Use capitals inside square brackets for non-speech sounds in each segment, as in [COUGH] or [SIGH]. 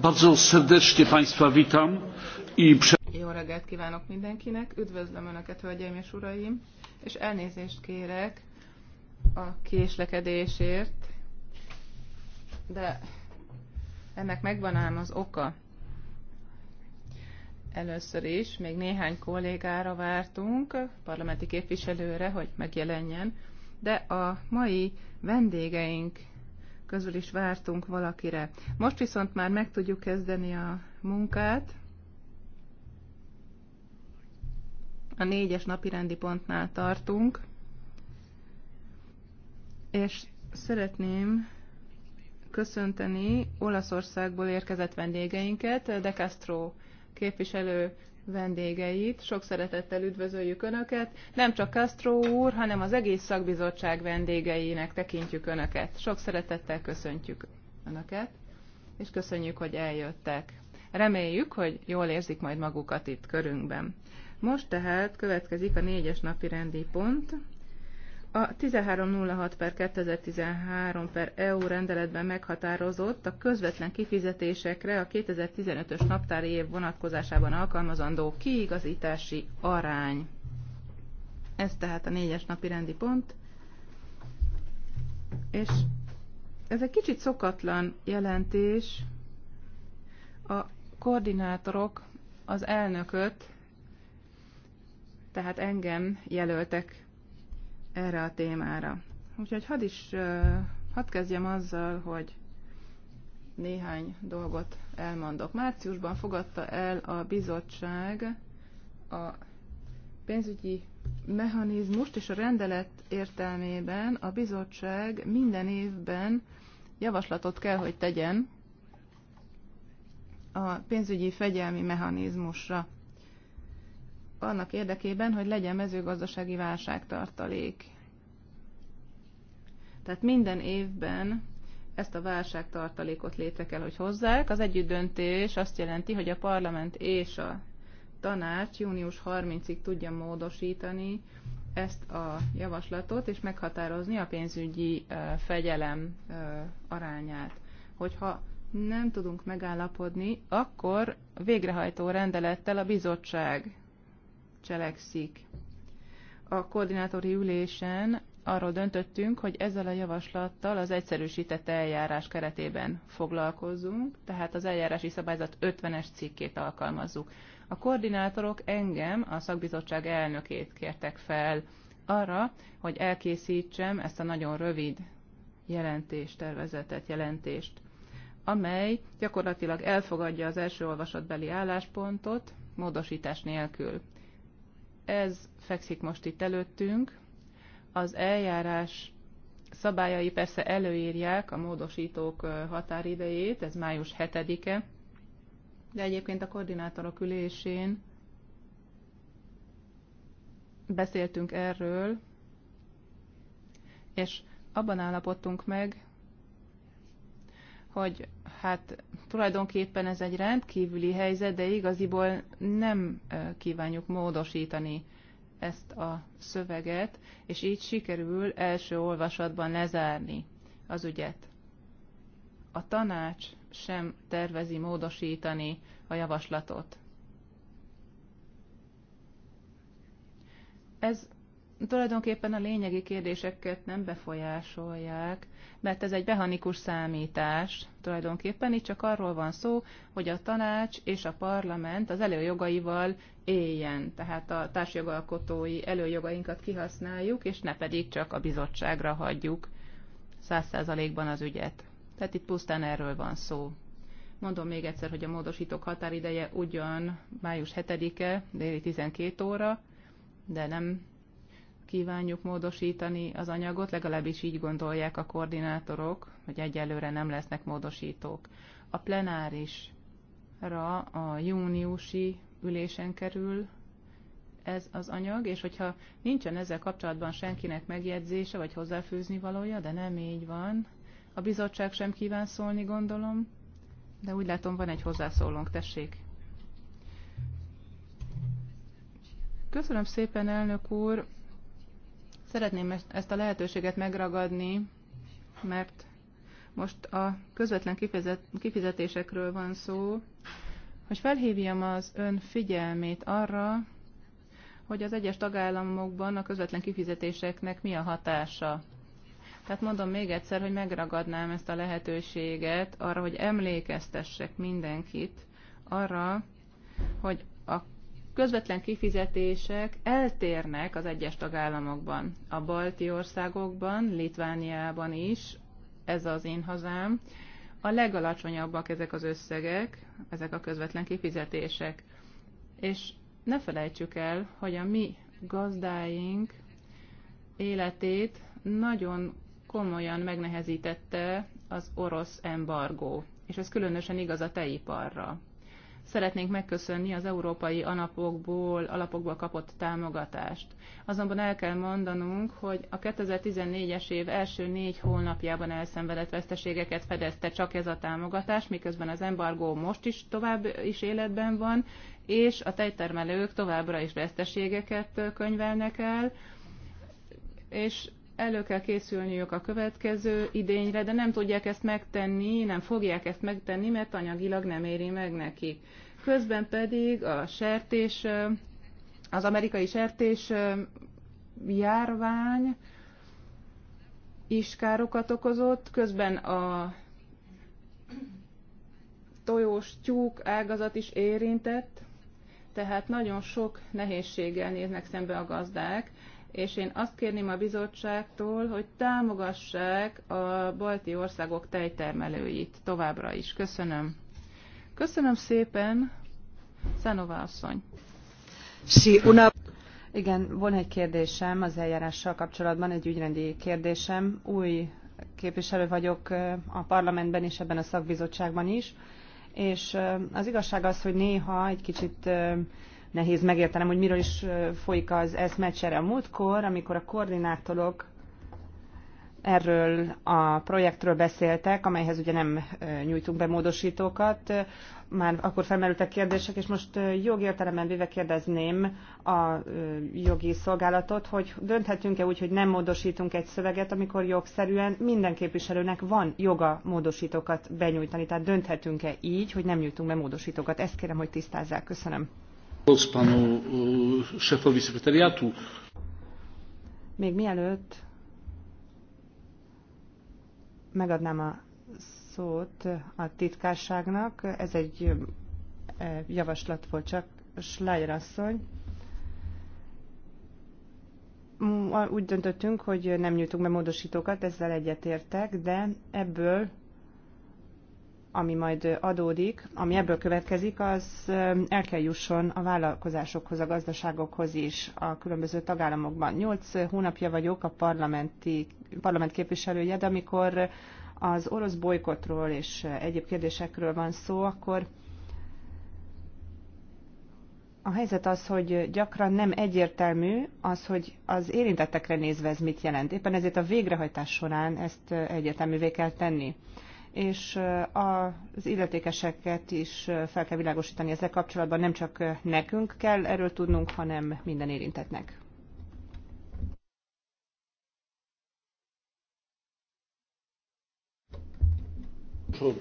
Bardzo serdecznie Państwa witam. I Jó reggelt kívánok mindenkinek, üdvözlöm Önöket, hölgyeim és uraim, és elnézést kérek a késlekedésért, de ennek megvan ám az oka. Először is még néhány kollégára vártunk, parlamenti képviselőre, hogy megjelenjen, de a mai vendégeink közül is vártunk valakire. Most viszont már meg tudjuk kezdeni a munkát. A négyes napirendi pontnál tartunk, és szeretném köszönteni Olaszországból érkezett vendégeinket, De Castro képviselő vendégeit. Sok szeretettel üdvözöljük Önöket. Nem csak Castro úr, hanem az egész szakbizottság vendégeinek tekintjük Önöket. Sok szeretettel köszöntjük Önöket, és köszönjük, hogy eljöttek. Reméljük, hogy jól érzik majd magukat itt körünkben. Most tehát következik a négyes napi rendi pont, a 1306 per 2013 per EU rendeletben meghatározott a közvetlen kifizetésekre a 2015-ös naptári év vonatkozásában alkalmazandó kiigazítási arány. Ez tehát a négyes napi rendi pont. És ez egy kicsit szokatlan jelentés. A koordinátorok az elnököt, tehát engem jelöltek erre a témára. Úgyhogy hadd is, hadd kezdjem azzal, hogy néhány dolgot elmondok. Márciusban fogadta el a bizottság a pénzügyi mechanizmust, és a rendelet értelmében a bizottság minden évben javaslatot kell, hogy tegyen a pénzügyi fegyelmi mechanizmusra annak érdekében, hogy legyen mezőgazdasági válságtartalék. Tehát minden évben ezt a válságtartalékot létre kell, hogy hozzák. Az döntés, azt jelenti, hogy a parlament és a tanács június 30-ig tudja módosítani ezt a javaslatot, és meghatározni a pénzügyi fegyelem arányát. Hogyha nem tudunk megállapodni, akkor végrehajtó rendelettel a bizottság cselekszik. A koordinátori ülésen arról döntöttünk, hogy ezzel a javaslattal az egyszerűsített eljárás keretében foglalkozzunk, tehát az eljárási szabályzat 50-es cikkét alkalmazzuk. A koordinátorok engem, a szakbizottság elnökét kértek fel arra, hogy elkészítsem ezt a nagyon rövid jelentést, tervezetet, jelentést, amely gyakorlatilag elfogadja az első olvasatbeli álláspontot, módosítás nélkül. Ez fekszik most itt előttünk. Az eljárás szabályai persze előírják a módosítók határidejét, ez május 7-e, de egyébként a koordinátorok ülésén beszéltünk erről, és abban állapodtunk meg, hogy hát tulajdonképpen ez egy rendkívüli helyzet, de igaziból nem kívánjuk módosítani ezt a szöveget, és így sikerül első olvasatban lezárni az ügyet. A tanács sem tervezi módosítani a javaslatot. Ez tulajdonképpen a lényegi kérdéseket nem befolyásolják, mert ez egy mechanikus számítás. Tulajdonképpen itt csak arról van szó, hogy a tanács és a parlament az előjogaival éljen, tehát a társjogalkotói előjogainkat kihasználjuk, és ne pedig csak a bizottságra hagyjuk száz százalékban az ügyet. Tehát itt pusztán erről van szó. Mondom még egyszer, hogy a módosítók határideje ugyan május 7-e, déli 12 óra, de nem kívánjuk módosítani az anyagot, legalábbis így gondolják a koordinátorok, hogy egyelőre nem lesznek módosítók. A plenárisra a júniusi ülésen kerül ez az anyag, és hogyha nincsen ezzel kapcsolatban senkinek megjegyzése vagy hozzáfűzni valója, de nem így van, a bizottság sem kíván szólni, gondolom, de úgy látom, van egy hozzászólónk, tessék. Köszönöm szépen, elnök úr. Szeretném ezt a lehetőséget megragadni, mert most a közvetlen kifizetésekről van szó, hogy felhívjam az ön figyelmét arra, hogy az egyes tagállamokban a közvetlen kifizetéseknek mi a hatása. Tehát mondom még egyszer, hogy megragadnám ezt a lehetőséget arra, hogy emlékeztessek mindenkit arra, hogy a közvetlen kifizetések eltérnek az egyes tagállamokban. A balti országokban, Litvániában is, ez az én hazám, a legalacsonyabbak ezek az összegek, ezek a közvetlen kifizetések. És ne felejtsük el, hogy a mi gazdáink életét nagyon komolyan megnehezítette az orosz embargó, és ez különösen igaz a tejiparra. Szeretnénk megköszönni az európai alapokból, alapokból kapott támogatást. Azonban el kell mondanunk, hogy a 2014-es év első négy hónapjában elszenvedett veszteségeket fedezte csak ez a támogatás, miközben az embargó most is tovább is életben van, és a tejtermelők továbbra is veszteségeket könyvelnek el, és elő kell készülniük a következő idényre, de nem tudják ezt megtenni, nem fogják ezt megtenni, mert anyagilag nem éri meg nekik. Közben pedig a sertés, az amerikai sertés járvány is károkat okozott, közben a tojós tyúk ágazat is érintett, tehát nagyon sok nehézséggel néznek szembe a gazdák, és én azt kérném a bizottságtól, hogy támogassák a balti országok tejtermelőit továbbra is. Köszönöm. Köszönöm szépen, Szenova asszony. Sí, una... Igen, van egy kérdésem az eljárással kapcsolatban, egy ügyrendi kérdésem. Új képviselő vagyok a parlamentben és ebben a szakbizottságban is, és az igazság az, hogy néha egy kicsit nehéz megértenem, hogy miről is folyik az eszmecsere. A múltkor, amikor a koordinátorok erről a projektről beszéltek, amelyhez ugye nem nyújtunk be módosítókat. Már akkor felmerültek kérdések, és most jogértelemben véve kérdezném a jogi szolgálatot, hogy dönthetünk-e úgy, hogy nem módosítunk egy szöveget, amikor jogszerűen minden képviselőnek van joga módosítókat benyújtani, tehát dönthetünk-e így, hogy nem nyújtunk be módosítókat. Ezt kérem, hogy tisztázzák. Köszönöm panu e, szefowi Még mielőtt megadnám a szót a titkárságnak, ez egy e, javaslat volt csak, Schleyer asszony. Úgy döntöttünk, hogy nem nyújtunk be módosítókat, ezzel egyetértek, de ebből ami majd adódik, ami ebből következik, az el kell jusson a vállalkozásokhoz, a gazdaságokhoz is a különböző tagállamokban. Nyolc hónapja vagyok a parlamenti, parlament képviselője, de amikor az orosz bolykotról és egyéb kérdésekről van szó, akkor a helyzet az, hogy gyakran nem egyértelmű az, hogy az érintettekre nézve ez mit jelent. Éppen ezért a végrehajtás során ezt egyértelművé kell tenni és az illetékeseket is fel kell világosítani ezzel kapcsolatban, nem csak nekünk kell erről tudnunk, hanem minden érintetnek. Oui,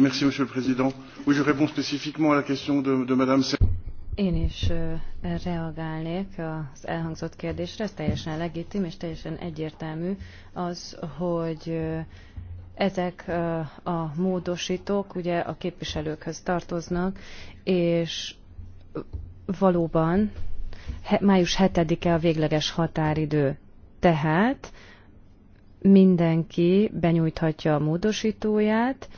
merci, Monsieur le Président. Oui, je réponds spécifiquement à la question de, de Madame. Én is reagálnék az elhangzott kérdésre. Ez teljesen legitim és teljesen egyértelmű az, hogy ezek a módosítók ugye a képviselőkhöz tartoznak, és valóban május 7-e a végleges határidő. Tehát mindenki benyújthatja a módosítóját,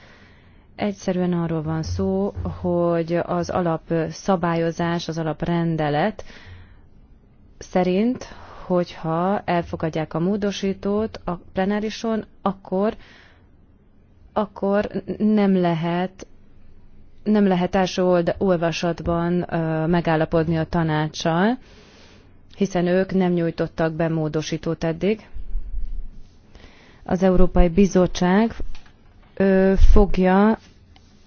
Egyszerűen arról van szó, hogy az alapszabályozás, az alaprendelet szerint, hogyha elfogadják a módosítót a plenárison, akkor, akkor nem lehet nem lehet első olvasatban ö, megállapodni a tanácssal, hiszen ők nem nyújtottak be módosítót eddig. Az Európai Bizottság ö, fogja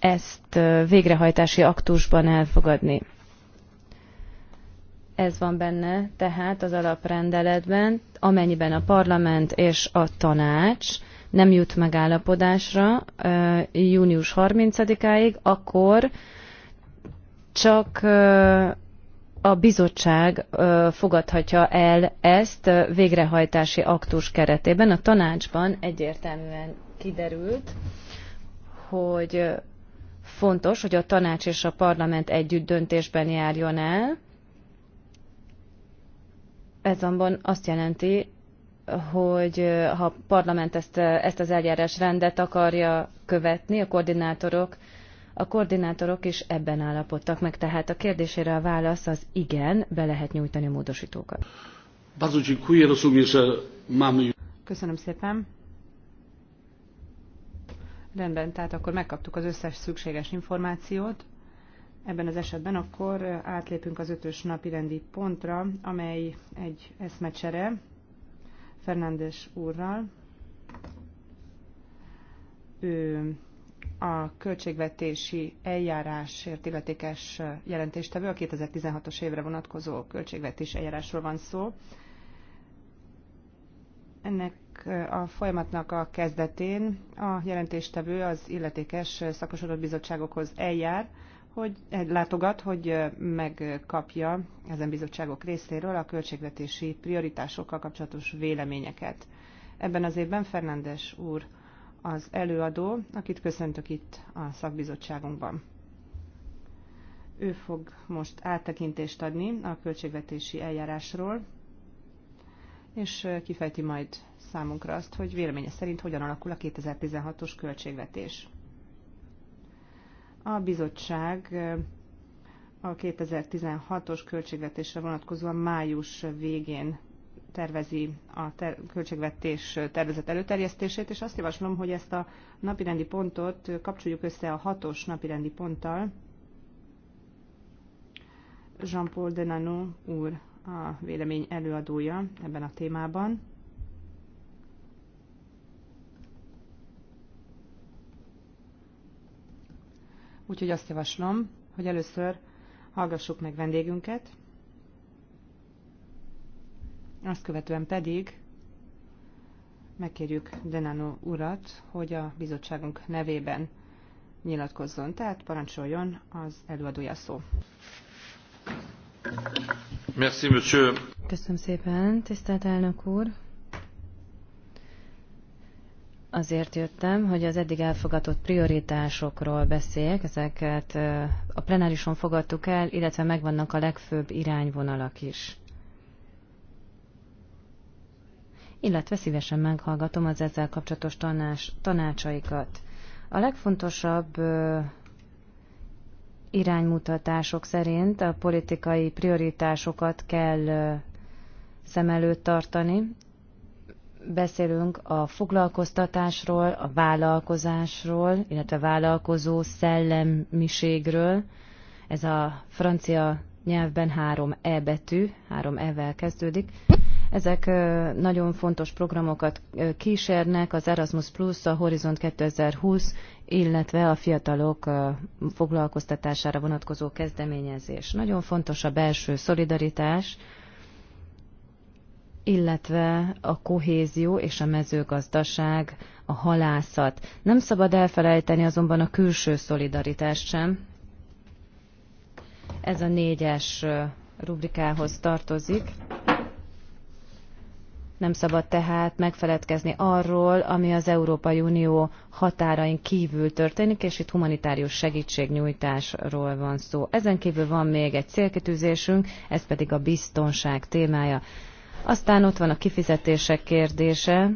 ezt végrehajtási aktusban elfogadni. Ez van benne tehát az alaprendeletben, amennyiben a parlament és a tanács nem jut megállapodásra június 30-áig, akkor csak a bizottság fogadhatja el ezt végrehajtási aktus keretében. A tanácsban egyértelműen kiderült, hogy fontos, hogy a tanács és a parlament együtt döntésben járjon el. Ez azonban azt jelenti, hogy ha a parlament ezt, ezt az eljárás rendet akarja követni, a koordinátorok, a koordinátorok is ebben állapodtak meg, tehát a kérdésére a válasz az igen, be lehet nyújtani a módosítókat. Köszönöm szépen. Rendben, tehát akkor megkaptuk az összes szükséges információt. Ebben az esetben akkor átlépünk az ötös napi rendi pontra, amely egy eszmecsere Fernández úrral. Ő a költségvetési eljárásért illetékes jelentéstevő, a 2016-os évre vonatkozó költségvetési eljárásról van szó. Ennek a folyamatnak a kezdetén a jelentéstevő az illetékes szakosodott bizottságokhoz eljár, hogy eh, látogat, hogy eh, megkapja ezen bizottságok részéről a költségvetési prioritásokkal kapcsolatos véleményeket. Ebben az évben Fernándes úr az előadó, akit köszöntök itt a szakbizottságunkban. Ő fog most áttekintést adni a költségvetési eljárásról, és eh, kifejti majd számunkra azt, hogy véleménye szerint hogyan alakul a 2016-os költségvetés. A bizottság a 2016-os költségvetésre vonatkozóan május végén tervezi a ter- költségvetés tervezet előterjesztését, és azt javaslom, hogy ezt a napirendi pontot kapcsoljuk össze a hatos napirendi ponttal. Jean-Paul Denano úr a vélemény előadója ebben a témában. Úgyhogy azt javaslom, hogy először hallgassuk meg vendégünket, azt követően pedig megkérjük Denano urat, hogy a bizottságunk nevében nyilatkozzon, tehát parancsoljon az előadója szó. Köszönöm szépen, tisztelt elnök úr, Azért jöttem, hogy az eddig elfogadott prioritásokról beszéljek, ezeket a plenárison fogadtuk el, illetve megvannak a legfőbb irányvonalak is. Illetve szívesen meghallgatom az ezzel kapcsolatos tanás, tanácsaikat. A legfontosabb iránymutatások szerint a politikai prioritásokat kell szem előtt tartani, beszélünk a foglalkoztatásról, a vállalkozásról, illetve vállalkozó szellemiségről. Ez a francia nyelvben három E betű, három E-vel kezdődik. Ezek nagyon fontos programokat kísérnek, az Erasmus Plus, a Horizont 2020, illetve a fiatalok foglalkoztatására vonatkozó kezdeményezés. Nagyon fontos a belső szolidaritás, illetve a kohézió és a mezőgazdaság, a halászat. Nem szabad elfelejteni azonban a külső szolidaritást sem. Ez a négyes rubrikához tartozik. Nem szabad tehát megfeledkezni arról, ami az Európai Unió határain kívül történik, és itt humanitárius segítségnyújtásról van szó. Ezen kívül van még egy célkitűzésünk, ez pedig a biztonság témája. Aztán ott van a kifizetések kérdése,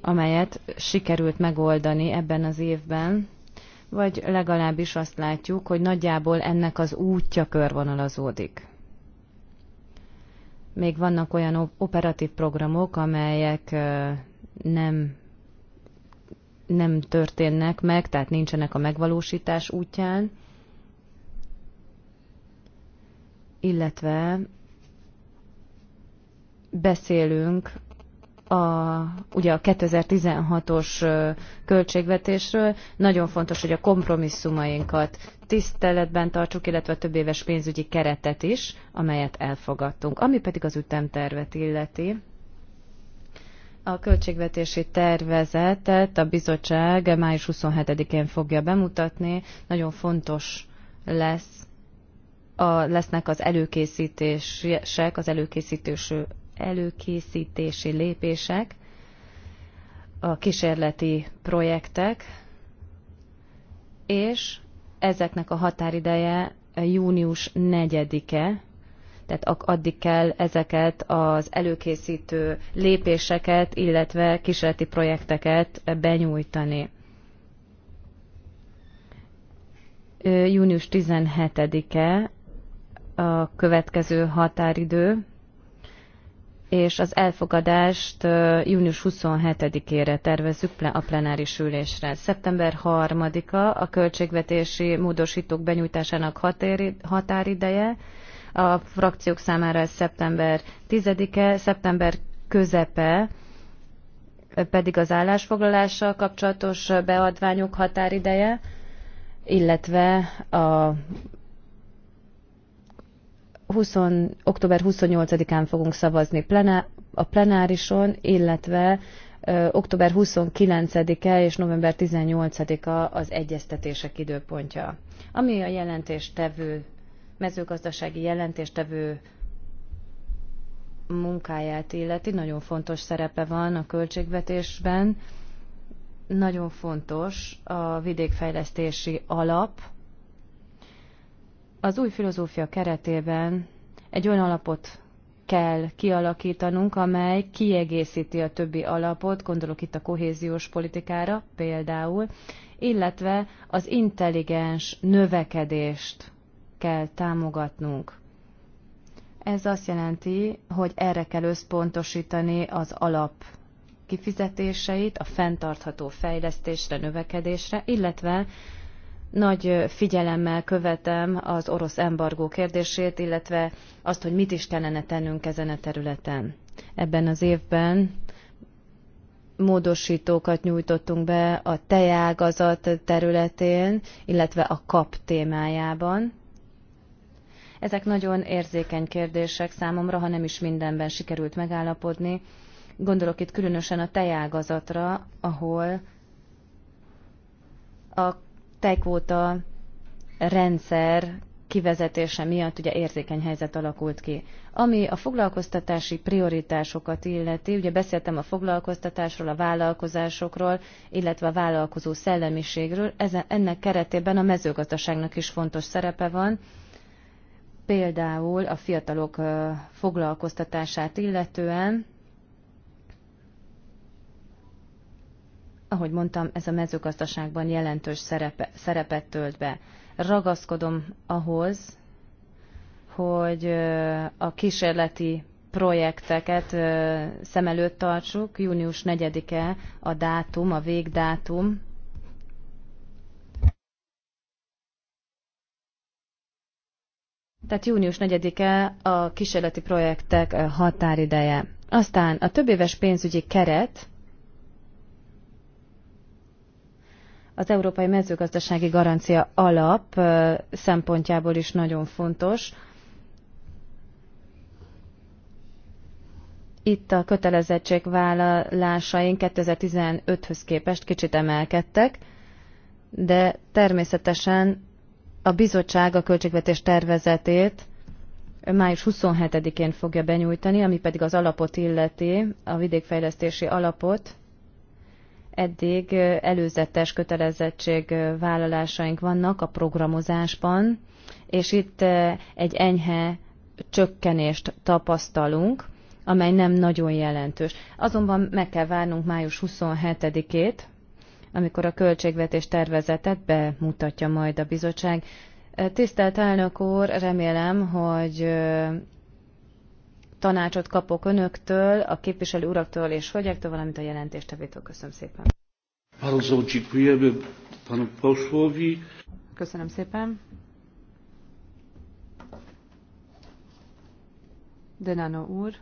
amelyet sikerült megoldani ebben az évben, vagy legalábbis azt látjuk, hogy nagyjából ennek az útja körvonalazódik. Még vannak olyan operatív programok, amelyek nem, nem történnek meg, tehát nincsenek a megvalósítás útján, illetve beszélünk a, ugye a 2016-os költségvetésről. Nagyon fontos, hogy a kompromisszumainkat tiszteletben tartsuk, illetve a több éves pénzügyi keretet is, amelyet elfogadtunk. Ami pedig az ütemtervet illeti, a költségvetési tervezetet a bizottság május 27-én fogja bemutatni. Nagyon fontos lesz a, lesznek az előkészítések, az előkészítő előkészítési lépések, a kísérleti projektek, és ezeknek a határideje június 4-e, tehát addig kell ezeket az előkészítő lépéseket, illetve kísérleti projekteket benyújtani. Június 17-e a következő határidő, és az elfogadást június 27-ére tervezzük a plenáris ülésre. Szeptember 3-a a költségvetési módosítók benyújtásának határideje, a frakciók számára ez szeptember 10-e, szeptember közepe, pedig az állásfoglalással kapcsolatos beadványok határideje, illetve a 20, október 28-án fogunk szavazni plená, a plenárison, illetve ö, október 29-e és november 18-a az egyeztetések időpontja. Ami a jelentéstevő, mezőgazdasági jelentéstevő munkáját illeti, nagyon fontos szerepe van a költségvetésben. Nagyon fontos a vidékfejlesztési alap, az új filozófia keretében egy olyan alapot kell kialakítanunk, amely kiegészíti a többi alapot, gondolok itt a kohéziós politikára például, illetve az intelligens növekedést kell támogatnunk. Ez azt jelenti, hogy erre kell összpontosítani az alap kifizetéseit, a fenntartható fejlesztésre, növekedésre, illetve nagy figyelemmel követem az orosz embargó kérdését, illetve azt, hogy mit is kellene tennünk ezen a területen. Ebben az évben módosítókat nyújtottunk be a tejágazat területén, illetve a kap témájában. Ezek nagyon érzékeny kérdések számomra, ha nem is mindenben sikerült megállapodni. Gondolok itt különösen a tejágazatra, ahol a tejkvóta rendszer kivezetése miatt ugye érzékeny helyzet alakult ki. Ami a foglalkoztatási prioritásokat illeti, ugye beszéltem a foglalkoztatásról, a vállalkozásokról, illetve a vállalkozó szellemiségről, Ezen, ennek keretében a mezőgazdaságnak is fontos szerepe van, például a fiatalok foglalkoztatását illetően, ahogy mondtam, ez a mezőgazdaságban jelentős szerepe, szerepet tölt be. Ragaszkodom ahhoz, hogy a kísérleti projekteket szem előtt tartsuk. Június 4-e a dátum, a végdátum. Tehát június 4-e a kísérleti projektek határideje. Aztán a többéves pénzügyi keret az Európai Mezőgazdasági Garancia alap szempontjából is nagyon fontos. Itt a kötelezettségvállalásaink 2015-höz képest kicsit emelkedtek, de természetesen a bizottság a költségvetés tervezetét május 27-én fogja benyújtani, ami pedig az alapot illeti, a vidékfejlesztési alapot eddig előzetes kötelezettség vállalásaink vannak a programozásban, és itt egy enyhe csökkenést tapasztalunk, amely nem nagyon jelentős. Azonban meg kell várnunk május 27-ét, amikor a költségvetés tervezetet bemutatja majd a bizottság. Tisztelt elnök úr, remélem, hogy tanácsot kapok önöktől, a képviselő uraktól és hölgyektől, valamint a jelentéstevétől. Köszönöm szépen. Köszönöm szépen. Denano úr,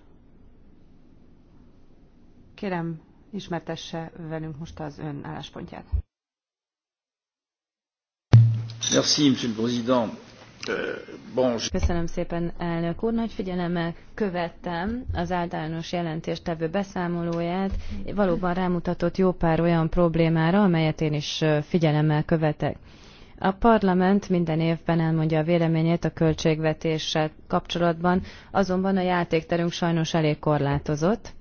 kérem, ismertesse velünk most az ön álláspontját. Merci, monsieur le président. Köszönöm szépen, elnök úr. Nagy figyelemmel követtem az általános jelentéstevő beszámolóját. Valóban rámutatott jó pár olyan problémára, amelyet én is figyelemmel követek. A parlament minden évben elmondja a véleményét a költségvetéssel kapcsolatban, azonban a játékterünk sajnos elég korlátozott.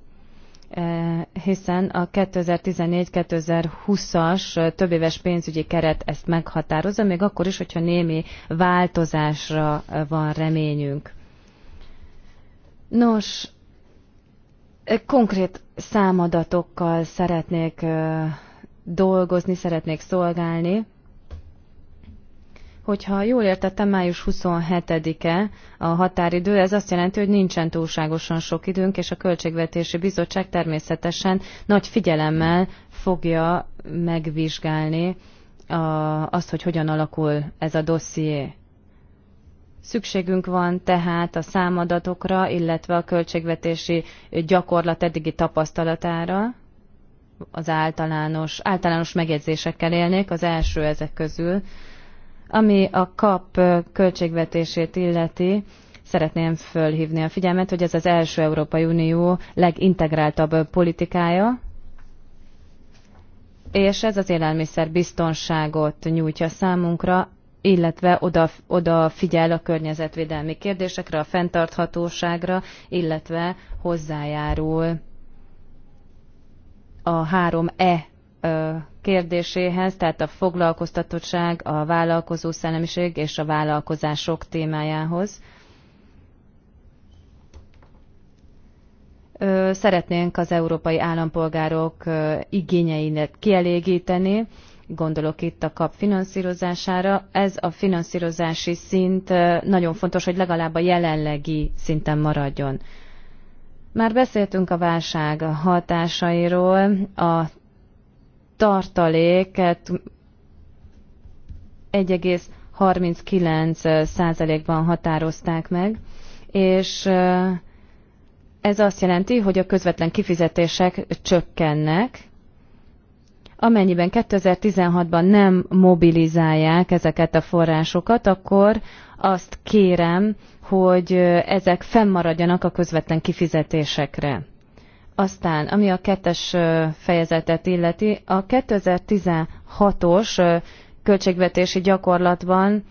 Eh, hiszen a 2014-2020-as eh, többéves pénzügyi keret ezt meghatározza, még akkor is, hogyha némi változásra eh, van reményünk. Nos, konkrét számadatokkal szeretnék dolgozni, szeretnék szolgálni. Hogyha jól értettem, május 27-e a határidő, ez azt jelenti, hogy nincsen túlságosan sok időnk, és a Költségvetési Bizottság természetesen nagy figyelemmel fogja megvizsgálni a, azt, hogy hogyan alakul ez a dosszié. Szükségünk van tehát a számadatokra, illetve a költségvetési gyakorlat eddigi tapasztalatára, az általános, általános megjegyzésekkel élnék, az első ezek közül, ami a kap költségvetését illeti, szeretném fölhívni a figyelmet, hogy ez az első Európai Unió legintegráltabb politikája, és ez az élelmiszer biztonságot nyújtja számunkra, illetve oda, oda figyel a környezetvédelmi kérdésekre, a fenntarthatóságra, illetve hozzájárul a 3E kérdéséhez, tehát a foglalkoztatottság, a vállalkozó szellemiség és a vállalkozások témájához. Szeretnénk az európai állampolgárok igényeinek kielégíteni, gondolok itt a kap finanszírozására. Ez a finanszírozási szint nagyon fontos, hogy legalább a jelenlegi szinten maradjon. Már beszéltünk a válság hatásairól, a tartaléket 1,39 százalékban határozták meg, és ez azt jelenti, hogy a közvetlen kifizetések csökkennek, amennyiben 2016-ban nem mobilizálják ezeket a forrásokat, akkor azt kérem, hogy ezek fennmaradjanak a közvetlen kifizetésekre. Aztán, ami a kettes fejezetet illeti, a 2016-os költségvetési gyakorlatban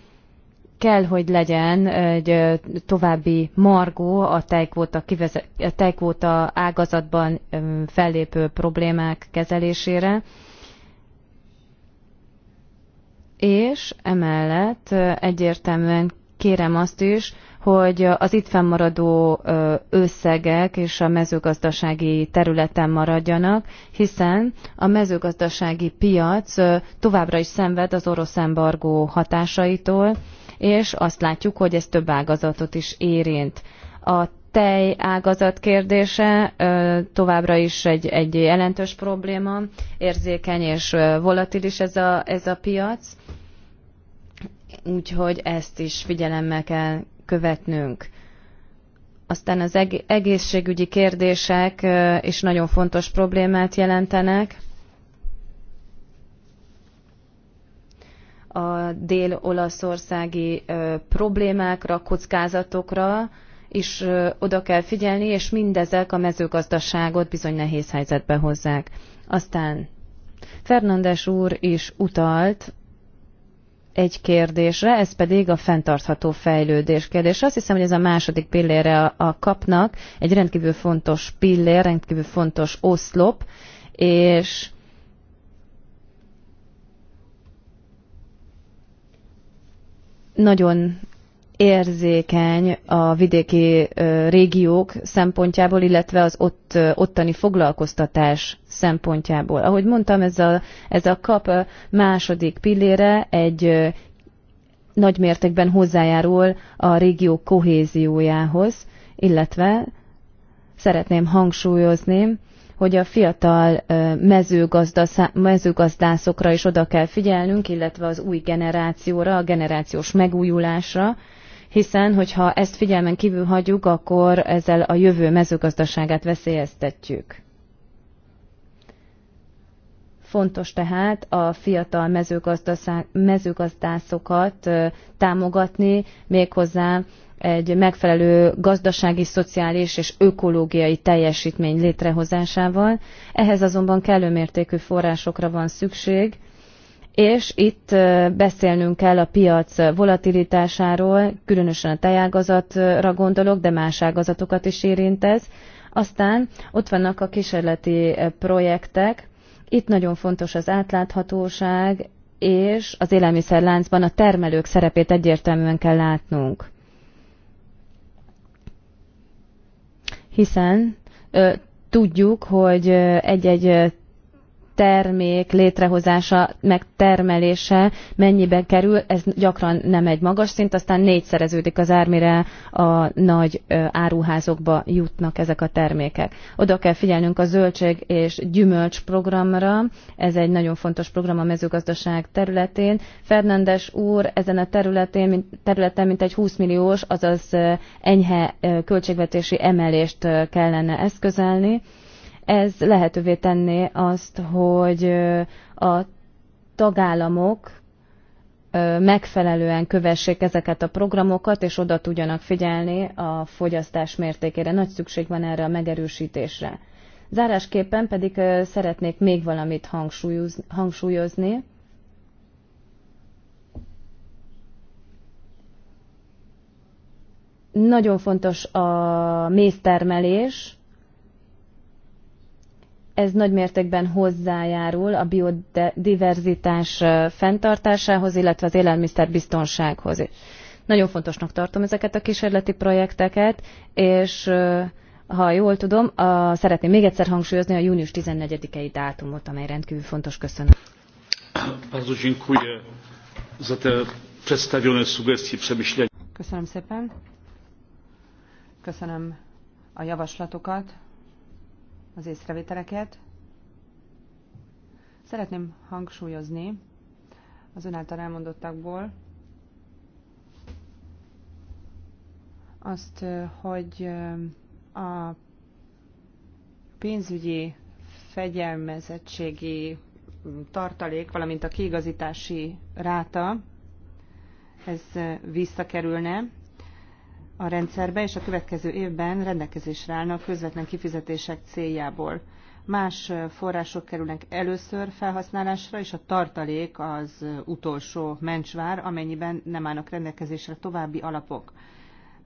kell, hogy legyen egy további margó a tejkvóta, kivezet, a tejkvóta ágazatban fellépő problémák kezelésére. És emellett egyértelműen kérem azt is, hogy az itt fennmaradó összegek és a mezőgazdasági területen maradjanak, hiszen a mezőgazdasági piac továbbra is szenved az orosz embargó hatásaitól, és azt látjuk, hogy ez több ágazatot is érint. A tej ágazat kérdése továbbra is egy, egy jelentős probléma, érzékeny és volatilis ez a, ez a piac, úgyhogy ezt is figyelemmel kell követnünk. Aztán az egészségügyi kérdések is nagyon fontos problémát jelentenek. A dél-olaszországi problémákra, kockázatokra is oda kell figyelni, és mindezek a mezőgazdaságot bizony nehéz helyzetbe hozzák. Aztán Fernandes úr is utalt egy kérdésre, ez pedig a fenntartható fejlődés kérdés. Azt hiszem, hogy ez a második pillére a kapnak egy rendkívül fontos pillér, rendkívül fontos oszlop, és nagyon érzékeny a vidéki régiók szempontjából, illetve az ott, ottani foglalkoztatás szempontjából. Ahogy mondtam, ez a, ez a kap második pillére egy nagy mértékben hozzájárul a régió kohéziójához, illetve szeretném hangsúlyozni, hogy a fiatal mezőgazdászokra is oda kell figyelnünk, illetve az új generációra, a generációs megújulásra, hiszen hogyha ezt figyelmen kívül hagyjuk, akkor ezzel a jövő mezőgazdaságát veszélyeztetjük. Fontos tehát a fiatal mezőgazdászokat támogatni, méghozzá egy megfelelő gazdasági, szociális és ökológiai teljesítmény létrehozásával. Ehhez azonban kellő mértékű forrásokra van szükség, és itt beszélnünk kell a piac volatilitásáról, különösen a tejágazatra gondolok, de más ágazatokat is érint ez. Aztán ott vannak a kísérleti projektek, itt nagyon fontos az átláthatóság, és az élelmiszerláncban a termelők szerepét egyértelműen kell látnunk. Hiszen ö, tudjuk, hogy egy-egy termék létrehozása, meg termelése mennyibe kerül, ez gyakran nem egy magas szint, aztán négyszereződik az ármire a nagy áruházokba jutnak ezek a termékek. Oda kell figyelnünk a zöldség és gyümölcs programra, ez egy nagyon fontos program a mezőgazdaság területén. Fernandes úr ezen a területén, mint, területen mint egy 20 milliós, azaz enyhe költségvetési emelést kellene eszközelni. Ez lehetővé tenné azt, hogy a tagállamok megfelelően kövessék ezeket a programokat, és oda tudjanak figyelni a fogyasztás mértékére. Nagy szükség van erre a megerősítésre. Zárásképpen pedig szeretnék még valamit hangsúlyozni. Nagyon fontos a méztermelés, ez nagy mértékben hozzájárul a biodiverzitás fenntartásához, illetve az élelmiszerbiztonsághoz. Nagyon fontosnak tartom ezeket a kísérleti projekteket, és ha jól tudom, a, szeretném még egyszer hangsúlyozni a június 14-i dátumot, amely rendkívül fontos. Köszönöm. Bardzo dziękuję za te przedstawione sugestie, przemyślenia. Köszönöm szépen. Köszönöm a javaslatokat az észrevételeket. Szeretném hangsúlyozni az ön által elmondottakból azt, hogy a pénzügyi fegyelmezettségi tartalék, valamint a kiigazítási ráta, ez visszakerülne a rendszerbe, és a következő évben rendelkezésre állnak közvetlen kifizetések céljából. Más források kerülnek először felhasználásra, és a tartalék az utolsó mencsvár, amennyiben nem állnak rendelkezésre további alapok.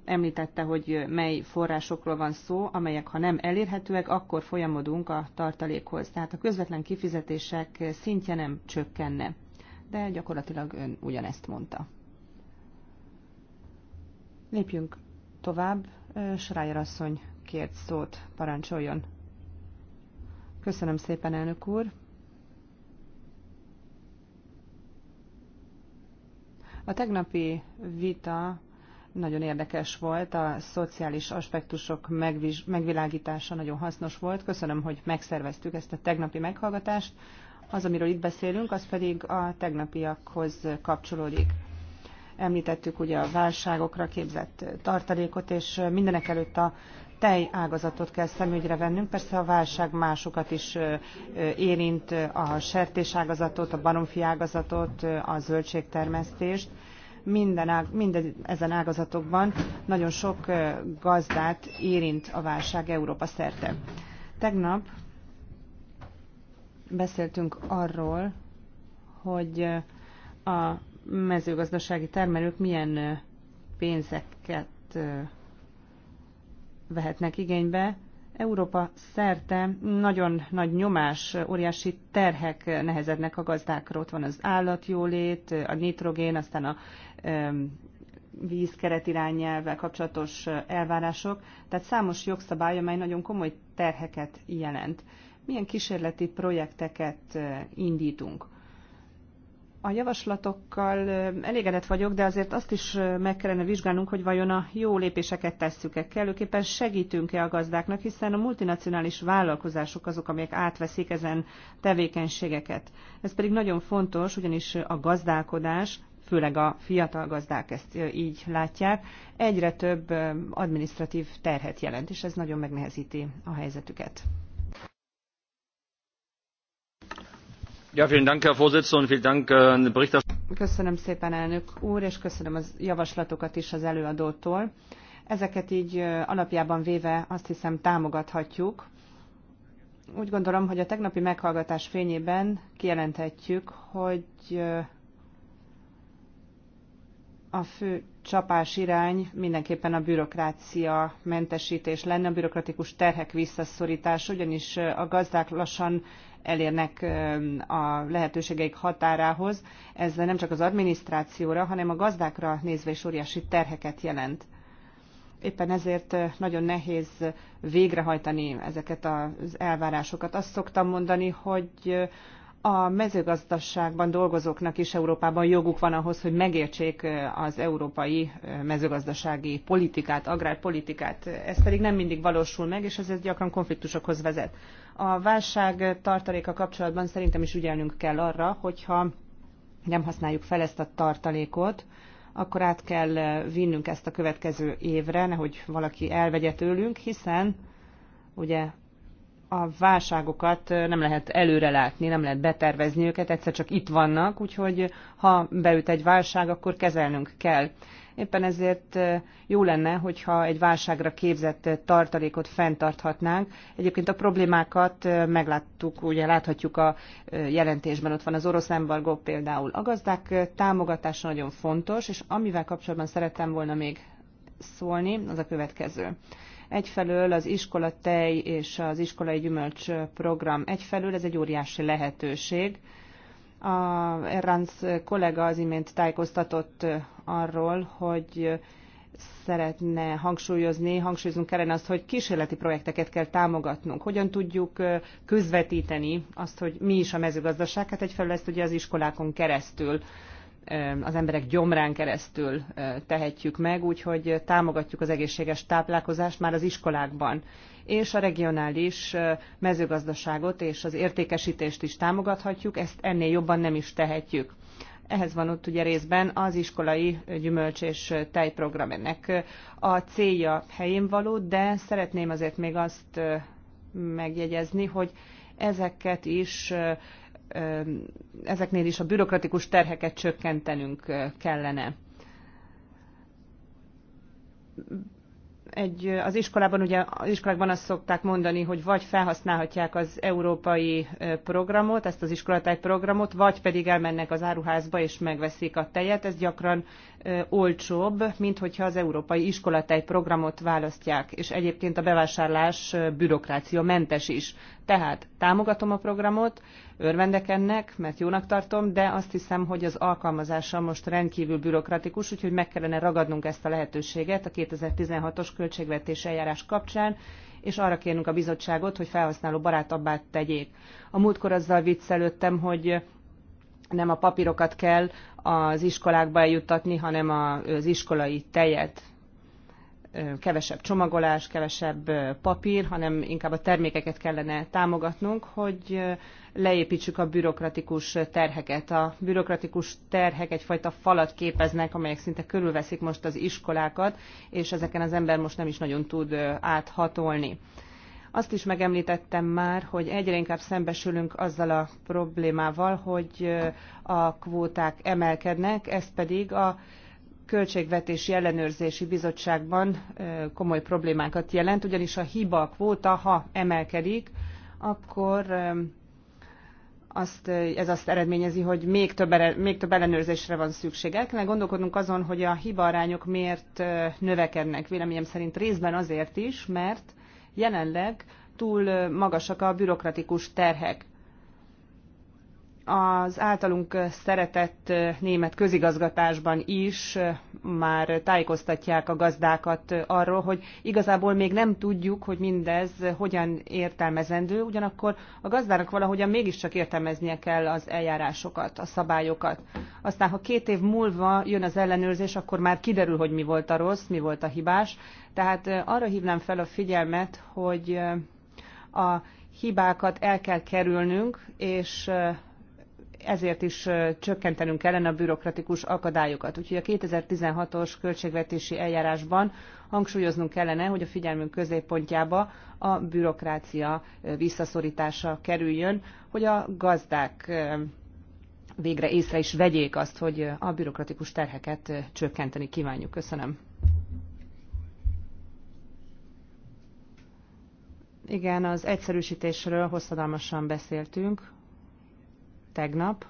Említette, hogy mely forrásokról van szó, amelyek ha nem elérhetőek, akkor folyamodunk a tartalékhoz. Tehát a közvetlen kifizetések szintje nem csökkenne. De gyakorlatilag ön ugyanezt mondta. Lépjünk tovább. Schreier asszony kért szót, parancsoljon. Köszönöm szépen, elnök úr. A tegnapi vita nagyon érdekes volt, a szociális aspektusok megvilágítása nagyon hasznos volt. Köszönöm, hogy megszerveztük ezt a tegnapi meghallgatást. Az, amiről itt beszélünk, az pedig a tegnapiakhoz kapcsolódik. Említettük ugye a válságokra képzett tartalékot, és mindenek előtt a tej ágazatot kell szemügyre vennünk. Persze a válság másokat is érint, a sertés ágazatot, a baromfi ágazatot, a zöldségtermesztést. Minden, ág, minden ezen ágazatokban nagyon sok gazdát érint a válság Európa szerte. Tegnap beszéltünk arról, hogy a mezőgazdasági termelők milyen pénzeket vehetnek igénybe. Európa szerte nagyon nagy nyomás, óriási terhek nehezednek a gazdákra. Ott van az állatjólét, a nitrogén, aztán a vízkeret irányelvvel kapcsolatos elvárások, tehát számos jogszabály, amely nagyon komoly terheket jelent. Milyen kísérleti projekteket indítunk? A javaslatokkal elégedett vagyok, de azért azt is meg kellene vizsgálnunk, hogy vajon a jó lépéseket tesszük-e. Kellőképpen segítünk-e a gazdáknak, hiszen a multinacionális vállalkozások azok, amelyek átveszik ezen tevékenységeket. Ez pedig nagyon fontos, ugyanis a gazdálkodás, főleg a fiatal gazdák ezt így látják, egyre több administratív terhet jelent, és ez nagyon megnehezíti a helyzetüket. Äh, köszönöm szépen, elnök úr, és köszönöm a javaslatokat is az előadótól. Ezeket így alapjában véve azt hiszem támogathatjuk. Úgy gondolom, hogy a tegnapi meghallgatás fényében kijelenthetjük, hogy a fő csapás irány mindenképpen a bürokrácia mentesítés lenne, a bürokratikus terhek visszaszortása ugyanis a gazdák lassan elérnek a lehetőségeik határához, ez nem csak az adminisztrációra, hanem a gazdákra nézve is óriási terheket jelent. Éppen ezért nagyon nehéz végrehajtani ezeket az elvárásokat. Azt szoktam mondani, hogy a mezőgazdaságban dolgozóknak is Európában joguk van ahhoz, hogy megértsék az európai mezőgazdasági politikát, agrárpolitikát. Ez pedig nem mindig valósul meg, és ez gyakran konfliktusokhoz vezet a válság tartaléka kapcsolatban szerintem is ügyelnünk kell arra, hogyha nem használjuk fel ezt a tartalékot, akkor át kell vinnünk ezt a következő évre, nehogy valaki elvegye tőlünk, hiszen ugye a válságokat nem lehet előre látni, nem lehet betervezni őket, egyszer csak itt vannak, úgyhogy ha beüt egy válság, akkor kezelnünk kell. Éppen ezért jó lenne, hogyha egy válságra képzett tartalékot fenntarthatnánk. Egyébként a problémákat megláttuk, ugye láthatjuk a jelentésben, ott van az orosz embargó például. A gazdák támogatása nagyon fontos, és amivel kapcsolatban szerettem volna még szólni, az a következő egyfelől az iskola tej és az iskolai gyümölcs program egyfelől, ez egy óriási lehetőség, a Ranz kollega az imént tájékoztatott arról, hogy szeretne hangsúlyozni, hangsúlyozunk kellene azt, hogy kísérleti projekteket kell támogatnunk. Hogyan tudjuk közvetíteni azt, hogy mi is a mezőgazdaság? Hát egyfelől ezt ugye az iskolákon keresztül az emberek gyomrán keresztül tehetjük meg, úgyhogy támogatjuk az egészséges táplálkozást már az iskolákban és a regionális mezőgazdaságot és az értékesítést is támogathatjuk, ezt ennél jobban nem is tehetjük. Ehhez van ott ugye részben az iskolai gyümölcs és tejprogram. Ennek a célja helyén való, de szeretném azért még azt megjegyezni, hogy ezeket is ezeknél is a bürokratikus terheket csökkentenünk kellene egy, az iskolában ugye az iskolákban azt szokták mondani, hogy vagy felhasználhatják az európai programot, ezt az iskolatáj programot, vagy pedig elmennek az áruházba és megveszik a tejet. Ez gyakran ö, olcsóbb, mint hogyha az európai iskolatáj programot választják, és egyébként a bevásárlás bürokrácia mentes is. Tehát támogatom a programot, örvendek ennek, mert jónak tartom, de azt hiszem, hogy az alkalmazása most rendkívül bürokratikus, úgyhogy meg kellene ragadnunk ezt a lehetőséget a 2016-os költségvetés eljárás kapcsán, és arra kérnünk a bizottságot, hogy felhasználó barátabbá tegyék. A múltkor azzal viccelődtem, hogy nem a papírokat kell az iskolákba eljuttatni, hanem az iskolai tejet kevesebb csomagolás, kevesebb papír, hanem inkább a termékeket kellene támogatnunk, hogy leépítsük a bürokratikus terheket. A bürokratikus terhek egyfajta falat képeznek, amelyek szinte körülveszik most az iskolákat, és ezeken az ember most nem is nagyon tud áthatolni. Azt is megemlítettem már, hogy egyre inkább szembesülünk azzal a problémával, hogy a kvóták emelkednek, ez pedig a Költségvetési Ellenőrzési Bizottságban komoly problémákat jelent, ugyanis a hiba kvóta, ha emelkedik, akkor azt, ez azt eredményezi, hogy még több, még több ellenőrzésre van szükség. El kellene gondolkodnunk azon, hogy a arányok miért növekednek. Véleményem szerint részben azért is, mert jelenleg túl magasak a bürokratikus terhek az általunk szeretett német közigazgatásban is már tájékoztatják a gazdákat arról, hogy igazából még nem tudjuk, hogy mindez hogyan értelmezendő, ugyanakkor a gazdának valahogyan mégiscsak értelmeznie kell az eljárásokat, a szabályokat. Aztán, ha két év múlva jön az ellenőrzés, akkor már kiderül, hogy mi volt a rossz, mi volt a hibás. Tehát arra hívnám fel a figyelmet, hogy a hibákat el kell kerülnünk, és ezért is csökkentenünk kellene a bürokratikus akadályokat. Úgyhogy a 2016-os költségvetési eljárásban hangsúlyoznunk kellene, hogy a figyelmünk középpontjába a bürokrácia visszaszorítása kerüljön, hogy a gazdák végre észre is vegyék azt, hogy a bürokratikus terheket csökkenteni kívánjuk. Köszönöm. Igen, az egyszerűsítésről hosszadalmasan beszéltünk tegnap,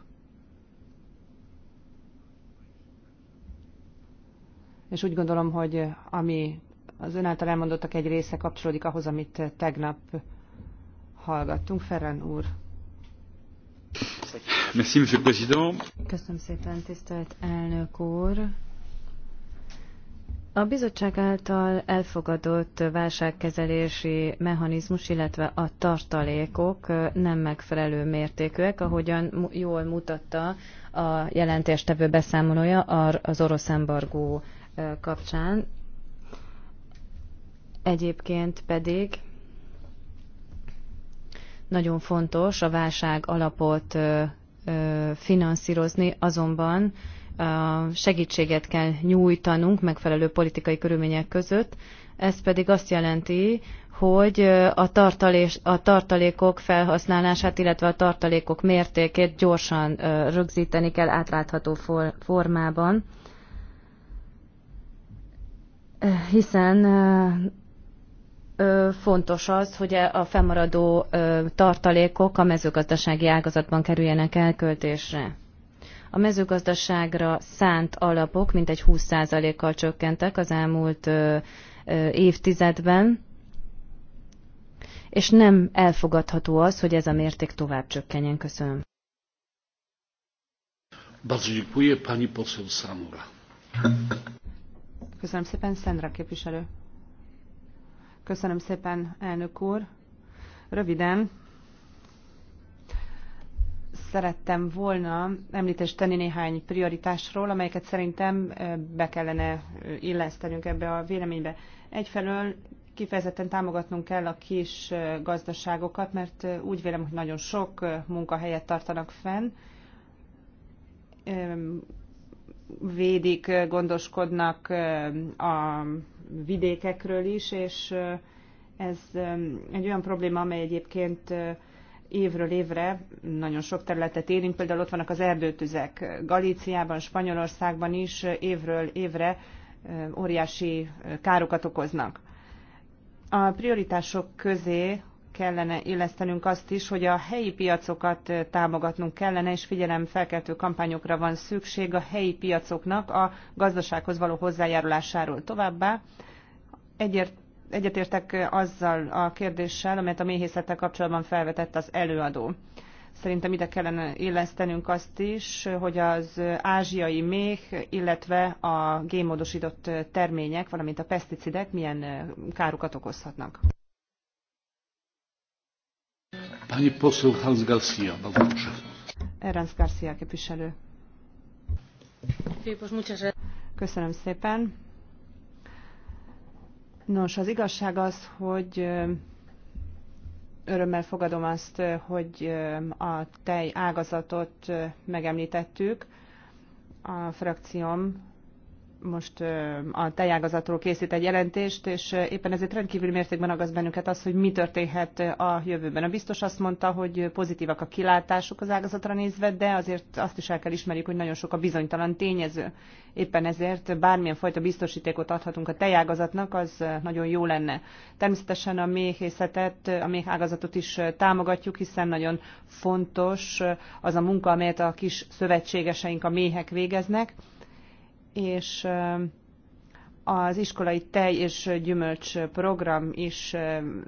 és úgy gondolom, hogy ami az ön által elmondottak egy része kapcsolódik ahhoz, amit tegnap hallgattunk. Ferren úr. Köszönöm szépen, tisztelt elnök úr. A bizottság által elfogadott válságkezelési mechanizmus, illetve a tartalékok nem megfelelő mértékűek, ahogyan jól mutatta a jelentéstevő beszámolója az orosz embargó kapcsán. Egyébként pedig nagyon fontos a válság alapot finanszírozni, azonban segítséget kell nyújtanunk megfelelő politikai körülmények között. Ez pedig azt jelenti, hogy a, tartalés, a tartalékok felhasználását, illetve a tartalékok mértékét gyorsan rögzíteni kell átlátható formában, hiszen fontos az, hogy e, a fennmaradó tartalékok a mezőgazdasági ágazatban kerüljenek elköltésre. A mezőgazdaságra szánt alapok mintegy 20%-kal csökkentek az elmúlt évtizedben, és nem elfogadható az, hogy ez a mérték tovább csökkenjen. Köszönöm. pani Samura. Köszönöm szépen, Szendra képviselő. Köszönöm szépen, elnök úr. Röviden, szerettem volna említést tenni néhány prioritásról, amelyeket szerintem be kellene illesztenünk ebbe a véleménybe. Egyfelől kifejezetten támogatnunk kell a kis gazdaságokat, mert úgy vélem, hogy nagyon sok munkahelyet tartanak fenn, védik, gondoskodnak a vidékekről is, és ez egy olyan probléma, amely egyébként évről évre nagyon sok területet érint, például ott vannak az erdőtüzek. Galíciában, Spanyolországban is évről évre óriási károkat okoznak. A prioritások közé kellene illesztenünk azt is, hogy a helyi piacokat támogatnunk kellene, és figyelemfelkeltő kampányokra van szükség a helyi piacoknak a gazdasághoz való hozzájárulásáról. Továbbá egyért egyetértek azzal a kérdéssel, amelyet a méhészettel kapcsolatban felvetett az előadó. Szerintem ide kellene illesztenünk azt is, hogy az ázsiai méh, illetve a gémódosított termények, valamint a peszticidek milyen károkat okozhatnak. Pani poseł Hans Garcia, bardzo Erranz Garcia képviselő. Köszönöm szépen. Nos, az igazság az, hogy örömmel fogadom azt, hogy a tej ágazatot megemlítettük. A frakcióm most a tejágazatról készít egy jelentést, és éppen ezért rendkívül mértékben agaz bennünket az, hogy mi történhet a jövőben. A biztos azt mondta, hogy pozitívak a kilátások az ágazatra nézve, de azért azt is el kell ismerjük, hogy nagyon sok a bizonytalan tényező. Éppen ezért bármilyen fajta biztosítékot adhatunk a tejágazatnak, az nagyon jó lenne. Természetesen a méhészetet, a méhágazatot is támogatjuk, hiszen nagyon fontos az a munka, amelyet a kis szövetségeseink a méhek végeznek és az iskolai tej és gyümölcs program is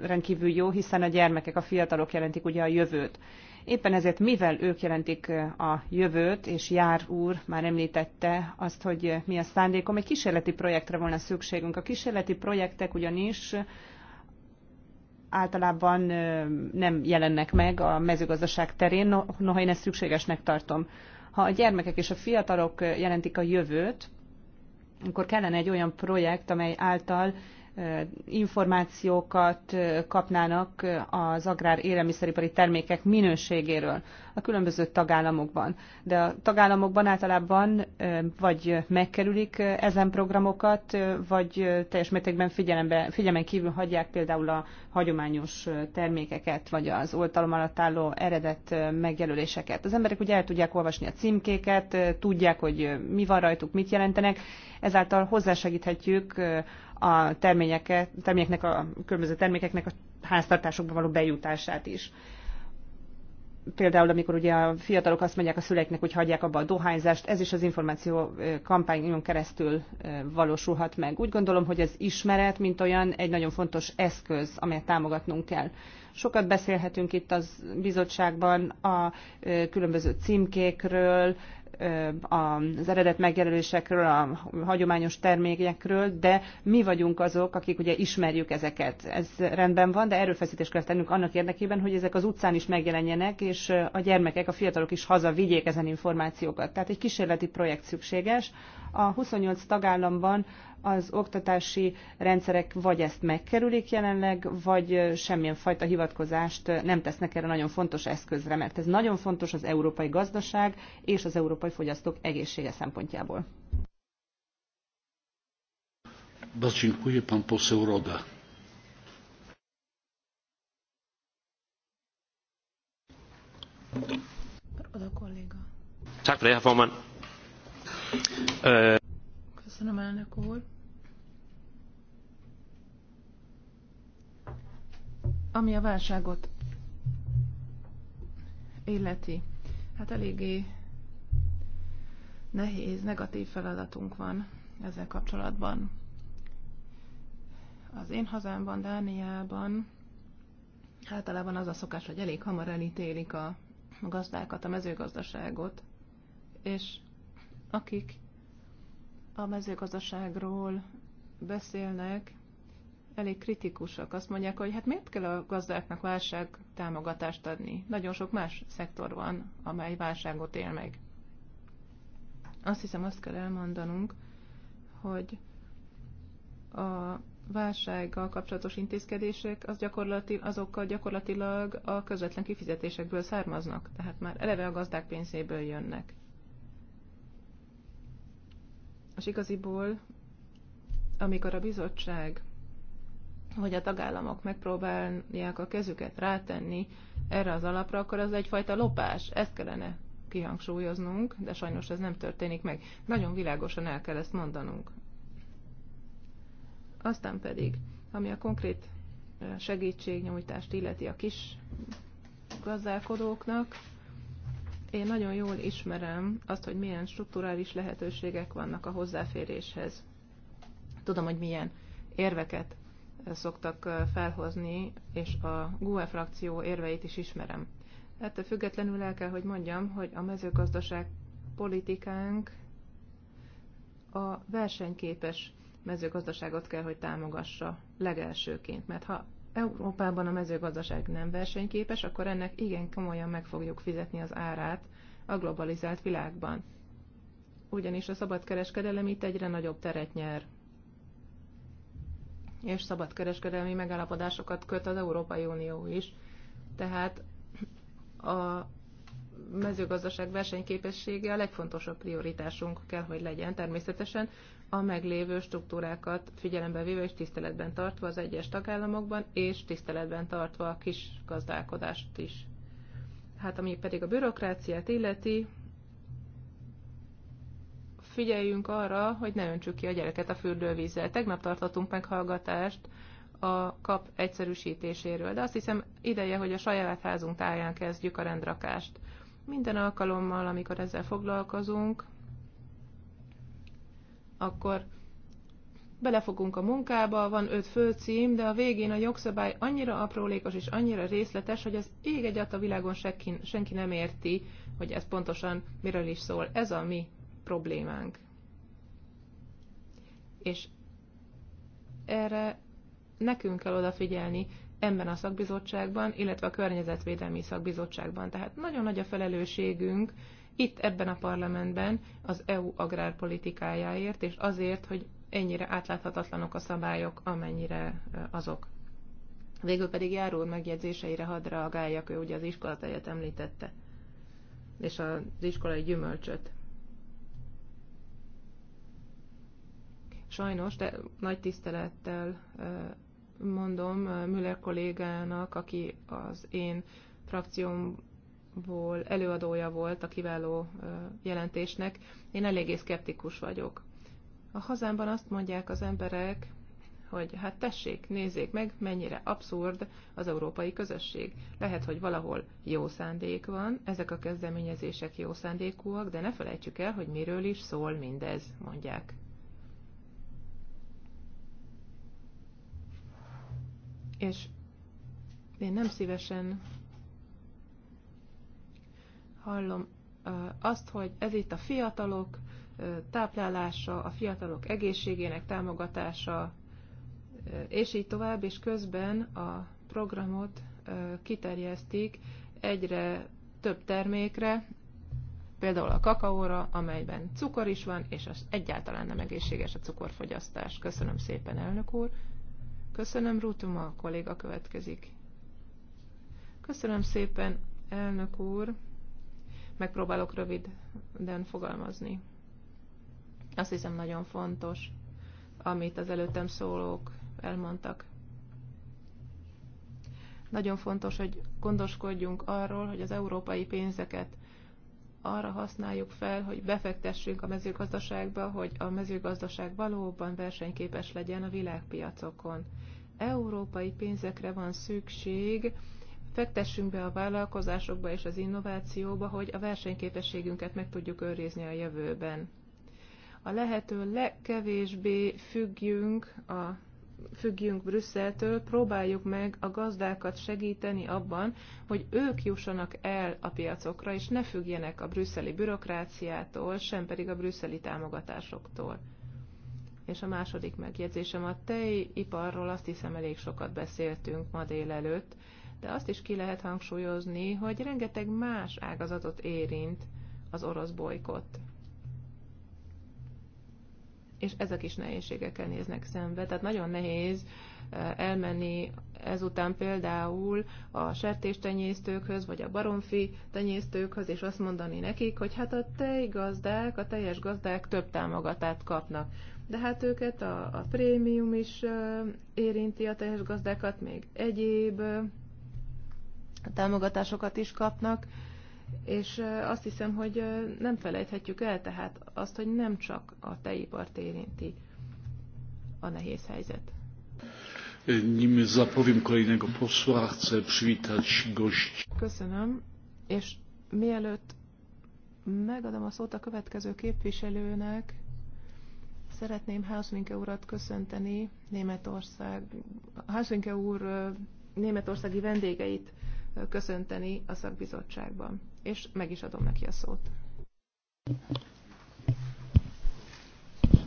rendkívül jó, hiszen a gyermekek, a fiatalok jelentik ugye a jövőt. Éppen ezért, mivel ők jelentik a jövőt, és Jár úr már említette azt, hogy mi a szándékom, egy kísérleti projektre volna szükségünk. A kísérleti projektek ugyanis általában nem jelennek meg a mezőgazdaság terén, noha én ezt szükségesnek tartom. Ha a gyermekek és a fiatalok jelentik a jövőt, akkor kellene egy olyan projekt, amely által információkat kapnának az agrár élelmiszeripari termékek minőségéről a különböző tagállamokban. De a tagállamokban általában vagy megkerülik ezen programokat, vagy teljes mértékben figyelmen kívül hagyják például a hagyományos termékeket, vagy az oltalom alatt álló eredet megjelöléseket. Az emberek ugye el tudják olvasni a címkéket, tudják, hogy mi van rajtuk, mit jelentenek, ezáltal hozzásegíthetjük a terményeket, termékeknek a különböző termékeknek a háztartásokba való bejutását is. Például, amikor ugye a fiatalok azt mondják a szüleiknek, hogy hagyják abba a dohányzást, ez is az információ kampányon keresztül valósulhat meg. Úgy gondolom, hogy az ismeret, mint olyan, egy nagyon fontos eszköz, amelyet támogatnunk kell. Sokat beszélhetünk itt az bizottságban a különböző címkékről, az eredet megjelölésekről, a hagyományos termékekről, de mi vagyunk azok, akik ugye ismerjük ezeket. Ez rendben van, de erőfeszítést kell tennünk annak érdekében, hogy ezek az utcán is megjelenjenek, és a gyermekek, a fiatalok is haza vigyék ezen információkat. Tehát egy kísérleti projekt szükséges. A 28 tagállamban az oktatási rendszerek vagy ezt megkerülik jelenleg, vagy semmilyen fajta hivatkozást nem tesznek erre nagyon fontos eszközre, mert ez nagyon fontos az európai gazdaság és az európai fogyasztók egészsége szempontjából. Roda. E- Köszönöm, elnök úr. Ami a válságot illeti, hát eléggé nehéz, negatív feladatunk van ezzel kapcsolatban. Az én hazámban, Dániában általában az a szokás, hogy elég hamar elítélik a gazdákat, a mezőgazdaságot, és akik a mezőgazdaságról beszélnek, elég kritikusak. Azt mondják, hogy hát miért kell a gazdáknak válság támogatást adni? Nagyon sok más szektor van, amely válságot él meg. Azt hiszem, azt kell elmondanunk, hogy a válsággal kapcsolatos intézkedések az gyakorlati, azokkal gyakorlatilag a közvetlen kifizetésekből származnak, tehát már eleve a gazdák pénzéből jönnek. És igaziból, amikor a bizottság hogy a tagállamok megpróbálják a kezüket rátenni erre az alapra, akkor az egyfajta lopás. Ezt kellene kihangsúlyoznunk, de sajnos ez nem történik meg. Nagyon világosan el kell ezt mondanunk. Aztán pedig, ami a konkrét segítségnyújtást illeti a kis gazdálkodóknak, én nagyon jól ismerem azt, hogy milyen strukturális lehetőségek vannak a hozzáféréshez. Tudom, hogy milyen érveket szoktak felhozni, és a GUE frakció érveit is ismerem. Ettől függetlenül el kell, hogy mondjam, hogy a mezőgazdaság politikánk a versenyképes mezőgazdaságot kell, hogy támogassa legelsőként, mert ha Európában a mezőgazdaság nem versenyképes, akkor ennek igen komolyan meg fogjuk fizetni az árát a globalizált világban. Ugyanis a szabadkereskedelem itt egyre nagyobb teret nyer és szabadkereskedelmi megállapodásokat köt az Európai Unió is. Tehát a mezőgazdaság versenyképessége a legfontosabb prioritásunk kell, hogy legyen természetesen a meglévő struktúrákat figyelembe véve és tiszteletben tartva az egyes tagállamokban, és tiszteletben tartva a kis gazdálkodást is. Hát ami pedig a bürokráciát illeti, figyeljünk arra, hogy ne öntsük ki a gyereket a fürdővízzel. Tegnap tartottunk meghallgatást a kap egyszerűsítéséről, de azt hiszem ideje, hogy a saját házunk táján kezdjük a rendrakást. Minden alkalommal, amikor ezzel foglalkozunk, akkor belefogunk a munkába, van öt főcím, de a végén a jogszabály annyira aprólékos és annyira részletes, hogy az ég egy a világon senki, senki nem érti, hogy ez pontosan miről is szól. Ez a mi problémánk. És erre nekünk kell odafigyelni ebben a szakbizottságban, illetve a környezetvédelmi szakbizottságban. Tehát nagyon nagy a felelősségünk itt ebben a parlamentben az EU agrárpolitikájáért, és azért, hogy ennyire átláthatatlanok a szabályok, amennyire azok. Végül pedig járó megjegyzéseire hadd reagáljak, ő ugye az iskolatejet említette, és az iskolai gyümölcsöt. Sajnos, de nagy tisztelettel mondom Müller kollégának, aki az én frakciómból előadója volt a kiváló jelentésnek, én eléggé szkeptikus vagyok. A hazámban azt mondják az emberek, hogy hát tessék, nézzék meg, mennyire abszurd az európai közösség. Lehet, hogy valahol jó szándék van, ezek a kezdeményezések jó szándékúak, de ne felejtsük el, hogy miről is szól mindez, mondják. És én nem szívesen hallom azt, hogy ez itt a fiatalok táplálása, a fiatalok egészségének támogatása, és így tovább, és közben a programot kiterjesztik egyre több termékre, például a kakaóra, amelyben cukor is van, és az egyáltalán nem egészséges a cukorfogyasztás. Köszönöm szépen, elnök úr! Köszönöm, Rutuma kolléga következik. Köszönöm szépen, elnök úr. Megpróbálok röviden fogalmazni. Azt hiszem nagyon fontos, amit az előttem szólók elmondtak. Nagyon fontos, hogy gondoskodjunk arról, hogy az európai pénzeket arra használjuk fel, hogy befektessünk a mezőgazdaságba, hogy a mezőgazdaság valóban versenyképes legyen a világpiacokon. Európai pénzekre van szükség, fektessünk be a vállalkozásokba és az innovációba, hogy a versenyképességünket meg tudjuk őrizni a jövőben. A lehető legkevésbé függjünk a függjünk Brüsszeltől, próbáljuk meg a gazdákat segíteni abban, hogy ők jussanak el a piacokra, és ne függjenek a brüsszeli bürokráciától, sem pedig a brüsszeli támogatásoktól. És a második megjegyzésem a tejiparról azt hiszem elég sokat beszéltünk ma délelőtt, de azt is ki lehet hangsúlyozni, hogy rengeteg más ágazatot érint az orosz bolykott és ezek is nehézségekkel néznek szembe. Tehát nagyon nehéz elmenni ezután például a sertéstenyésztőkhöz, vagy a baromfi tenyésztőkhöz, és azt mondani nekik, hogy hát a tejgazdák, a teljes gazdák több támogatást kapnak. De hát őket a, a prémium is érinti a teljes gazdákat, még egyéb támogatásokat is kapnak és azt hiszem, hogy nem felejthetjük el tehát azt, hogy nem csak a teipart érinti a nehéz helyzet. E, nim zapowiem kolejnego posła, chcę przywitać gości. Köszönöm, és mielőtt megadom a szót a következő képviselőnek, szeretném Hauswinke urat köszönteni Németország. Hauswinke úr németországi vendégeit köszönteni a szakbizottságban. És meg is adom neki a szót.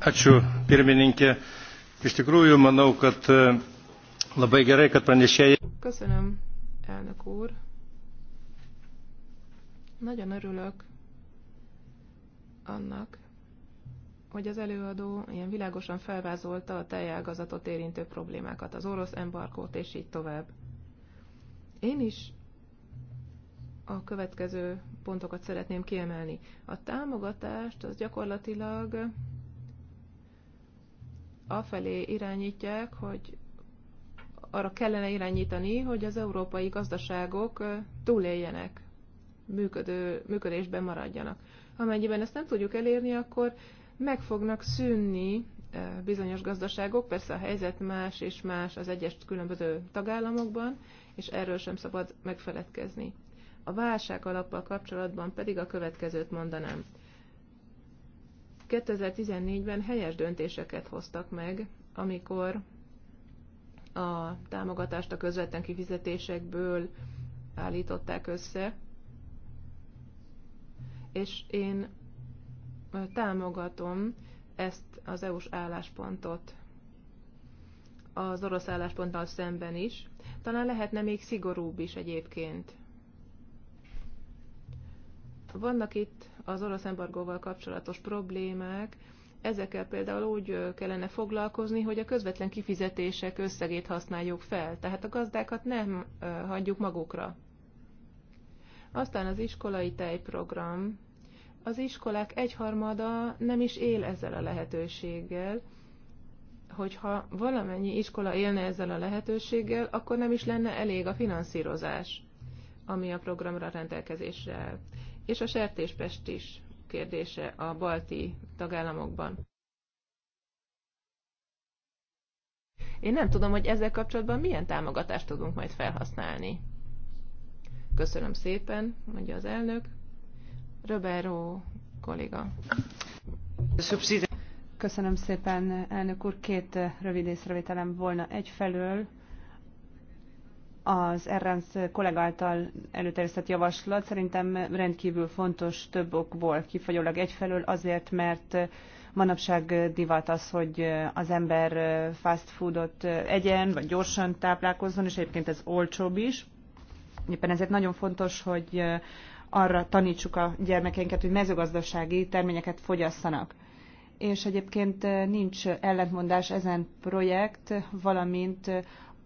Ačiū, pirmininkė. Iš tikrųjų, manau, kad e, labai gerai, kad pranešėjai. Köszönöm, elnök úr. Nagyon örülök annak, hogy az előadó ilyen világosan felvázolta a tejágazatot érintő problémákat, az orosz embarkót és így tovább. Én is a következő pontokat szeretném kiemelni. A támogatást az gyakorlatilag afelé irányítják, hogy arra kellene irányítani, hogy az európai gazdaságok túléljenek, működő, működésben maradjanak. Amennyiben ezt nem tudjuk elérni, akkor meg fognak szűnni bizonyos gazdaságok, persze a helyzet más és más az egyes különböző tagállamokban, és erről sem szabad megfeledkezni. A válság alappal kapcsolatban pedig a következőt mondanám. 2014-ben helyes döntéseket hoztak meg, amikor a támogatást a közvetlen kifizetésekből állították össze, és én támogatom ezt az EU-s álláspontot az orosz állásponttal szemben is. Talán lehetne még szigorúbb is egyébként. Vannak itt az orosz embargóval kapcsolatos problémák, ezekkel például úgy kellene foglalkozni, hogy a közvetlen kifizetések összegét használjuk fel, tehát a gazdákat nem hagyjuk magukra. Aztán az iskolai tejprogram. Az iskolák egyharmada nem is él ezzel a lehetőséggel, hogyha valamennyi iskola élne ezzel a lehetőséggel, akkor nem is lenne elég a finanszírozás, ami a programra rendelkezésre áll. És a sertéspest is kérdése a balti tagállamokban. Én nem tudom, hogy ezzel kapcsolatban milyen támogatást tudunk majd felhasználni. Köszönöm szépen, mondja az elnök. Roberto kolléga. Köszönöm szépen, elnök úr. Két eh, rövid észrevételem volna. Egyfelől az Erránc kollega által előterjesztett javaslat szerintem rendkívül fontos több okból kifolyólag egyfelől azért, mert eh, manapság divat az, hogy eh, az ember fast foodot egyen, vagy gyorsan táplálkozzon, és egyébként ez olcsóbb is. Éppen ezért nagyon fontos, hogy arra tanítsuk a gyermekeinket, hogy mezőgazdasági terményeket fogyasszanak és egyébként eh, nincs ellentmondás ezen projekt, valamint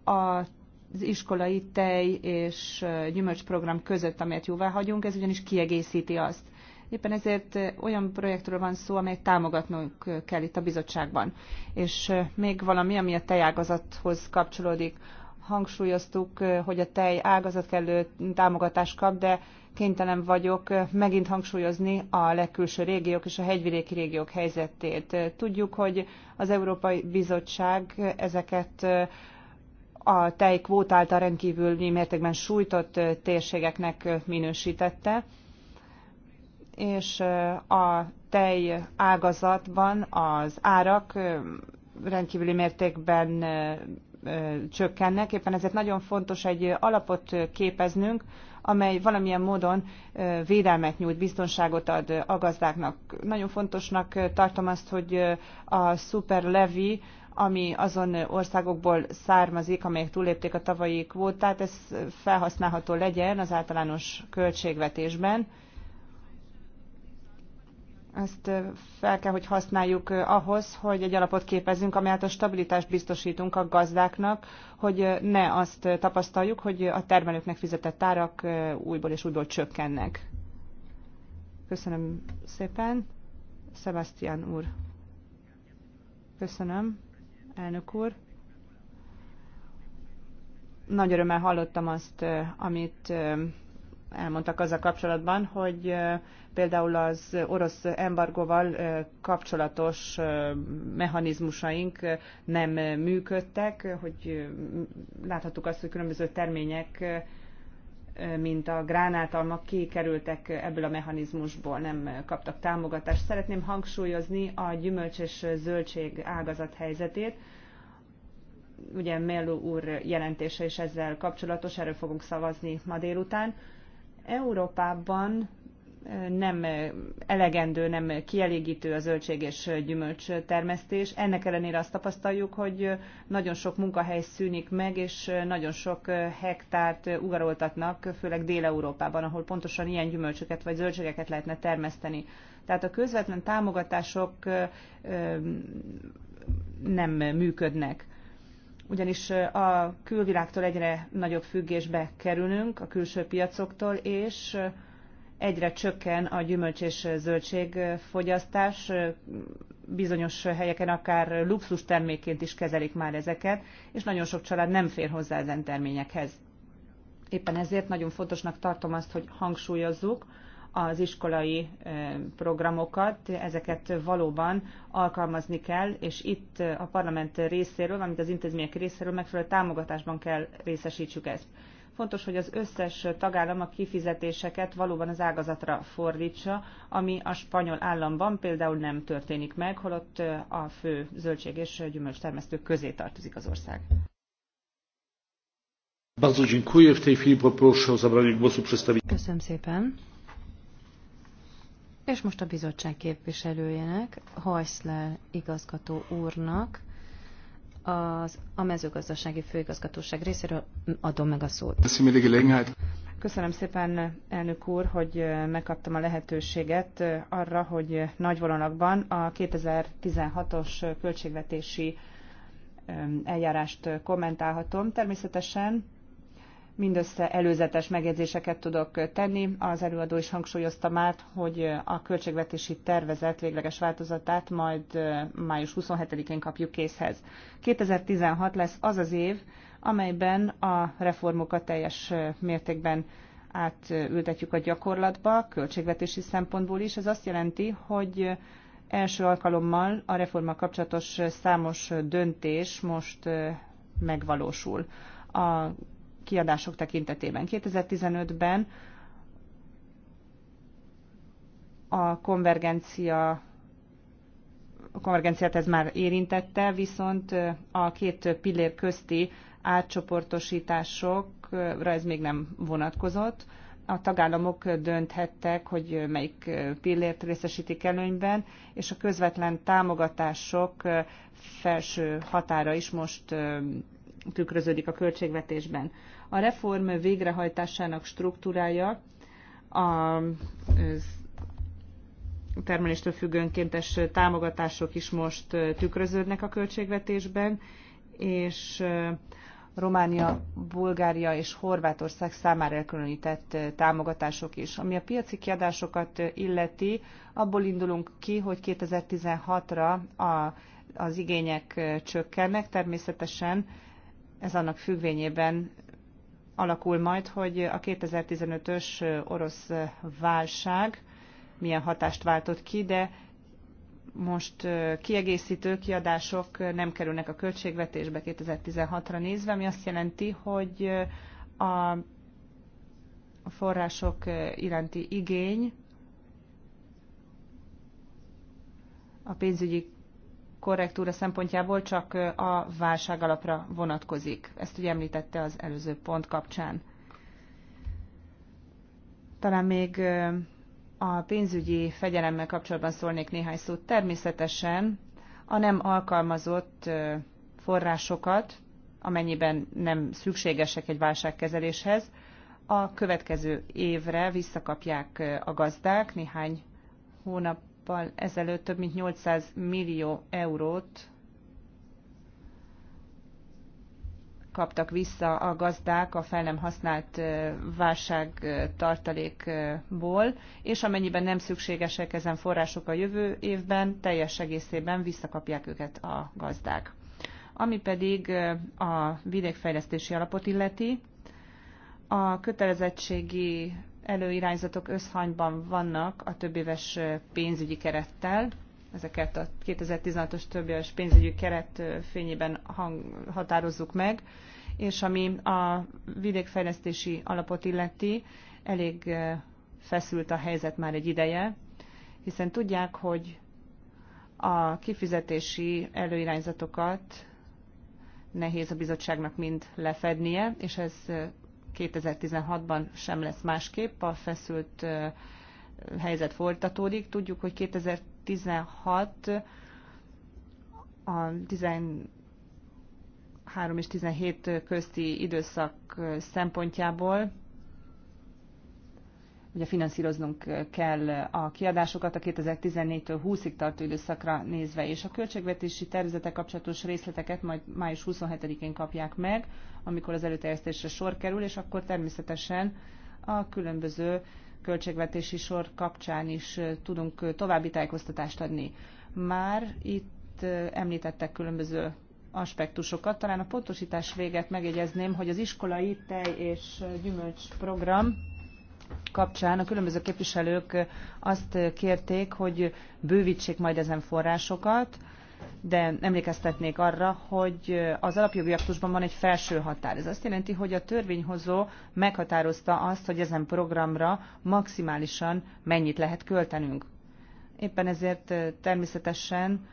a eh, az iskolai tej és eh, gyümölcsprogram között, amelyet jóvá hagyunk, ez ugyanis kiegészíti azt. Éppen ezért olyan projektről van szó, amelyet támogatnunk kell itt a bizottságban. És még valami, ami a tejágazathoz kapcsolódik hangsúlyoztuk, hogy a tej ágazat kellő támogatást kap, de kénytelen vagyok megint hangsúlyozni a legkülső régiók és a hegyvidéki régiók helyzetét. Tudjuk, hogy az Európai Bizottság ezeket a tej kvót által rendkívül mértékben sújtott térségeknek minősítette, és a tej ágazatban az árak rendkívüli mértékben csökkennek, éppen ezért nagyon fontos egy alapot képeznünk, amely valamilyen módon védelmet nyújt, biztonságot ad a gazdáknak. Nagyon fontosnak tartom azt, hogy a szuper levi, ami azon országokból származik, amelyek túlépték a tavalyi kvótát, ez felhasználható legyen az általános költségvetésben ezt fel kell, hogy használjuk ahhoz, hogy egy alapot képezünk, amelyet a stabilitást biztosítunk a gazdáknak, hogy ne azt tapasztaljuk, hogy a termelőknek fizetett árak újból és újból csökkennek. Köszönöm szépen. Sebastian úr. Köszönöm, elnök úr. Nagy örömmel hallottam azt, amit elmondtak a kapcsolatban, hogy például az orosz embargóval kapcsolatos mechanizmusaink nem működtek, hogy láthattuk azt, hogy különböző termények mint a gránátalmak kikerültek ebből a mechanizmusból, nem kaptak támogatást. Szeretném hangsúlyozni a gyümölcs és zöldség ágazat helyzetét. Ugye Mellu úr jelentése is ezzel kapcsolatos, erről fogunk szavazni ma délután. Európában nem elegendő, nem kielégítő a zöldség és gyümölcs termesztés. Ennek ellenére azt tapasztaljuk, hogy nagyon sok munkahely szűnik meg, és nagyon sok hektárt ugaroltatnak, főleg Dél-Európában, ahol pontosan ilyen gyümölcsöket vagy zöldségeket lehetne termeszteni. Tehát a közvetlen támogatások nem működnek ugyanis a külvilágtól egyre nagyobb függésbe kerülünk, a külső piacoktól, és egyre csökken a gyümölcs és zöldségfogyasztás, bizonyos helyeken akár luxus termékként is kezelik már ezeket, és nagyon sok család nem fér hozzá ezen terményekhez. Éppen ezért nagyon fontosnak tartom azt, hogy hangsúlyozzuk, az iskolai programokat, ezeket valóban alkalmazni kell, és itt a parlament részéről, valamint az intézmények részéről megfelelő támogatásban kell részesítsük ezt. Fontos, hogy az összes tagállam a kifizetéseket valóban az ágazatra fordítsa, ami a spanyol államban például nem történik meg, holott a fő zöldség és termesztők közé tartozik az ország. Köszönöm szépen. És most a bizottság képviselőjének, Hajszler igazgató úrnak, az, a mezőgazdasági főigazgatóság részéről adom meg a szót. Köszönöm szépen, elnök úr, hogy eh, megkaptam a lehetőséget eh, arra, hogy eh, nagy vonalakban a 2016-os költségvetési eljárást kommentálhatom. Természetesen Mindössze előzetes megjegyzéseket tudok tenni. Az előadó is hangsúlyozta már, hogy a költségvetési tervezet végleges változatát majd május 27-én kapjuk készhez. 2016 lesz az az év, amelyben a reformokat teljes mértékben átültetjük a gyakorlatba, költségvetési szempontból is. Ez azt jelenti, hogy első alkalommal a reforma kapcsolatos számos döntés most megvalósul. A kiadások tekintetében. 2015-ben a konvergencia a konvergenciát ez már érintette, viszont a két pillér közti átcsoportosításokra ez még nem vonatkozott. A tagállamok dönthettek, hogy melyik pillért részesítik előnyben, és a közvetlen támogatások felső határa is most tükröződik a költségvetésben. A reform végrehajtásának struktúrája a termeléstől függő önkéntes támogatások is most tükröződnek a költségvetésben, és Románia, Bulgária és Horvátország számára elkülönített támogatások is. Ami a piaci kiadásokat illeti, abból indulunk ki, hogy 2016-ra a, az igények csökkennek. Természetesen ez annak függvényében alakul majd, hogy a 2015-ös orosz válság milyen hatást váltott ki, de most kiegészítő kiadások nem kerülnek a költségvetésbe 2016-ra nézve, ami azt jelenti, hogy a források iránti igény a pénzügyi korrektúra szempontjából csak a válság alapra vonatkozik. Ezt ugye említette az előző pont kapcsán. Talán még a pénzügyi fegyelemmel kapcsolatban szólnék néhány szót. Természetesen a nem alkalmazott forrásokat, amennyiben nem szükségesek egy válságkezeléshez, a következő évre visszakapják a gazdák néhány hónap hónappal ezelőtt több mint 800 millió eurót kaptak vissza a gazdák a fel nem használt válságtartalékból, és amennyiben nem szükségesek ezen források a jövő évben, teljes egészében visszakapják őket a gazdák. Ami pedig a vidékfejlesztési alapot illeti, a kötelezettségi előirányzatok összhangban vannak a többéves pénzügyi kerettel, ezeket a 2016-os többéves pénzügyi keret fényében hang, határozzuk meg, és ami a vidékfejlesztési alapot illeti, elég feszült a helyzet már egy ideje, hiszen tudják, hogy a kifizetési előirányzatokat nehéz a bizottságnak mind lefednie, és ez 2016-ban sem lesz másképp, a feszült helyzet folytatódik. Tudjuk, hogy 2016 a 13 és 17 közti időszak szempontjából ugye finanszíroznunk kell a kiadásokat a 2014-től 20-ig tartó időszakra nézve, és a költségvetési tervezetek kapcsolatos részleteket majd május 27-én kapják meg, amikor az előterjesztésre sor kerül, és akkor természetesen a különböző költségvetési sor kapcsán is tudunk további tájékoztatást adni. Már itt említettek különböző aspektusokat. Talán a pontosítás véget megjegyezném, hogy az iskolai tej és gyümölcs program kapcsán a különböző képviselők azt kérték, hogy bővítsék majd ezen forrásokat, de emlékeztetnék arra, hogy az alapjogi aktusban van egy felső határ. Ez azt jelenti, hogy a törvényhozó meghatározta azt, hogy ezen programra maximálisan mennyit lehet költenünk. Éppen ezért eh, természetesen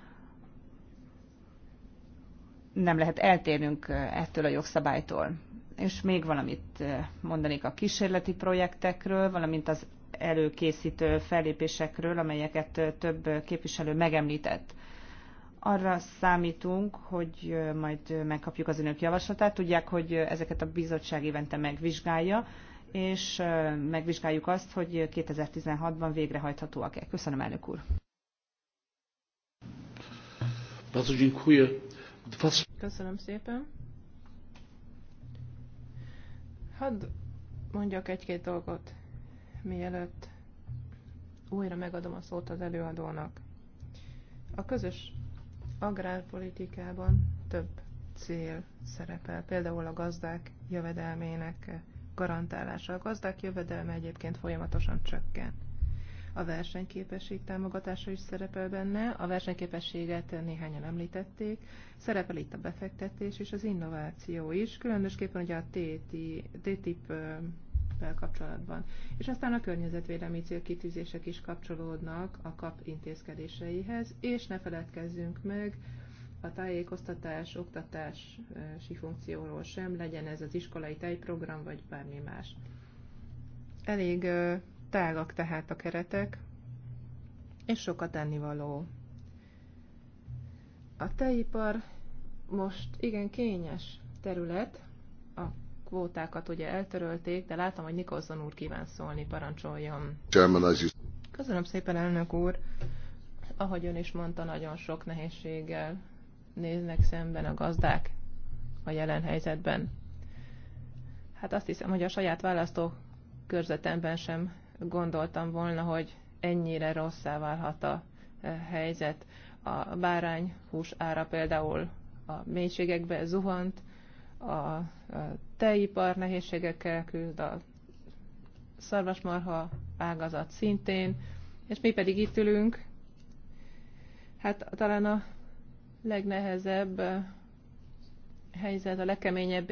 nem lehet eltérnünk eh, ettől a jogszabálytól és még valamit mondanék a kísérleti projektekről, valamint az előkészítő fellépésekről, amelyeket több képviselő megemlített. Arra számítunk, hogy majd megkapjuk az önök javaslatát. Tudják, hogy ezeket a bizottság évente megvizsgálja, és megvizsgáljuk azt, hogy 2016-ban végrehajthatóak-e. Köszönöm, elnök úr! Köszönöm szépen! Hadd mondjak egy-két dolgot, mielőtt újra megadom a szót az előadónak. A közös agrárpolitikában több cél szerepel, például a gazdák jövedelmének garantálása. A gazdák jövedelme egyébként folyamatosan csökken a versenyképesség támogatása is szerepel benne. A versenyképességet néhányan említették. Szerepel itt a befektetés és az innováció is, különösképpen ugye a TTIP fel kapcsolatban. És aztán a környezetvédelmi célkitűzések is kapcsolódnak a kap intézkedéseihez, és ne feledkezzünk meg a tájékoztatás, oktatási funkcióról sem, legyen ez az iskolai tejprogram, vagy bármi más. Elég Tágak tehát a keretek, és sokat ennivaló. A tejipar most igen kényes terület, a kvótákat ugye eltörölték, de látom, hogy Nikolson úr kíván szólni, parancsoljon. Köszönöm szépen, elnök úr. Ahogy ön is mondta, nagyon sok nehézséggel néznek szemben a gazdák a jelen helyzetben. Hát azt hiszem, hogy a saját választó körzetemben sem gondoltam volna, hogy ennyire rosszá válhat a e, helyzet. A bárányhús ára például a mélységekbe zuhant, a tejipar nehézségekkel küzd, a szarvasmarha ágazat szintén, és mi pedig itt ülünk. Hát talán a legnehezebb e, helyzet, a legkeményebb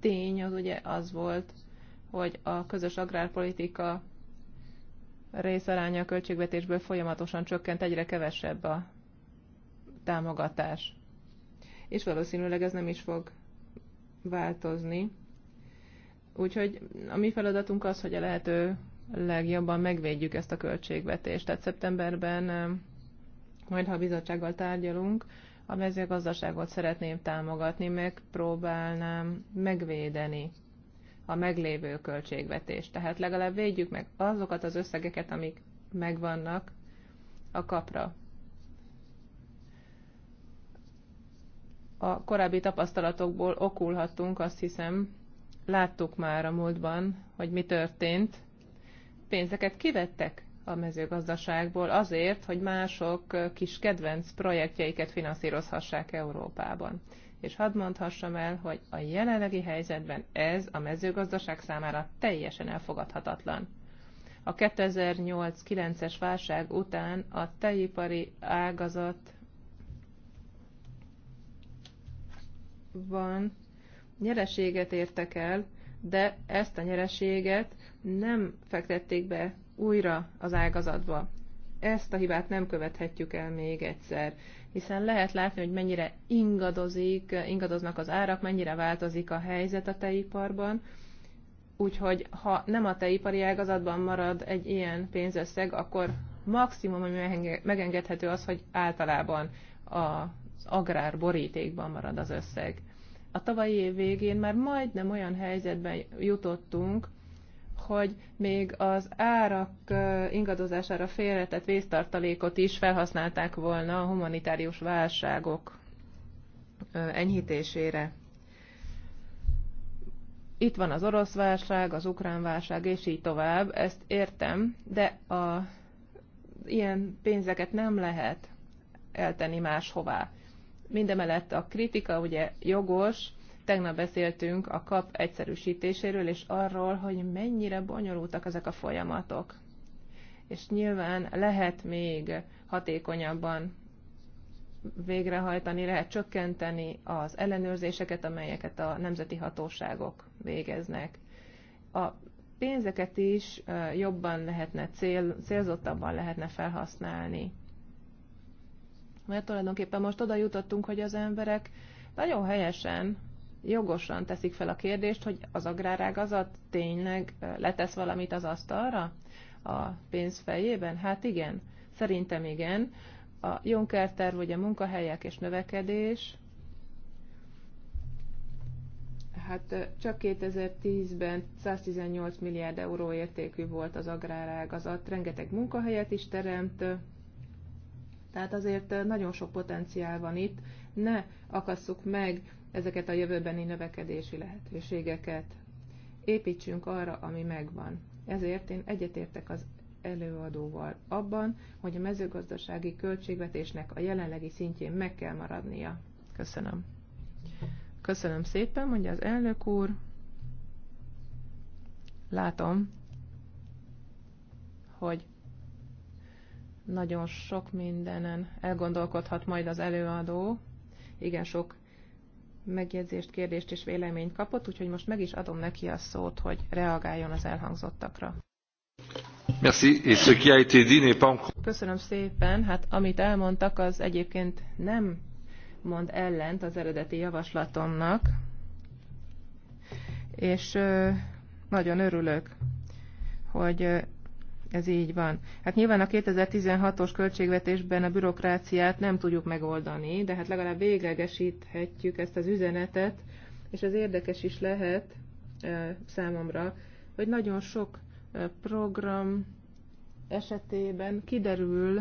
tény az ugye az volt, hogy a közös agrárpolitika részaránya a költségvetésből folyamatosan csökkent, egyre kevesebb a támogatás. És valószínűleg ez nem is fog változni. Úgyhogy a mi feladatunk az, hogy a lehető legjobban megvédjük ezt a költségvetést. Tehát szeptemberben, majd ha a bizottsággal tárgyalunk, a mezőgazdaságot szeretném támogatni, megpróbálnám megvédeni a meglévő költségvetés, Tehát legalább védjük meg azokat az összegeket, amik megvannak a kapra. A korábbi tapasztalatokból okulhattunk, azt hiszem, láttuk már a múltban, hogy mi történt. Pénzeket kivettek a mezőgazdaságból azért, hogy mások kis kedvenc projektjeiket finanszírozhassák Európában és hadd mondhassam el, hogy a jelenlegi helyzetben ez a mezőgazdaság számára teljesen elfogadhatatlan. A 2008-9-es válság után a tejipari ágazat van nyereséget értek el, de ezt a nyereséget nem fektették be újra az ágazatba. Ezt a hibát nem követhetjük el még egyszer hiszen lehet látni, hogy mennyire ingadozik, ingadoznak az árak, mennyire változik a helyzet a tejiparban, úgyhogy ha nem a teipari ágazatban marad egy ilyen pénzösszeg, akkor maximum, ami megengedhető az, hogy általában az agrár borítékban marad az összeg. A tavalyi év végén már majdnem olyan helyzetben jutottunk, hogy még az árak ingadozására félretett vésztartalékot is felhasználták volna a humanitárius válságok enyhítésére. Itt van az orosz válság, az ukrán válság, és így tovább. Ezt értem, de a, ilyen pénzeket nem lehet eltenni máshová. Mindemellett a kritika ugye jogos, Tegnap beszéltünk a kap egyszerűsítéséről, és arról, hogy mennyire bonyolultak ezek a folyamatok. És nyilván lehet még hatékonyabban végrehajtani, lehet csökkenteni az ellenőrzéseket, amelyeket a nemzeti hatóságok végeznek. A pénzeket is jobban lehetne, cél, célzottabban lehetne felhasználni. Mert tulajdonképpen most oda jutottunk, hogy az emberek nagyon helyesen jogosan teszik fel a kérdést, hogy az agrárágazat tényleg letesz valamit az asztalra a pénz fejében? Hát igen, szerintem igen. A Juncker terv, a munkahelyek és növekedés, hát csak 2010-ben 118 milliárd euró értékű volt az agrárágazat, rengeteg munkahelyet is teremt, tehát azért nagyon sok potenciál van itt, ne akasszuk meg ezeket a jövőbeni növekedési lehetőségeket. Építsünk arra, ami megvan. Ezért én egyetértek az előadóval abban, hogy a mezőgazdasági költségvetésnek a jelenlegi szintjén meg kell maradnia. Köszönöm. Köszönöm szépen, mondja az elnök úr. Látom, hogy nagyon sok mindenen elgondolkodhat majd az előadó. Igen, sok megjegyzést, kérdést és véleményt kapott, úgyhogy most meg is adom neki a szót, hogy reagáljon az elhangzottakra. Köszönöm szépen. Hát amit elmondtak, az egyébként nem mond ellent az eredeti javaslatomnak, és nagyon örülök, hogy ez így van. Hát nyilván a 2016-os költségvetésben a bürokráciát nem tudjuk megoldani, de hát legalább véglegesíthetjük ezt az üzenetet, és az érdekes is lehet e, számomra, hogy nagyon sok program esetében kiderül,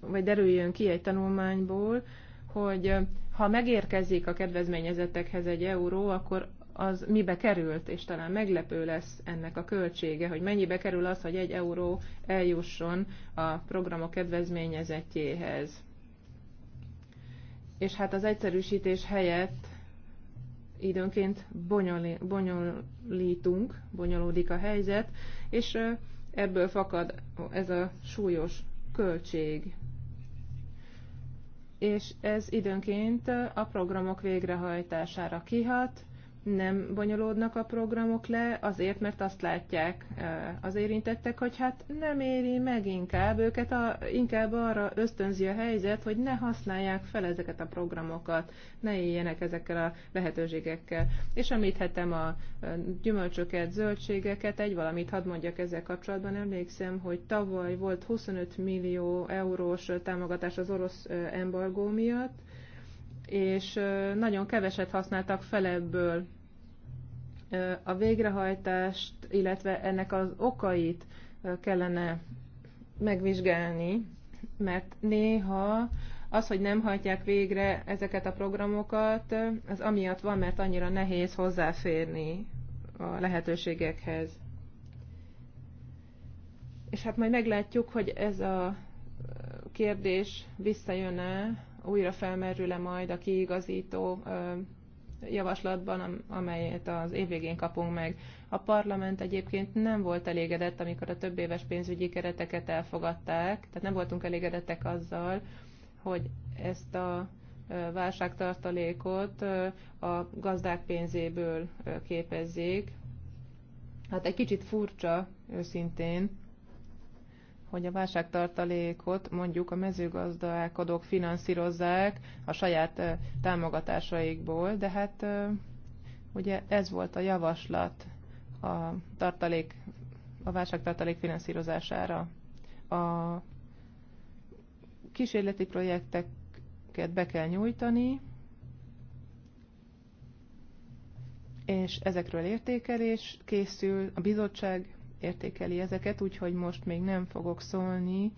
vagy derüljön ki egy tanulmányból, hogy ha megérkezik a kedvezményezettekhez egy euró, akkor az mibe került, és talán meglepő lesz ennek a költsége, hogy mennyibe kerül az, hogy egy euró eljusson a programok kedvezményezettjéhez. És hát az egyszerűsítés helyett időnként bonyolítunk, bonyolódik a helyzet, és ebből fakad ez a súlyos költség. És ez időnként a programok végrehajtására kihat, nem bonyolódnak a programok le, azért, mert azt látják az érintettek, hogy hát nem éri meg inkább őket, a, inkább arra ösztönzi a helyzet, hogy ne használják fel ezeket a programokat, ne éljenek ezekkel a lehetőségekkel. És említhetem a gyümölcsöket, zöldségeket, egy valamit hadd mondjak ezzel kapcsolatban, emlékszem, hogy tavaly volt 25 millió eurós támogatás az orosz embargó miatt, és nagyon keveset használtak fel ebből a végrehajtást, illetve ennek az okait kellene megvizsgálni, mert néha az, hogy nem hajtják végre ezeket a programokat, az amiatt van, mert annyira nehéz hozzáférni a lehetőségekhez. És hát majd meglátjuk, hogy ez a kérdés visszajön-e újra felmerül-e majd a kiigazító javaslatban, amelyet az évvégén kapunk meg. A parlament egyébként nem volt elégedett, amikor a több éves pénzügyi kereteket elfogadták, tehát nem voltunk elégedettek azzal, hogy ezt a válságtartalékot a gazdák pénzéből képezzék. Hát egy kicsit furcsa, őszintén, hogy a válságtartalékot mondjuk a mezőgazdálkodók finanszírozzák a saját támogatásaikból, de hát ugye ez volt a javaslat a, tartalék, a válságtartalék finanszírozására. A kísérleti projekteket be kell nyújtani, és ezekről értékelés készül, a bizottság értékeli ezeket, úgyhogy most még nem fogok szólni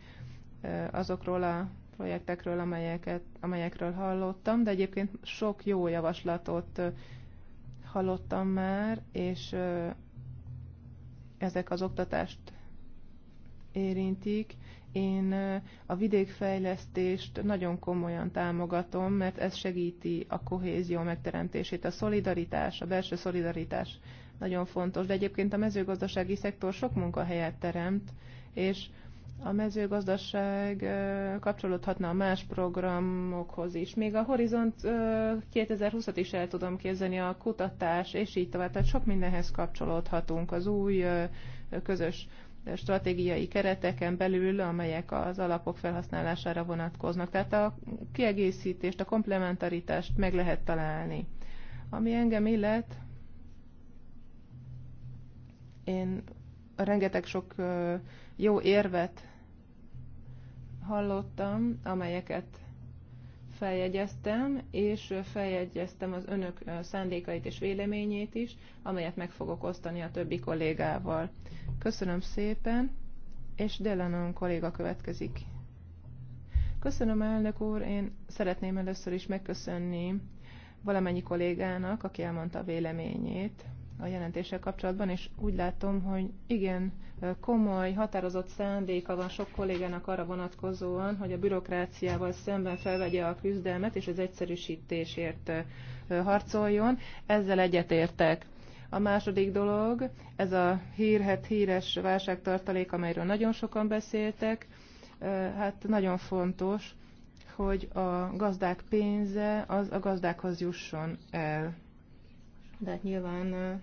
azokról a projektekről, amelyeket, amelyekről hallottam, de egyébként sok jó javaslatot hallottam már, és ezek az oktatást érintik. Én a vidékfejlesztést nagyon komolyan támogatom, mert ez segíti a kohézió megteremtését, a szolidaritás, a belső szolidaritás nagyon fontos, de egyébként a mezőgazdasági szektor sok munkahelyet teremt, és a mezőgazdaság kapcsolódhatna a más programokhoz is. Még a Horizont 2020-at is el tudom képzelni, a kutatás és így tovább. Tehát sok mindenhez kapcsolódhatunk az új közös stratégiai kereteken belül, amelyek az alapok felhasználására vonatkoznak. Tehát a kiegészítést, a komplementaritást meg lehet találni. Ami engem illet, én rengeteg sok jó érvet hallottam, amelyeket feljegyeztem, és feljegyeztem az önök szándékait és véleményét is, amelyet meg fogok osztani a többi kollégával. Köszönöm szépen, és Delanon kolléga következik. Köszönöm, elnök úr, én szeretném először is megköszönni valamennyi kollégának, aki elmondta a véleményét a jelentéssel kapcsolatban, és úgy látom, hogy igen, komoly, határozott szándéka van sok kollégának arra vonatkozóan, hogy a bürokráciával szemben felvegye a küzdelmet, és az egyszerűsítésért harcoljon. Ezzel egyetértek. A második dolog, ez a hírhet híres válságtartalék, amelyről nagyon sokan beszéltek, hát nagyon fontos, hogy a gazdák pénze az a gazdákhoz jusson el. De hát nyilván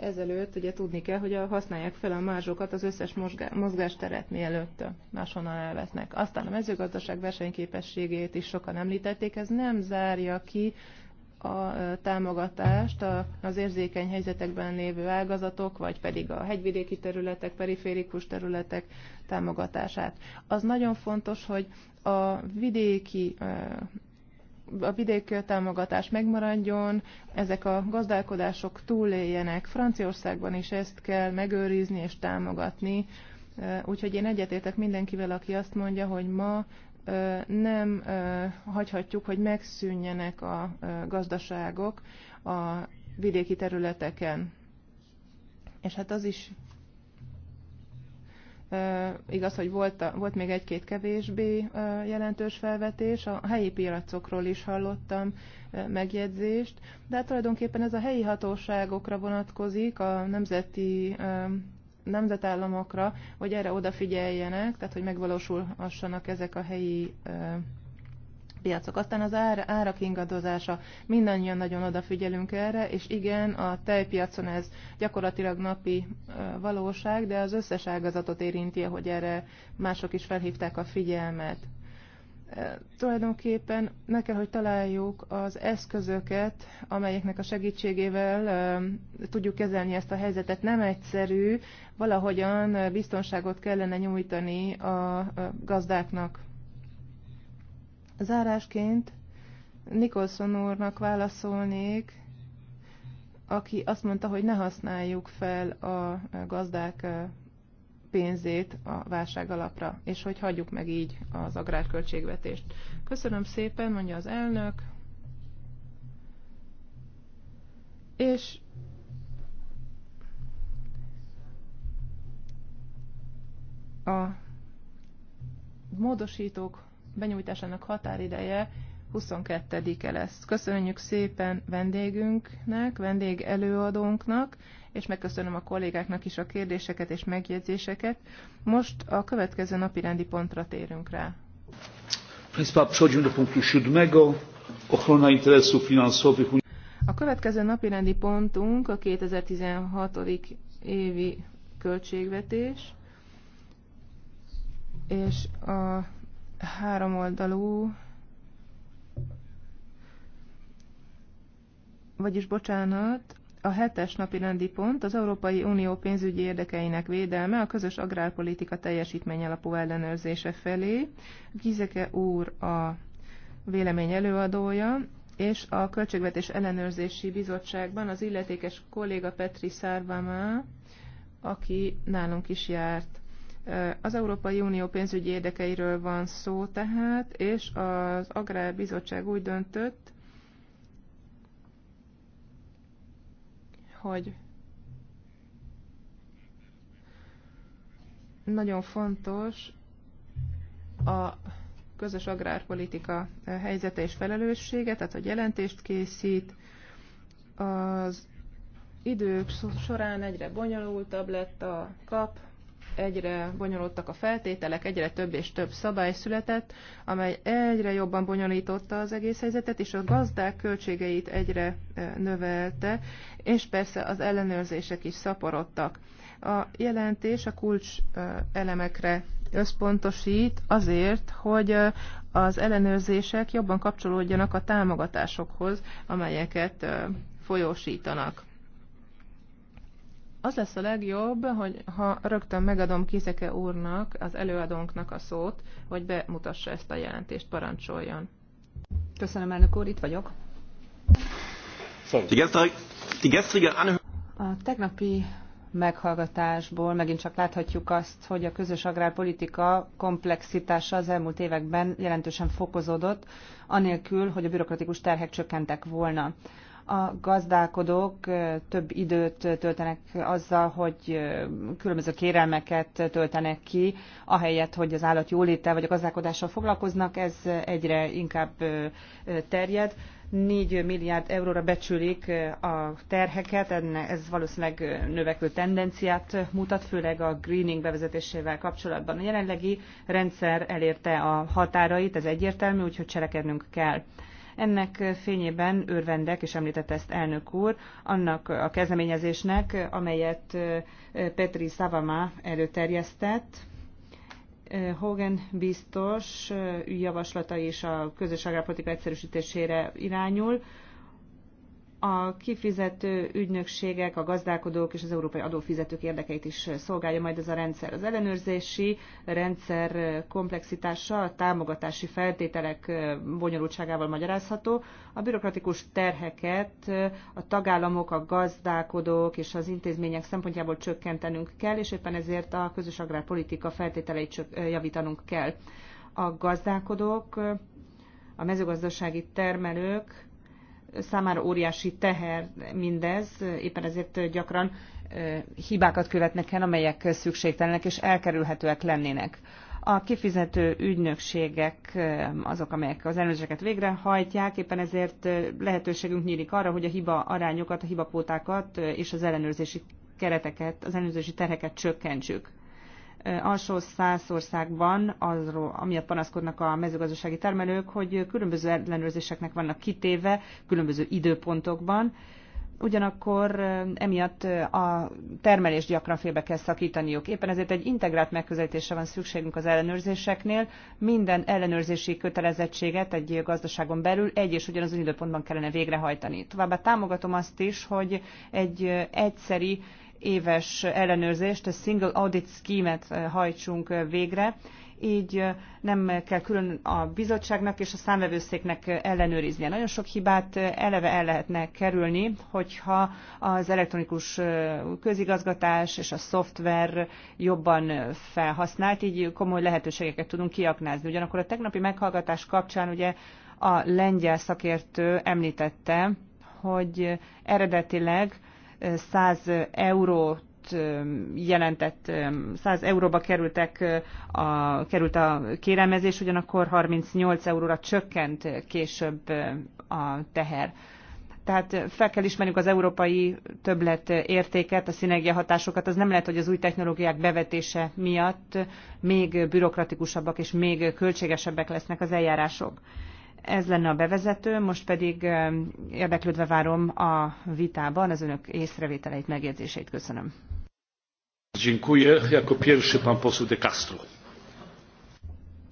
ezelőtt ugye tudni kell, hogy a, használják fel a mázsokat az összes mozgá, mozgásteret mielőtt máshonnan elvesznek. Aztán a mezőgazdaság versenyképességét is sokan említették, ez nem zárja ki a támogatást az érzékeny helyzetekben lévő ágazatok, vagy pedig a hegyvidéki területek, periférikus területek támogatását. Az nagyon fontos, hogy a vidéki a vidék támogatás megmaradjon, ezek a gazdálkodások túléljenek. Franciaországban is ezt kell megőrizni és támogatni. Úgyhogy én egyetértek mindenkivel, aki azt mondja, hogy ma nem hagyhatjuk, hogy megszűnjenek a gazdaságok a vidéki területeken. És hát az is Igaz, hogy volt, volt még egy-két kevésbé jelentős felvetés, a helyi piacokról is hallottam megjegyzést, de hát tulajdonképpen ez a helyi hatóságokra vonatkozik, a nemzeti nemzetállamokra, hogy erre odafigyeljenek, tehát hogy megvalósulhassanak ezek a helyi piacok. Aztán az ára, árak ingadozása, mindannyian nagyon odafigyelünk erre, és igen, a tejpiacon ez gyakorlatilag napi valóság, de az összes ágazatot érinti, hogy erre mások is felhívták a figyelmet. Tulajdonképpen meg kell, hogy találjuk az eszközöket, amelyeknek a segítségével tudjuk kezelni ezt a helyzetet. Nem egyszerű, valahogyan biztonságot kellene nyújtani a gazdáknak Zárásként Nikolson úrnak válaszolnék, aki azt mondta, hogy ne használjuk fel a gazdák pénzét a válság alapra, és hogy hagyjuk meg így az agrárköltségvetést. Köszönöm szépen, mondja az elnök. És a módosítók benyújtásának határideje 22-e lesz. Köszönjük szépen vendégünknek, vendég előadónknak, és megköszönöm a kollégáknak is a kérdéseket és megjegyzéseket. Most a következő napi rendi pontra térünk rá. Ochrona finansowych. A következő napi rendi pontunk a 2016. évi költségvetés, és a háromoldalú, vagyis bocsánat, a hetes napi rendi pont az Európai Unió pénzügyi érdekeinek védelme a közös agrárpolitika teljesítmény alapú ellenőrzése felé. Gizeke úr a vélemény előadója, és a Költségvetés Ellenőrzési Bizottságban az illetékes kolléga Petri Szárvamá, aki nálunk is járt. Az Európai Unió pénzügyi érdekeiről van szó tehát, és az Agrárbizottság úgy döntött, hogy nagyon fontos a közös agrárpolitika helyzete és felelőssége, tehát hogy jelentést készít, az idők során egyre bonyolultabb lett a kap, egyre bonyolultak a feltételek, egyre több és több szabály született, amely egyre jobban bonyolította az egész helyzetet, és a gazdák költségeit egyre e, növelte, és persze az ellenőrzések is szaporodtak. A jelentés a kulcs e, elemekre összpontosít azért, hogy e, az ellenőrzések jobban kapcsolódjanak a támogatásokhoz, amelyeket folyósítanak. Az lesz a legjobb, hogy ha rögtön megadom Kiszeke úrnak, az előadónknak a szót, hogy bemutassa ezt a jelentést, parancsoljon. Köszönöm, elnök úr, itt vagyok. A tegnapi meghallgatásból megint csak láthatjuk azt, hogy a közös agrárpolitika komplexitása az elmúlt években jelentősen fokozódott, anélkül, hogy a bürokratikus terhek csökkentek volna a gazdálkodók több időt töltenek azzal, hogy különböző kérelmeket töltenek ki, ahelyett, hogy az állat jóléttel vagy a gazdálkodással foglalkoznak, ez egyre inkább terjed. 4 milliárd euróra becsülik a terheket, ez valószínűleg növekvő tendenciát mutat, főleg a greening bevezetésével kapcsolatban. A jelenlegi rendszer elérte a határait, ez egyértelmű, úgyhogy cselekednünk kell. Ennek fényében örvendek, és említette ezt elnök úr, annak a kezdeményezésnek, amelyet Petri Szavama előterjesztett, Hogan biztos javaslata és a közös agrárpolitika egyszerűsítésére irányul a kifizető ügynökségek, a gazdálkodók és az európai adófizetők érdekeit is szolgálja majd ez a rendszer. Az ellenőrzési rendszer komplexitása a támogatási feltételek bonyolultságával magyarázható. A bürokratikus terheket a tagállamok, a gazdálkodók és az intézmények szempontjából csökkentenünk kell, és éppen ezért a közös agrárpolitika feltételeit javítanunk kell. A gazdálkodók, a mezőgazdasági termelők, számára óriási teher mindez, éppen ezért gyakran hibákat követnek el, amelyek szükségtelenek és elkerülhetőek lennének. A kifizető ügynökségek azok, amelyek az ellenőrzéseket végrehajtják, éppen ezért lehetőségünk nyílik arra, hogy a hiba arányokat, a hibapótákat és az ellenőrzési kereteket, az ellenőrzési terheket csökkentsük. Eh, alsó száz országban arról, amiatt panaszkodnak a mezőgazdasági termelők, hogy különböző ellenőrzéseknek vannak kitéve különböző időpontokban, ugyanakkor eh, emiatt eh, a termelés gyakran félbe kell szakítaniuk. Éppen ezért egy integrált megközelítésre van szükségünk az ellenőrzéseknél. Minden ellenőrzési kötelezettséget egy gazdaságon belül egy és ugyanazon időpontban kellene végrehajtani. Továbbá támogatom azt is, hogy egy egyszeri éves ellenőrzést, a Single Audit Scheme-et eh, hajtsunk eh, végre, így eh, nem kell külön a bizottságnak és a számvevőszéknek ellenőriznie. Nagyon sok hibát eleve el lehetne kerülni, hogyha az elektronikus közigazgatás és a szoftver jobban felhasznált, így komoly lehetőségeket tudunk kiaknázni. Ugyanakkor a tegnapi meghallgatás kapcsán ugye a lengyel szakértő említette, hogy eredetileg 100 eurót jelentett, 100 euróba kerültek a, került a kérelmezés, ugyanakkor 38 euróra csökkent később a teher. Tehát fel kell ismerjük az európai többlet értéket, a szinergia hatásokat. Az nem lehet, hogy az új technológiák bevetése miatt még bürokratikusabbak és még költségesebbek lesznek az eljárások. Ez lenne a bevezető, most pedig érdeklődve várom a vitában az önök észrevételeit, megjegyzéseit. Köszönöm. Dziękuję. Jako pierwszy pan poseł De Castro.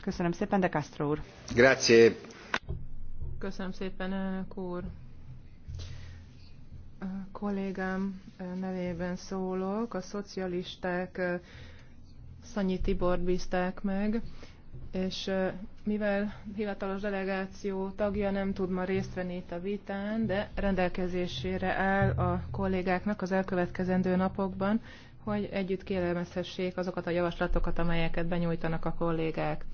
Köszönöm szépen, De Castro úr. Grazie. Köszönöm szépen, elnök úr. A kollégám nevében szólok. A szocialisták Szanyi Tibor bízták meg, és mivel hivatalos delegáció tagja nem tud ma részt venni itt a vitán, de rendelkezésére áll a kollégáknak az elkövetkezendő napokban, hogy együtt kérelmezhessék azokat a javaslatokat, amelyeket benyújtanak a kollégák.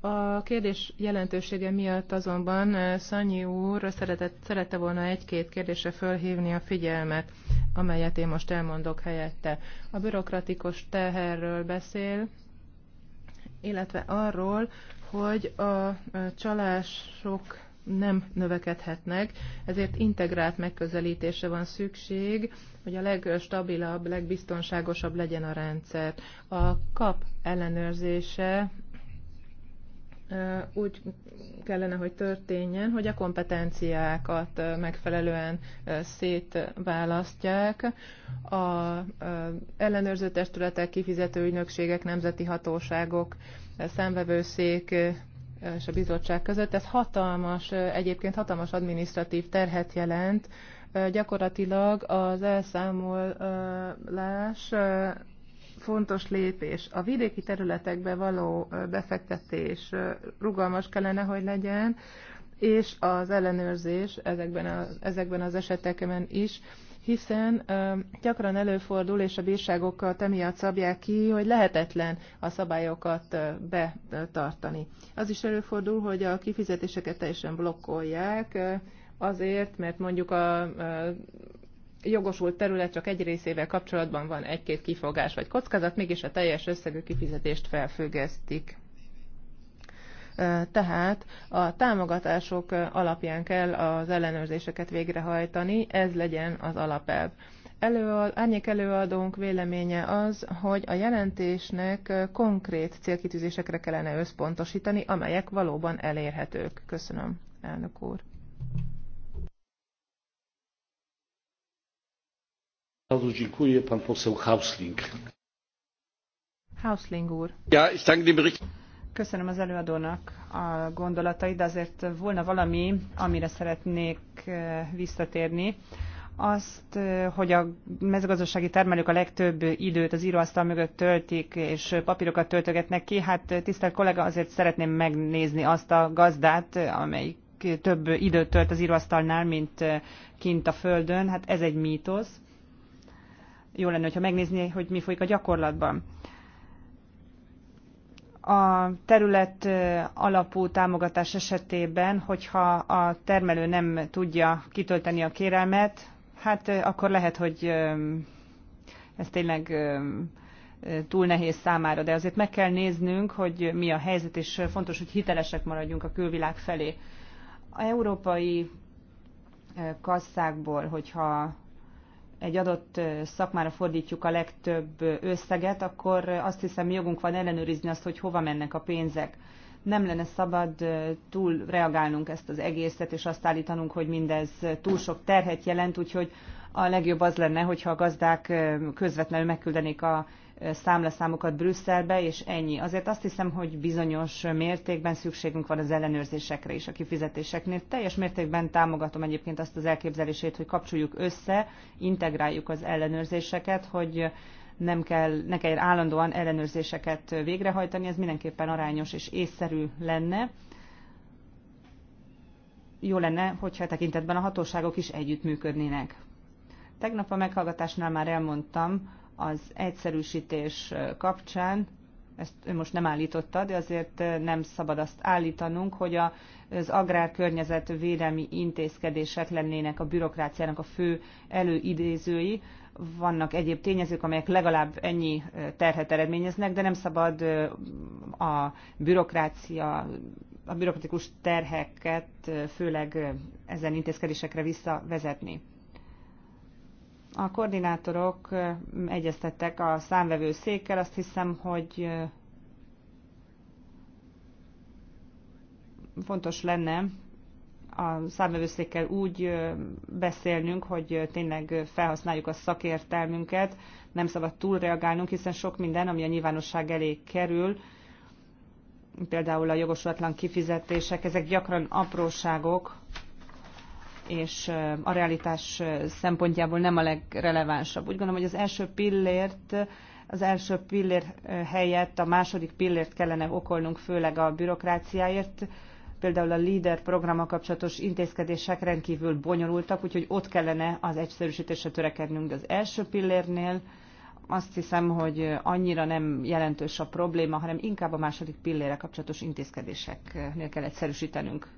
A kérdés jelentősége miatt azonban Szanyi úr szeretett, szerette volna egy-két kérdésre fölhívni a figyelmet, amelyet én most elmondok helyette. A bürokratikus teherről beszél, illetve arról, hogy a csalások nem növekedhetnek, ezért integrált megközelítése van szükség, hogy a legstabilabb, legbiztonságosabb legyen a rendszer. A kap ellenőrzése úgy kellene, hogy történjen, hogy a kompetenciákat megfelelően szétválasztják. A ellenőrző testületek, kifizető ügynökségek, nemzeti hatóságok, szemvevőszék és a bizottság között. Ez hatalmas, egyébként hatalmas adminisztratív terhet jelent. Gyakorlatilag az elszámolás fontos lépés. A vidéki területekbe való befektetés rugalmas kellene, hogy legyen, és az ellenőrzés ezekben, a, ezekben az esetekben is, hiszen ö, gyakran előfordul, és a bírságokat emiatt szabják ki, hogy lehetetlen a szabályokat ö, betartani. Az is előfordul, hogy a kifizetéseket teljesen blokkolják, ö, azért, mert mondjuk a, a jogosult terület csak egy részével kapcsolatban van egy-két kifogás vagy kockázat, mégis a teljes összegű kifizetést felfüggesztik. Tehát a támogatások alapján kell az ellenőrzéseket végrehajtani, ez legyen az alapelv. Előad, árnyék előadónk véleménye az, hogy a jelentésnek konkrét célkitűzésekre kellene összpontosítani, amelyek valóban elérhetők. Köszönöm, elnök úr. Bardzo dziękuję, pan poseł Hausling. Hausling úr. Ja, ich danke dem Köszönöm az előadónak a gondolatait, de azért volna valami, amire szeretnék eh, visszatérni azt, eh, hogy a mezőgazdasági termelők a legtöbb időt az íróasztal mögött töltik, és papírokat töltögetnek ki, hát eh, tisztelt kollega, azért szeretném megnézni azt a gazdát, amelyik több időt tölt az íróasztalnál, mint kint a földön. Hát ez egy mítosz jó lenne, ha megnézni, hogy mi folyik a gyakorlatban. A terület alapú támogatás esetében, hogyha a termelő nem tudja kitölteni a kérelmet, hát akkor lehet, hogy ez tényleg túl nehéz számára, de azért meg kell néznünk, hogy mi a helyzet, és fontos, hogy hitelesek maradjunk a külvilág felé. A európai kasszákból, hogyha egy adott szakmára fordítjuk a legtöbb összeget, akkor azt hiszem jogunk van ellenőrizni azt, hogy hova mennek a pénzek. Nem lenne szabad túl reagálnunk ezt az egészet, és azt állítanunk, hogy mindez túl sok terhet jelent, úgyhogy a legjobb az lenne, hogyha a gazdák közvetlenül megküldenék a számlaszámokat Brüsszelbe, és ennyi. Azért azt hiszem, hogy bizonyos mértékben szükségünk van az ellenőrzésekre és a kifizetéseknél. Teljes mértékben támogatom egyébként azt az elképzelését, hogy kapcsoljuk össze, integráljuk az ellenőrzéseket, hogy nem kell, ne kell állandóan ellenőrzéseket végrehajtani, ez mindenképpen arányos és észszerű lenne. Jó lenne, hogyha e tekintetben a hatóságok is együttműködnének. Tegnap a meghallgatásnál már elmondtam, az egyszerűsítés kapcsán, ezt ő most nem állította, de azért nem szabad azt állítanunk, hogy az agrárkörnyezet védelmi intézkedések lennének a bürokráciának a fő előidézői. Vannak egyéb tényezők, amelyek legalább ennyi terhet eredményeznek, de nem szabad a bürokrácia, a bürokratikus terheket főleg ezen intézkedésekre visszavezetni. A koordinátorok egyeztettek a számvevő székkel, azt hiszem, hogy fontos lenne a számvevőszékkel úgy beszélnünk, hogy tényleg felhasználjuk a szakértelmünket, nem szabad túlreagálnunk, hiszen sok minden, ami a nyilvánosság elé kerül, például a jogosulatlan kifizetések, ezek gyakran apróságok, és a realitás szempontjából nem a legrelevánsabb. Úgy gondolom, hogy az első pillért az első pillér helyett a második pillért kellene okolnunk, főleg a bürokráciáért. Például a LEADER programmal kapcsolatos intézkedések rendkívül bonyolultak, úgyhogy ott kellene az egyszerűsítésre törekednünk az első pillérnél. Azt hiszem, hogy annyira nem jelentős a probléma, hanem inkább a második pillére kapcsolatos intézkedéseknél kell egyszerűsítenünk.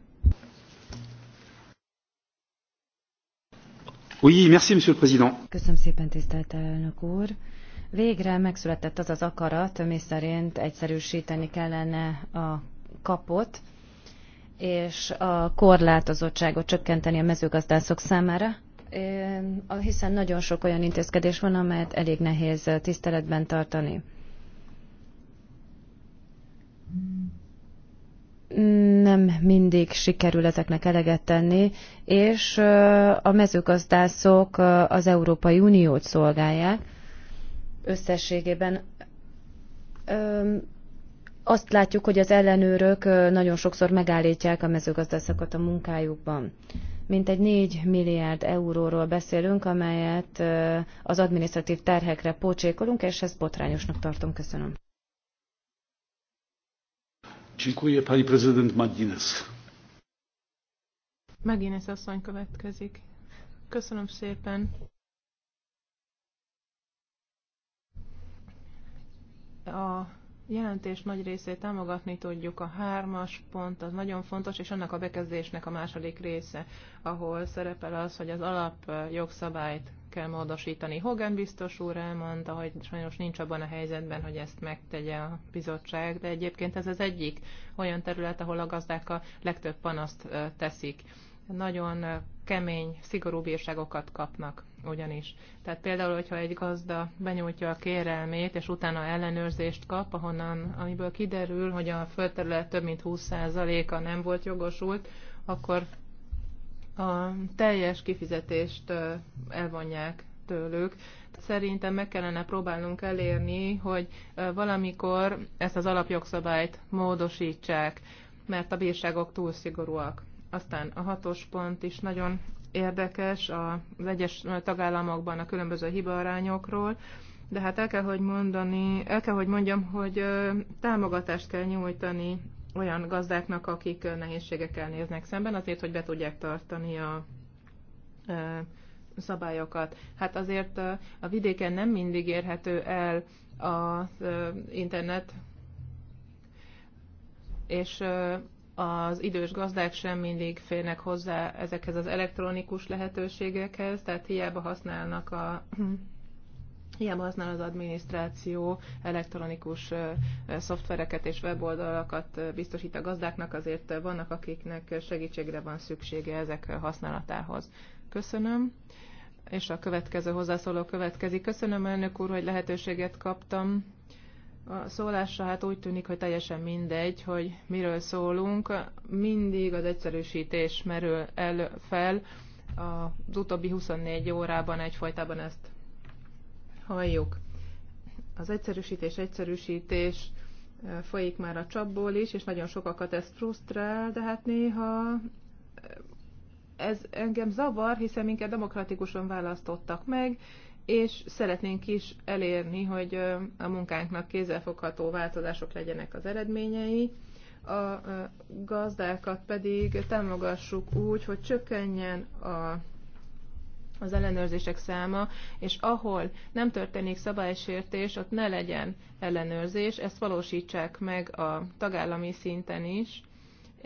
Oui, merci, monsieur le président. Köszönöm szépen, tisztelt elnök úr. Végre megszületett az az akarat, ami szerint egyszerűsíteni kellene a kapot, és a korlátozottságot csökkenteni a mezőgazdászok számára hiszen nagyon sok olyan intézkedés van, amelyet elég nehéz tiszteletben tartani nem mindig sikerül ezeknek eleget tenni, és a mezőgazdászok az Európai Uniót szolgálják. Összességében azt látjuk, hogy az ellenőrök nagyon sokszor megállítják a mezőgazdászokat a munkájukban. Mint egy 4 milliárd euróról beszélünk, amelyet az adminisztratív terhekre pocsékolunk, és ezt botrányosnak tartom. Köszönöm. Dziękuję. Pani prezydent Magines. Magines asszony következik. Köszönöm szépen. A jelentés nagy részét támogatni tudjuk. A hármas pont az nagyon fontos, és annak a bekezdésnek a második része, ahol szerepel az, hogy az alap jogszabályt kell módosítani. Hogan biztos úr elmondta, hogy sajnos nincs abban a helyzetben, hogy ezt megtegye a bizottság, de egyébként ez az egyik olyan terület, ahol a gazdák a legtöbb panaszt teszik. Nagyon kemény, szigorú bírságokat kapnak ugyanis. Tehát például, hogyha egy gazda benyújtja a kérelmét, és utána ellenőrzést kap, ahonnan, amiből kiderül, hogy a földterület több mint 20%-a nem volt jogosult, akkor a teljes kifizetést elvonják tőlük. Szerintem meg kellene próbálnunk elérni, hogy valamikor ezt az alapjogszabályt módosítsák, mert a bírságok túl szigorúak. Aztán a hatos pont is nagyon érdekes az egyes tagállamokban a különböző hibaarányokról, de hát el kell, hogy mondani, el kell, hogy mondjam, hogy támogatást kell nyújtani olyan gazdáknak, akik nehézségekkel néznek szemben, azért, hogy be tudják tartani a szabályokat. Hát azért a vidéken nem mindig érhető el az internet, és az idős gazdák sem mindig férnek hozzá ezekhez az elektronikus lehetőségekhez, tehát hiába használnak a Ilyen használ az adminisztráció elektronikus szoftvereket és weboldalakat biztosít a gazdáknak, azért vannak, akiknek segítségre van szüksége ezek használatához. Köszönöm. És a következő hozzászóló következik. Köszönöm, elnök úr, hogy lehetőséget kaptam. A szólásra hát úgy tűnik, hogy teljesen mindegy, hogy miről szólunk. Mindig az egyszerűsítés merül el fel. Az utóbbi 24 órában egyfajtában ezt halljuk. Az egyszerűsítés, egyszerűsítés folyik már a csapból is, és nagyon sokakat ez frusztrál, de hát néha ez engem zavar, hiszen minket demokratikusan választottak meg, és szeretnénk is elérni, hogy a munkánknak kézzelfogható változások legyenek az eredményei, a gazdákat pedig támogassuk úgy, hogy csökkenjen a az ellenőrzések száma, és ahol nem történik szabálysértés, ott ne legyen ellenőrzés, ezt valósítsák meg a tagállami szinten is,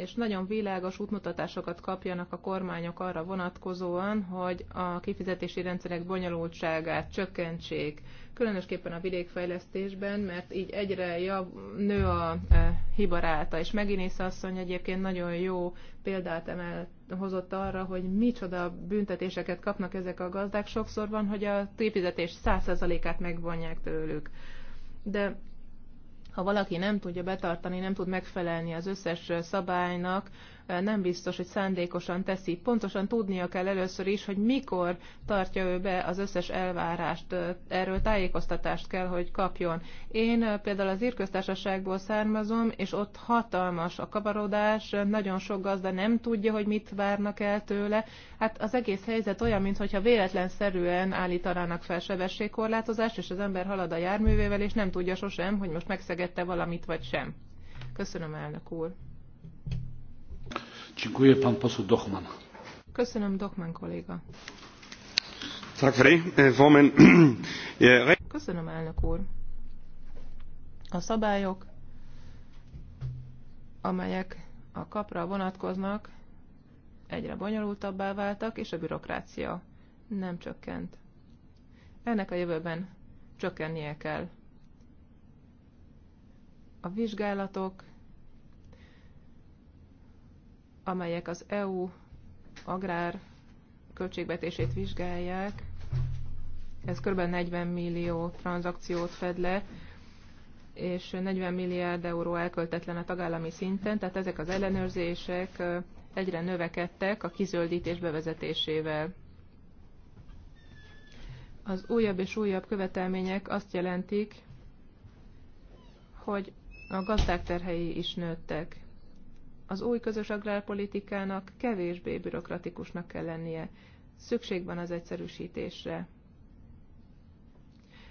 és nagyon világos útmutatásokat kapjanak a kormányok arra vonatkozóan, hogy a kifizetési rendszerek bonyolultságát csökkentsék, különösképpen a vidékfejlesztésben, mert így egyre jav, nő a e, hibaráta, és Meginész asszony egyébként nagyon jó példát emel, hozott arra, hogy micsoda büntetéseket kapnak ezek a gazdák. Sokszor van, hogy a kifizetés 100%-át megvonják tőlük. De ha valaki nem tudja betartani, nem tud megfelelni az összes szabálynak, nem biztos, hogy szándékosan teszi. Pontosan tudnia kell először is, hogy mikor tartja ő be az összes elvárást, erről tájékoztatást kell, hogy kapjon. Én például az írköztársaságból származom, és ott hatalmas a kavarodás, nagyon sok gazda nem tudja, hogy mit várnak el tőle. Hát az egész helyzet olyan, mintha véletlenszerűen állítanának fel sebességkorlátozást, és az ember halad a járművével, és nem tudja sosem, hogy most megszegette valamit vagy sem. Köszönöm, elnök úr. Dziękuję, pan poseł Dochman. Köszönöm, Dochman kolléga. E, [CLEARS THROAT] e, Köszönöm, elnök úr. A szabályok, amelyek a kapra vonatkoznak, egyre bonyolultabbá váltak, és a bürokrácia nem csökkent. Ennek a jövőben csökkennie kell. A vizsgálatok amelyek az EU agrár költségvetését vizsgálják. Ez kb. 40 millió tranzakciót fed le, és 40 milliárd euró elköltetlen a tagállami szinten, tehát ezek az ellenőrzések egyre növekedtek a kizöldítés bevezetésével. Az újabb és újabb követelmények azt jelentik, hogy a gazdák terhei is nőttek az új közös agrárpolitikának kevésbé bürokratikusnak kell lennie. Szükség van az egyszerűsítésre.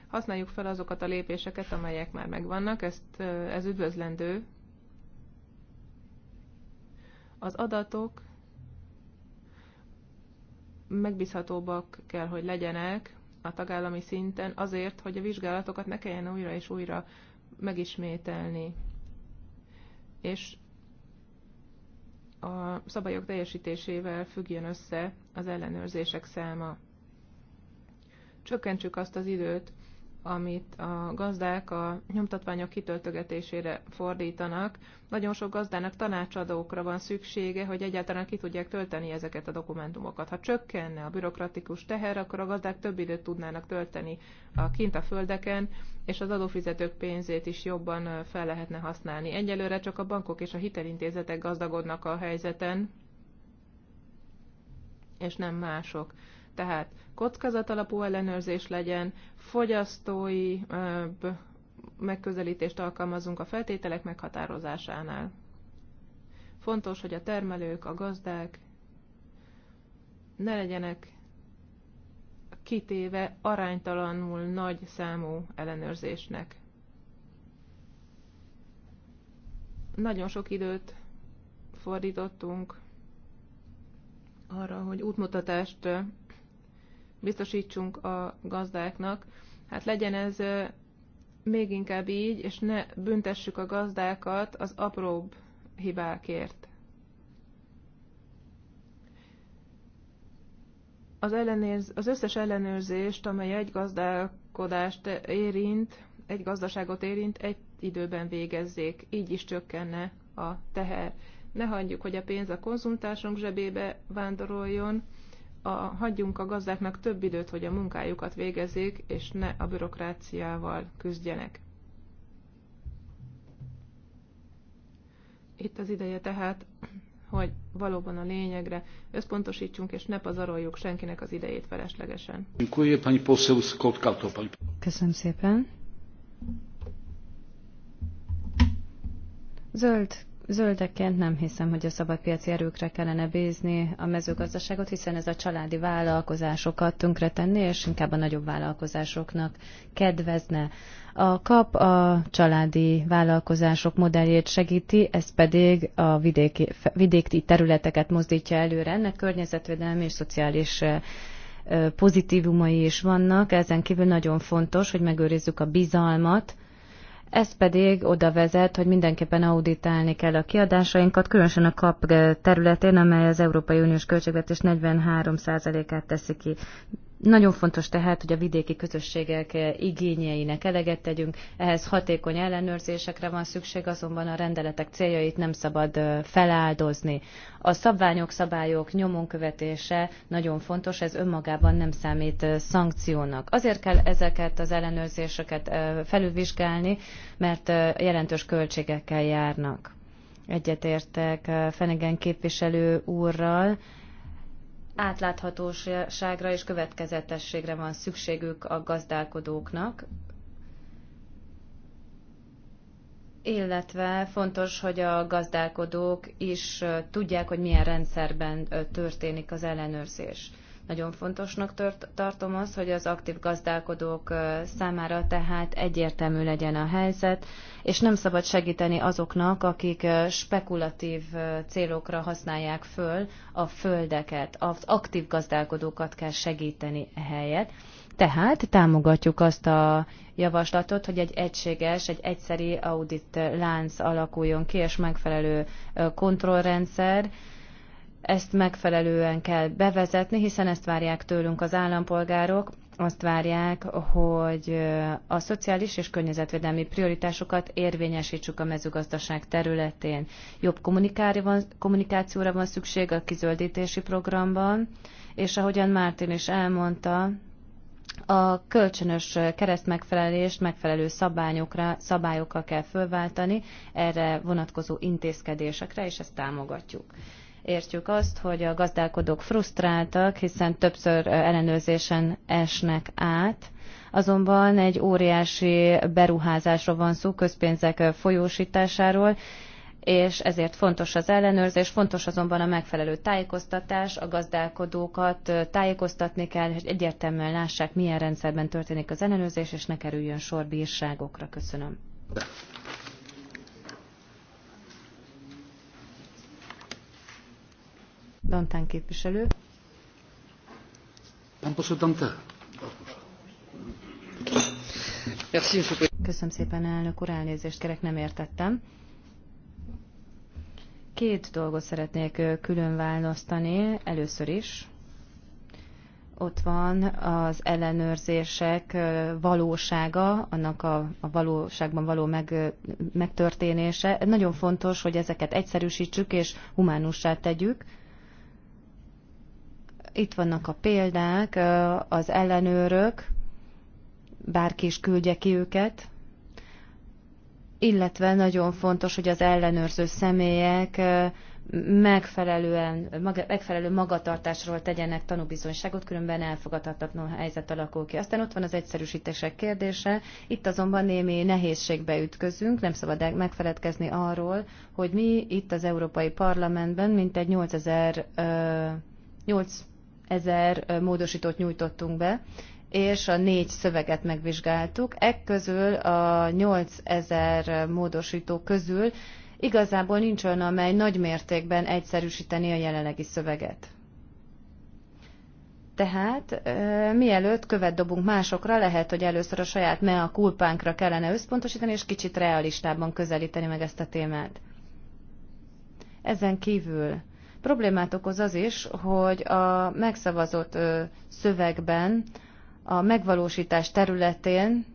Használjuk fel azokat a lépéseket, amelyek már megvannak, ezt, ez üdvözlendő. Az adatok megbízhatóbbak kell, hogy legyenek a tagállami szinten, azért, hogy a vizsgálatokat ne kelljen újra és újra megismételni. És a szabályok teljesítésével függjön össze az ellenőrzések száma. Csökkentsük azt az időt, amit a gazdák a nyomtatványok kitöltögetésére fordítanak. Nagyon sok gazdának tanácsadókra van szüksége, hogy egyáltalán ki tudják tölteni ezeket a dokumentumokat. Ha csökkenne a bürokratikus teher, akkor a gazdák több időt tudnának tölteni a kint a földeken, és az adófizetők pénzét is jobban fel lehetne használni. Egyelőre csak a bankok és a hitelintézetek gazdagodnak a helyzeten, és nem mások tehát kockázatalapú ellenőrzés legyen, fogyasztói megközelítést alkalmazunk a feltételek meghatározásánál. Fontos, hogy a termelők, a gazdák ne legyenek kitéve aránytalanul nagy számú ellenőrzésnek. Nagyon sok időt fordítottunk arra, hogy útmutatást biztosítsunk a gazdáknak. Hát legyen ez még inkább így, és ne büntessük a gazdákat az apróbb hibákért. Az, ellenőrz, az összes ellenőrzést, amely egy gazdálkodást érint, egy gazdaságot érint, egy időben végezzék. Így is csökkenne a teher. Ne hagyjuk, hogy a pénz a konzumtársunk zsebébe vándoroljon, a, hagyjunk a gazdáknak több időt, hogy a munkájukat végezzék, és ne a bürokráciával küzdjenek. Itt az ideje tehát, hogy valóban a lényegre összpontosítsunk, és ne pazaroljuk senkinek az idejét feleslegesen. Köszönöm szépen. Zöld Zöldeként nem hiszem, hogy a szabadpiaci erőkre kellene bízni a mezőgazdaságot, hiszen ez a családi vállalkozásokat tönkretenni, és inkább a nagyobb vállalkozásoknak kedvezne. A kap a családi vállalkozások modelljét segíti, ez pedig a vidéki, vidéki területeket mozdítja előre. Ennek környezetvédelmi és szociális pozitívumai is vannak, ezen kívül nagyon fontos, hogy megőrizzük a bizalmat, ez pedig oda vezet, hogy mindenképpen auditálni kell a kiadásainkat, különösen a KAP területén, amely az Európai Uniós költségvetés 43%-át teszi ki. Nagyon fontos tehát, hogy a vidéki közösségek igényeinek eleget tegyünk, ehhez hatékony ellenőrzésekre van szükség, azonban a rendeletek céljait nem szabad feláldozni. A szabványok, szabályok nyomon követése nagyon fontos, ez önmagában nem számít szankciónak. Azért kell ezeket az ellenőrzéseket felülvizsgálni, mert jelentős költségekkel járnak. Egyetértek Fenegen képviselő úrral, átláthatóságra és következetességre van szükségük a gazdálkodóknak, illetve fontos, hogy a gazdálkodók is tudják, hogy milyen rendszerben történik az ellenőrzés. Nagyon fontosnak tört, tartom az, hogy az aktív gazdálkodók számára tehát egyértelmű legyen a helyzet, és nem szabad segíteni azoknak, akik spekulatív célokra használják föl a földeket. Az aktív gazdálkodókat kell segíteni ehelyett. Tehát támogatjuk azt a javaslatot, hogy egy egységes, egy egyszeri audit lánc alakuljon ki, és megfelelő kontrollrendszer, ezt megfelelően kell bevezetni, hiszen ezt várják tőlünk az állampolgárok, azt várják, hogy a szociális és környezetvédelmi prioritásokat érvényesítsük a mezőgazdaság területén. Jobb kommunikációra van szükség a kizöldítési programban, és ahogyan Mártin is elmondta, a kölcsönös keresztmegfelelést megfelelő szabályokra, szabályokkal kell fölváltani, erre vonatkozó intézkedésekre, és ezt támogatjuk értjük azt, hogy a gazdálkodók frusztráltak, hiszen többször ellenőrzésen esnek át, azonban egy óriási beruházásról van szó, közpénzek folyósításáról, és ezért fontos az ellenőrzés, fontos azonban a megfelelő tájékoztatás, a gazdálkodókat tájékoztatni kell, hogy egyértelműen lássák, milyen rendszerben történik az ellenőrzés, és ne kerüljön sor bírságokra. Köszönöm. Dantán képviselő. Köszönöm szépen, elnök úr, elnézést kerek, nem értettem. Két dolgot szeretnék külön választani. Először is ott van az ellenőrzések valósága, annak a, a valóságban való meg, megtörténése. Nagyon fontos, hogy ezeket egyszerűsítsük és humánussá tegyük. Itt vannak a példák, az ellenőrök, bárki is küldje ki őket, illetve nagyon fontos, hogy az ellenőrző személyek megfelelően, maga, megfelelő magatartásról tegyenek tanúbizonyságot, különben elfogadhatatlan helyzet alakul ki. Aztán ott van az egyszerűsítések kérdése. Itt azonban némi nehézségbe ütközünk, nem szabad megfeledkezni arról, hogy mi itt az Európai Parlamentben mintegy 8000 8 ezer módosítót nyújtottunk be, és a négy szöveget megvizsgáltuk. Ekközül a 8000 módosító közül igazából nincs olyan, amely nagy mértékben egyszerűsíteni a jelenlegi szöveget. Tehát mielőtt követ dobunk másokra, lehet, hogy először a saját mea kulpánkra kellene összpontosítani, és kicsit realistában közelíteni meg ezt a témát. Ezen kívül Problémát okoz az is, hogy a megszavazott szövegben a megvalósítás területén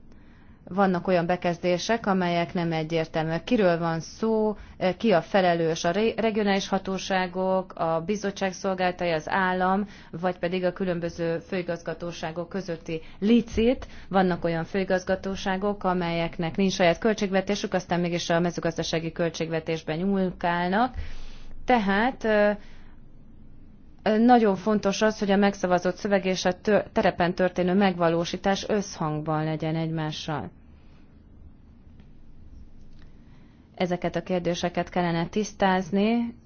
vannak olyan bekezdések, amelyek nem egyértelműek. Kiről van szó, ki a felelős, a regionális hatóságok, a bizottság szolgáltai, az állam, vagy pedig a különböző főigazgatóságok közötti licit. Vannak olyan főigazgatóságok, amelyeknek nincs saját költségvetésük, aztán mégis a mezőgazdasági költségvetésben nyúlkálnak. Tehát nagyon fontos az, hogy a megszavazott szöveg és a terepen történő megvalósítás összhangban legyen egymással. Ezeket a kérdéseket kellene tisztázni,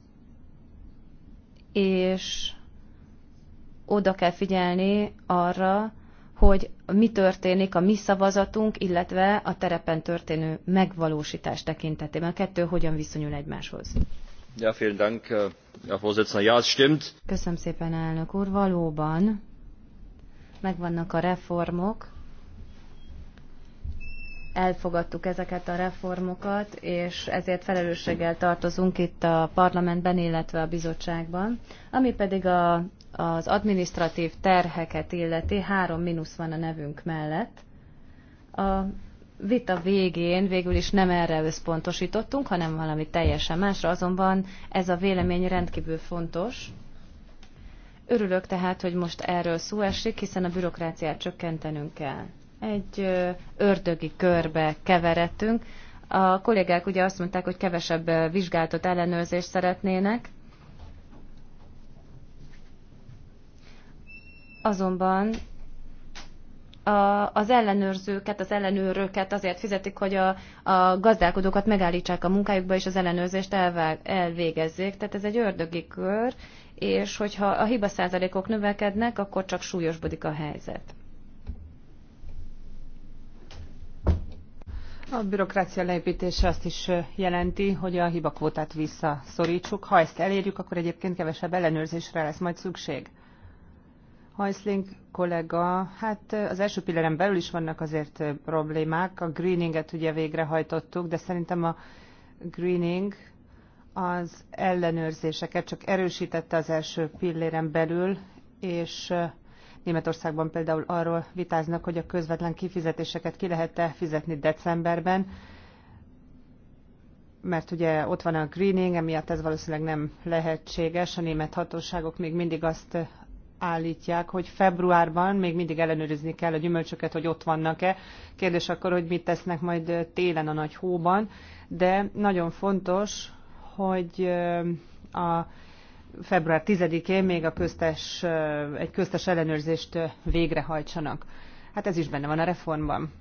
és oda kell figyelni arra, hogy mi történik a mi szavazatunk, illetve a terepen történő megvalósítás tekintetében. A kettő hogyan viszonyul egymáshoz. Äh, Köszönöm szépen, elnök úr. Valóban megvannak a reformok, elfogadtuk ezeket a reformokat, és ezért felelősséggel tartozunk itt a parlamentben, illetve a bizottságban. Ami pedig a, az administratív terheket illeti, három mínusz van a nevünk mellett. A vita végén végül is nem erre összpontosítottunk, hanem valami teljesen másra, azonban ez a vélemény rendkívül fontos. Örülök tehát, hogy most erről szó esik, hiszen a bürokráciát csökkentenünk kell. Egy ördögi körbe keveredtünk. A kollégák ugye azt mondták, hogy kevesebb vizsgáltat ellenőrzést szeretnének, azonban a, az ellenőrzőket, az ellenőröket azért fizetik, hogy a, a gazdálkodókat megállítsák a munkájukba, és az ellenőrzést elvág, elvégezzék. Tehát ez egy ördögi kör, és hogyha a hiba százalékok növekednek, akkor csak súlyosbodik a helyzet. A bürokrácia leépítése azt is jelenti, hogy a hibakvótát visszaszorítsuk. Ha ezt elérjük, akkor egyébként kevesebb ellenőrzésre lesz majd szükség. Hajszling kollega, hát az első pilleren belül is vannak azért problémák. A greeninget ugye végrehajtottuk, de szerintem a greening az ellenőrzéseket csak erősítette az első pilléren belül, és Németországban például arról vitáznak, hogy a közvetlen kifizetéseket ki lehet-e fizetni decemberben, mert ugye ott van a greening, emiatt ez valószínűleg nem lehetséges. A német hatóságok még mindig azt állítják, hogy februárban még mindig ellenőrizni kell a gyümölcsöket, hogy ott vannak-e. Kérdés akkor, hogy mit tesznek majd télen a nagy hóban, de nagyon fontos, hogy a február 10-én még a köztes, egy köztes ellenőrzést végrehajtsanak. Hát ez is benne van a reformban.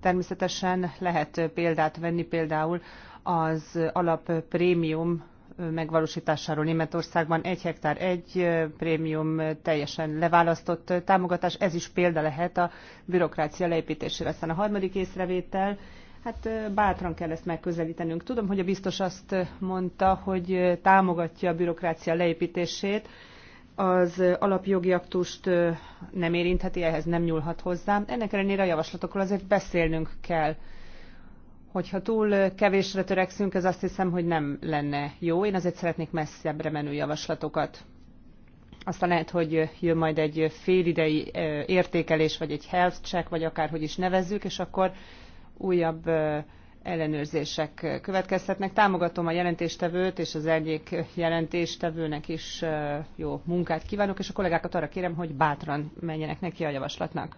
Természetesen lehet példát venni például az alapprémium megvalósításáról Németországban. Egy hektár egy prémium teljesen leválasztott támogatás, ez is példa lehet a bürokrácia leépítésére. Aztán a harmadik észrevétel, Hát bátran kell ezt megközelítenünk. Tudom, hogy a biztos azt mondta, hogy támogatja a bürokrácia leépítését, az alapjogi aktust nem érintheti, ehhez nem nyúlhat hozzá. Ennek ellenére a javaslatokról azért beszélnünk kell hogyha túl kevésre törekszünk, ez azt hiszem, hogy nem lenne jó. Én azért szeretnék messzebbre menő javaslatokat. Aztán lehet, hogy jön majd egy félidei értékelés, vagy egy health check, vagy akárhogy is nevezzük, és akkor újabb ellenőrzések következhetnek. Támogatom a jelentéstevőt, és az egyik jelentéstevőnek is jó munkát kívánok, és a kollégákat arra kérem, hogy bátran menjenek neki a javaslatnak.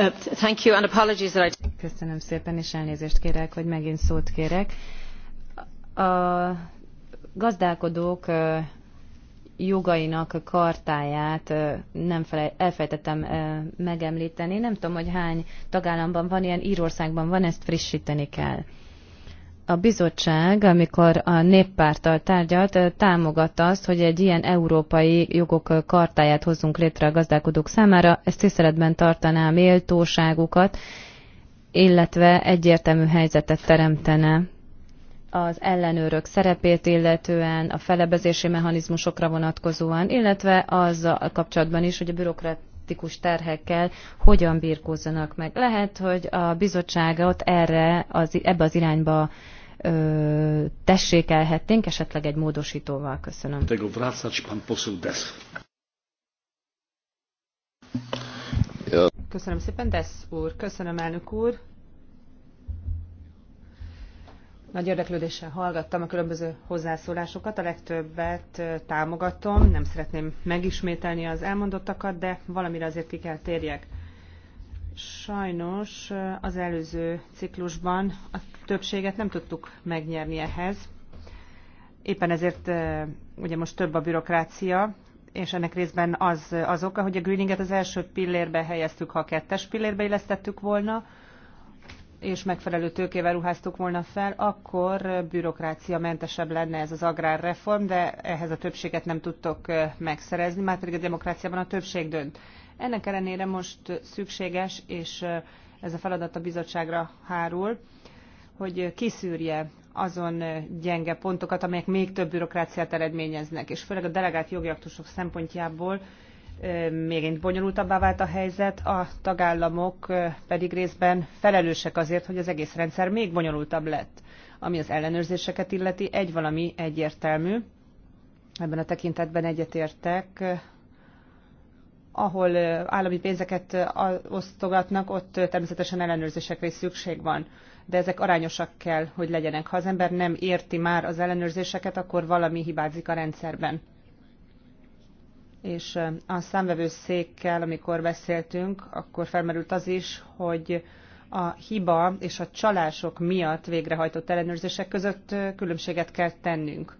Uh, Köszönöm szépen, és elnézést kérek, hogy megint szót kérek. A gazdálkodók uh, jogainak chartáját kartáját uh, nem megemlíteni. Nem tudom, hogy hány tagállamban van ilyen, rországban van, ezt frissíteni kell a bizottság, amikor a néppárttal tárgyalt, támogatta azt, hogy egy ilyen európai jogok kartáját hozzunk létre a gazdálkodók számára, ez tiszteletben tartaná a méltóságukat, illetve egyértelmű helyzetet teremtene az ellenőrök szerepét illetően, a felebezési mechanizmusokra vonatkozóan, illetve a kapcsolatban is, hogy a bürokrat terhekkel hogyan birkózzanak meg. Lehet, hogy a bizottságot erre, az, ebbe az irányba tessékelhetnénk, esetleg egy módosítóval. Köszönöm. Köszönöm szépen, Desz úr. Köszönöm, elnök úr. Nagy érdeklődéssel hallgattam a különböző hozzászólásokat, a legtöbbet támogatom, nem szeretném megismételni az elmondottakat, de valamire azért ki kell térjek. Sajnos az előző ciklusban a többséget nem tudtuk megnyerni ehhez. Éppen ezért ugye most több a bürokrácia, és ennek részben az, az oka, hogy a greeninget az első pillérbe helyeztük, ha a kettes pillérbe illesztettük volna, és megfelelő tőkével ruháztuk volna fel, akkor bürokrácia mentesebb lenne ez az agrárreform, de ehhez a többséget nem tudtok megszerezni, már pedig a demokráciában a többség dönt. Ennek ellenére most szükséges, és ez a feladat a bizottságra hárul, hogy kiszűrje azon gyenge pontokat, amelyek még több bürokráciát eredményeznek, és főleg a delegált jogi aktusok szempontjából még mégint bonyolultabbá vált a helyzet, a tagállamok pedig részben felelősek azért, hogy az egész rendszer még bonyolultabb lett. Ami az ellenőrzéseket illeti, egy valami egyértelmű, ebben a tekintetben egyetértek ahol állami pénzeket osztogatnak, ott természetesen ellenőrzésekre is szükség van. De ezek arányosak kell, hogy legyenek. Ha az ember nem érti már az ellenőrzéseket, akkor valami hibázik a rendszerben. És a számvevőszékkel, amikor beszéltünk, akkor felmerült az is, hogy a hiba és a csalások miatt végrehajtott ellenőrzések között különbséget kell tennünk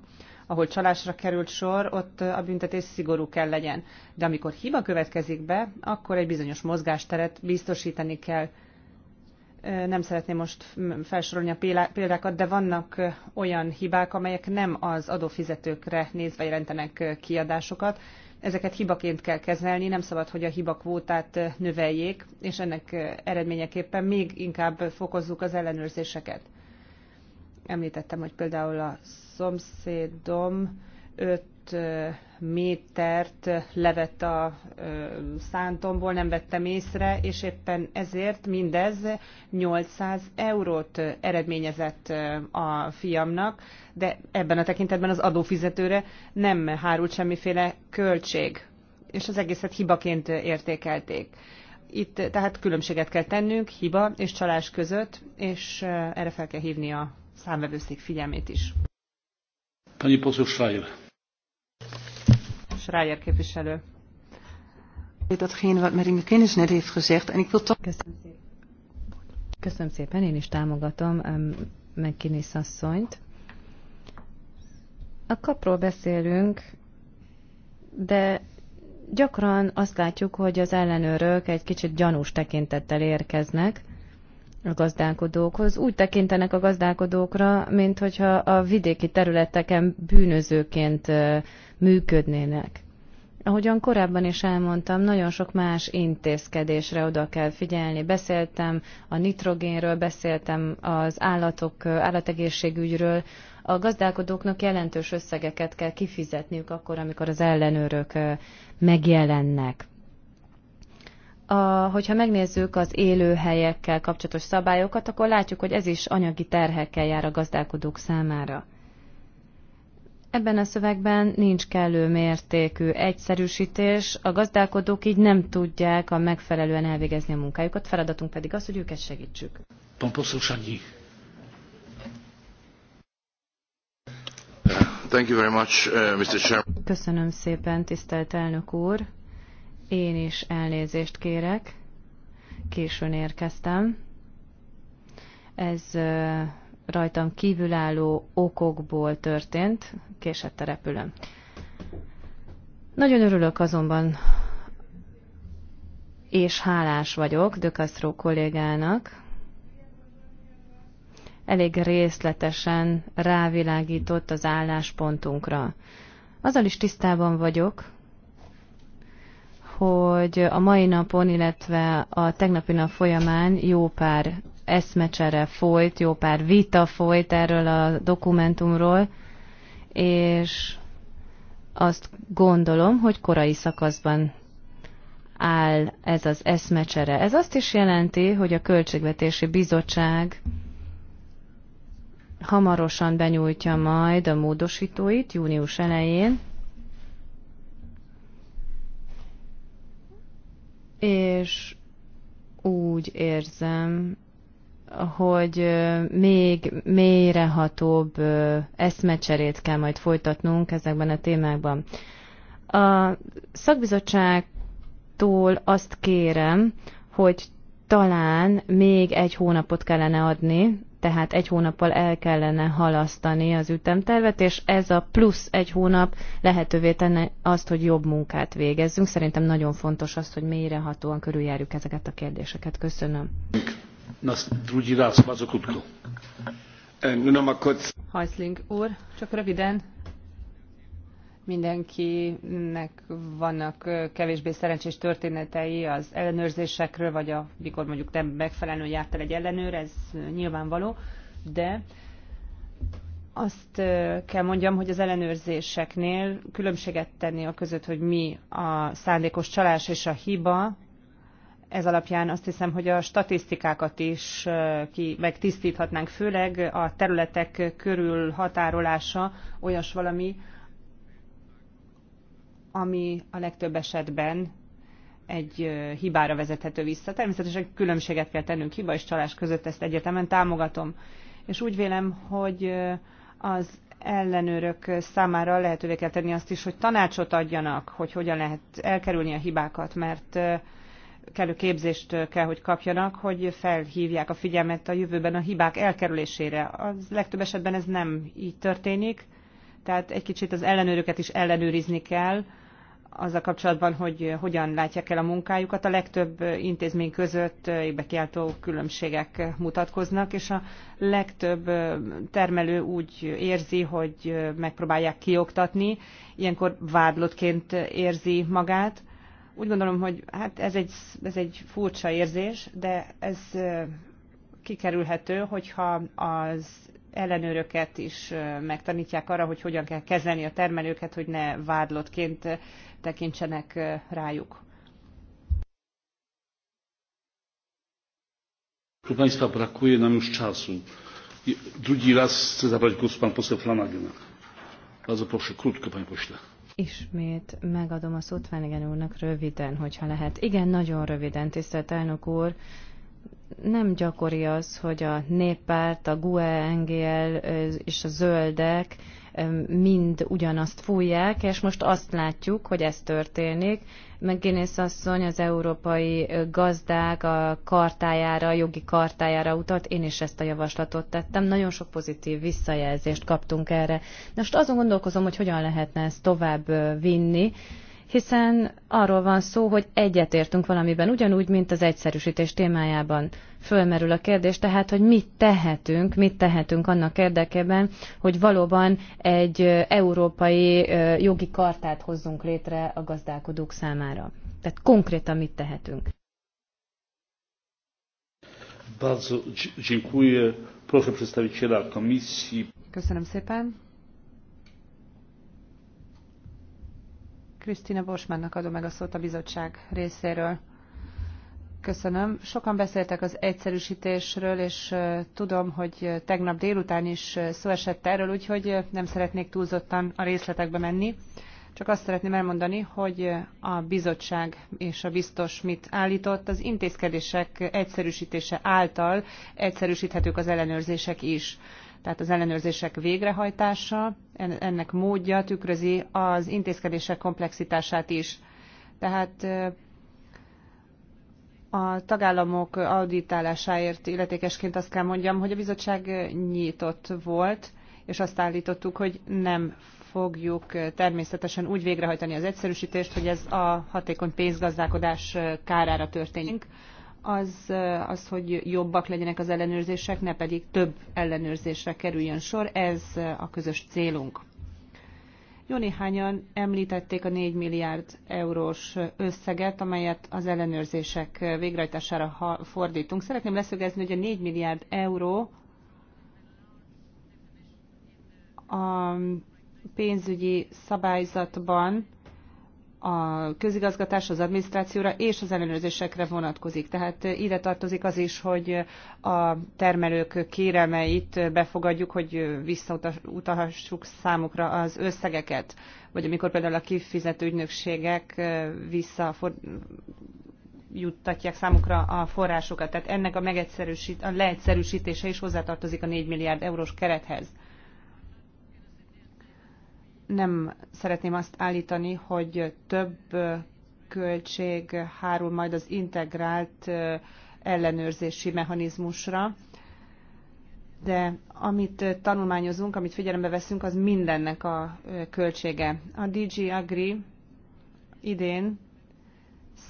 ahol csalásra került sor, ott a büntetés szigorú kell legyen. De amikor hiba következik be, akkor egy bizonyos mozgásteret biztosítani kell. Nem szeretném most felsorolni a példákat, de vannak olyan hibák, amelyek nem az adófizetőkre nézve jelentenek kiadásokat, ezeket hibaként kell kezelni, nem szabad, hogy a kvótát növeljék, és ennek eredményeképpen még inkább fokozzuk az ellenőrzéseket. Említettem, hogy például a szomszédom 5 métert levett a szántomból, nem vettem észre, és éppen ezért mindez 800 eurót eredményezett a fiamnak, de ebben a tekintetben az adófizetőre nem hárult semmiféle költség, és az egészet hibaként értékelték. Itt tehát különbséget kell tennünk hiba és csalás között, és erre fel kell hívni a számvevőszék figyelmét is. Pani poseł Schreier. Schreier képviselő. Datgene wat Marie McKinnis net heeft gezegd. En ik wil toch... Köszönöm szépen. én is támogatom um, asszonyt. A kapról beszélünk, de gyakran azt látjuk, hogy az ellenőrök egy kicsit gyanús tekintettel érkeznek, a gazdálkodókhoz. Úgy tekintenek a gazdálkodókra, mint hogyha a vidéki területeken bűnözőként működnének. Ahogyan korábban is elmondtam, nagyon sok más intézkedésre oda kell figyelni. Beszéltem a nitrogénről, beszéltem az állatok, állategészségügyről. A gazdálkodóknak jelentős összegeket kell kifizetniük akkor, amikor az ellenőrök megjelennek a, hogyha megnézzük az élőhelyekkel kapcsolatos szabályokat, akkor látjuk, hogy ez is anyagi terhekkel jár a gazdálkodók számára. Ebben a szövegben nincs kellő mértékű egyszerűsítés, a gazdálkodók így nem tudják a megfelelően elvégezni a munkájukat, feladatunk pedig az, hogy őket segítsük. Thank you very much, uh, Mr. Köszönöm szépen, tisztelt elnök úr. Én is elnézést kérek. Későn érkeztem. Ez rajtam kívülálló okokból történt. Késett a repülőm. Nagyon örülök azonban, és hálás vagyok De Castro kollégának. Elég részletesen rávilágított az álláspontunkra. Azzal is tisztában vagyok, hogy a mai napon, illetve a tegnapi nap folyamán jó pár eszmecsere folyt, jó pár vita folyt erről a dokumentumról, és azt gondolom, hogy korai szakaszban áll ez az eszmecsere. Ez azt is jelenti, hogy a Költségvetési Bizottság hamarosan benyújtja majd a módosítóit június elején, és úgy érzem, hogy még mélyrehatóbb eszmecserét kell majd folytatnunk ezekben a témákban. A szakbizottságtól azt kérem, hogy talán még egy hónapot kellene adni tehát egy hónappal el kellene halasztani az ütemtervet, és ez a plusz egy hónap lehetővé tenne azt, hogy jobb munkát végezzünk. Szerintem nagyon fontos az, hogy mélyrehatóan körüljárjuk ezeket a kérdéseket. Köszönöm. E, Hajszling úr, csak röviden mindenkinek vannak kevésbé szerencsés történetei az ellenőrzésekről, vagy a, mikor mondjuk nem megfelelően járt el egy ellenőr, ez nyilvánvaló, de azt kell mondjam, hogy az ellenőrzéseknél különbséget tenni a között, hogy mi a szándékos csalás és a hiba, ez alapján azt hiszem, hogy a statisztikákat is ki megtisztíthatnánk, főleg a területek körül határolása olyas valami, ami a legtöbb esetben egy hibára vezethető vissza. Természetesen különbséget kell tennünk hiba és csalás között, ezt egyetemen támogatom. És úgy vélem, hogy az ellenőrök számára lehetővé kell tenni azt is, hogy tanácsot adjanak, hogy hogyan lehet elkerülni a hibákat, mert kellő képzést kell, hogy kapjanak, hogy felhívják a figyelmet a jövőben a hibák elkerülésére. Az legtöbb esetben ez nem így történik, tehát egy kicsit az ellenőröket is ellenőrizni kell, azzal kapcsolatban, hogy hogyan látják el a munkájukat. A legtöbb intézmény között kiáltó különbségek mutatkoznak, és a legtöbb termelő úgy érzi, hogy megpróbálják kioktatni, ilyenkor vádlottként érzi magát. Úgy gondolom, hogy hát ez egy, ez egy furcsa érzés, de ez kikerülhető, hogyha az ellenőröket is megtanítják arra, hogy hogyan kell kezelni a termelőket, hogy ne vádlottként tekintsenek rájuk. Proszę Państwa, brakuje nam już czasu. Drugi raz chce zabrać głos pan poseł Flanagan. Bardzo proszę, krótko, panie pośle. Ismét megadom a szót Flanagan úrnak röviden, hogyha lehet. Igen, nagyon röviden, tisztelt elnök úr. Nem gyakori az, hogy a néppárt, a GUE, NGL és a zöldek mind ugyanazt fújják, és most azt látjuk, hogy ez történik. McGuinness asszony az európai gazdák a kartájára, a jogi kartájára utalt, én is ezt a javaslatot tettem, nagyon sok pozitív visszajelzést kaptunk erre. Most azon gondolkozom, hogy hogyan lehetne ezt tovább vinni, hiszen arról van szó, hogy egyetértünk valamiben, ugyanúgy, mint az egyszerűsítés témájában fölmerül a kérdés, tehát, hogy mit tehetünk, mit tehetünk annak érdekében, hogy valóban egy európai jogi kartát hozzunk létre a gazdálkodók számára. Tehát konkrétan mit tehetünk? Bardzo dziękuję. Proszę przedstawiciela komisji. Köszönöm szépen. Krisztina Borsmannak adom meg a szót a bizottság részéről. Köszönöm. Sokan beszéltek az egyszerűsítésről, és tudom, hogy tegnap délután is szó esett erről, úgyhogy nem szeretnék túlzottan a részletekbe menni. Csak azt szeretném elmondani, hogy a bizottság és a biztos mit állított, az intézkedések egyszerűsítése által egyszerűsíthetők az ellenőrzések is tehát az ellenőrzések végrehajtása, ennek módja tükrözi az intézkedések komplexitását is. Tehát a tagállamok auditálásáért illetékesként azt kell mondjam, hogy a bizottság nyitott volt, és azt állítottuk, hogy nem fogjuk természetesen úgy végrehajtani az egyszerűsítést, hogy ez a hatékony pénzgazdálkodás kárára történik az, az, hogy jobbak legyenek az ellenőrzések, ne pedig több ellenőrzésre kerüljön sor. Ez a közös célunk. Jó néhányan említették a 4 milliárd eurós összeget, amelyet az ellenőrzések végrehajtására fordítunk. Szeretném leszögezni, hogy a 4 milliárd euró a pénzügyi szabályzatban a közigazgatás, az adminisztrációra és az ellenőrzésekre vonatkozik. Tehát ide tartozik az is, hogy a termelők kérelmeit befogadjuk, hogy visszautalhassuk számukra az összegeket, vagy amikor például a kifizető ügynökségek juttatják számukra a forrásokat. Tehát ennek a, megegyszerűsít, a leegyszerűsítése is hozzátartozik a 4 milliárd eurós kerethez nem szeretném azt állítani, hogy több költség hárul majd az integrált ellenőrzési mechanizmusra, de amit tanulmányozunk, amit figyelembe veszünk, az mindennek a költsége. A DG Agri idén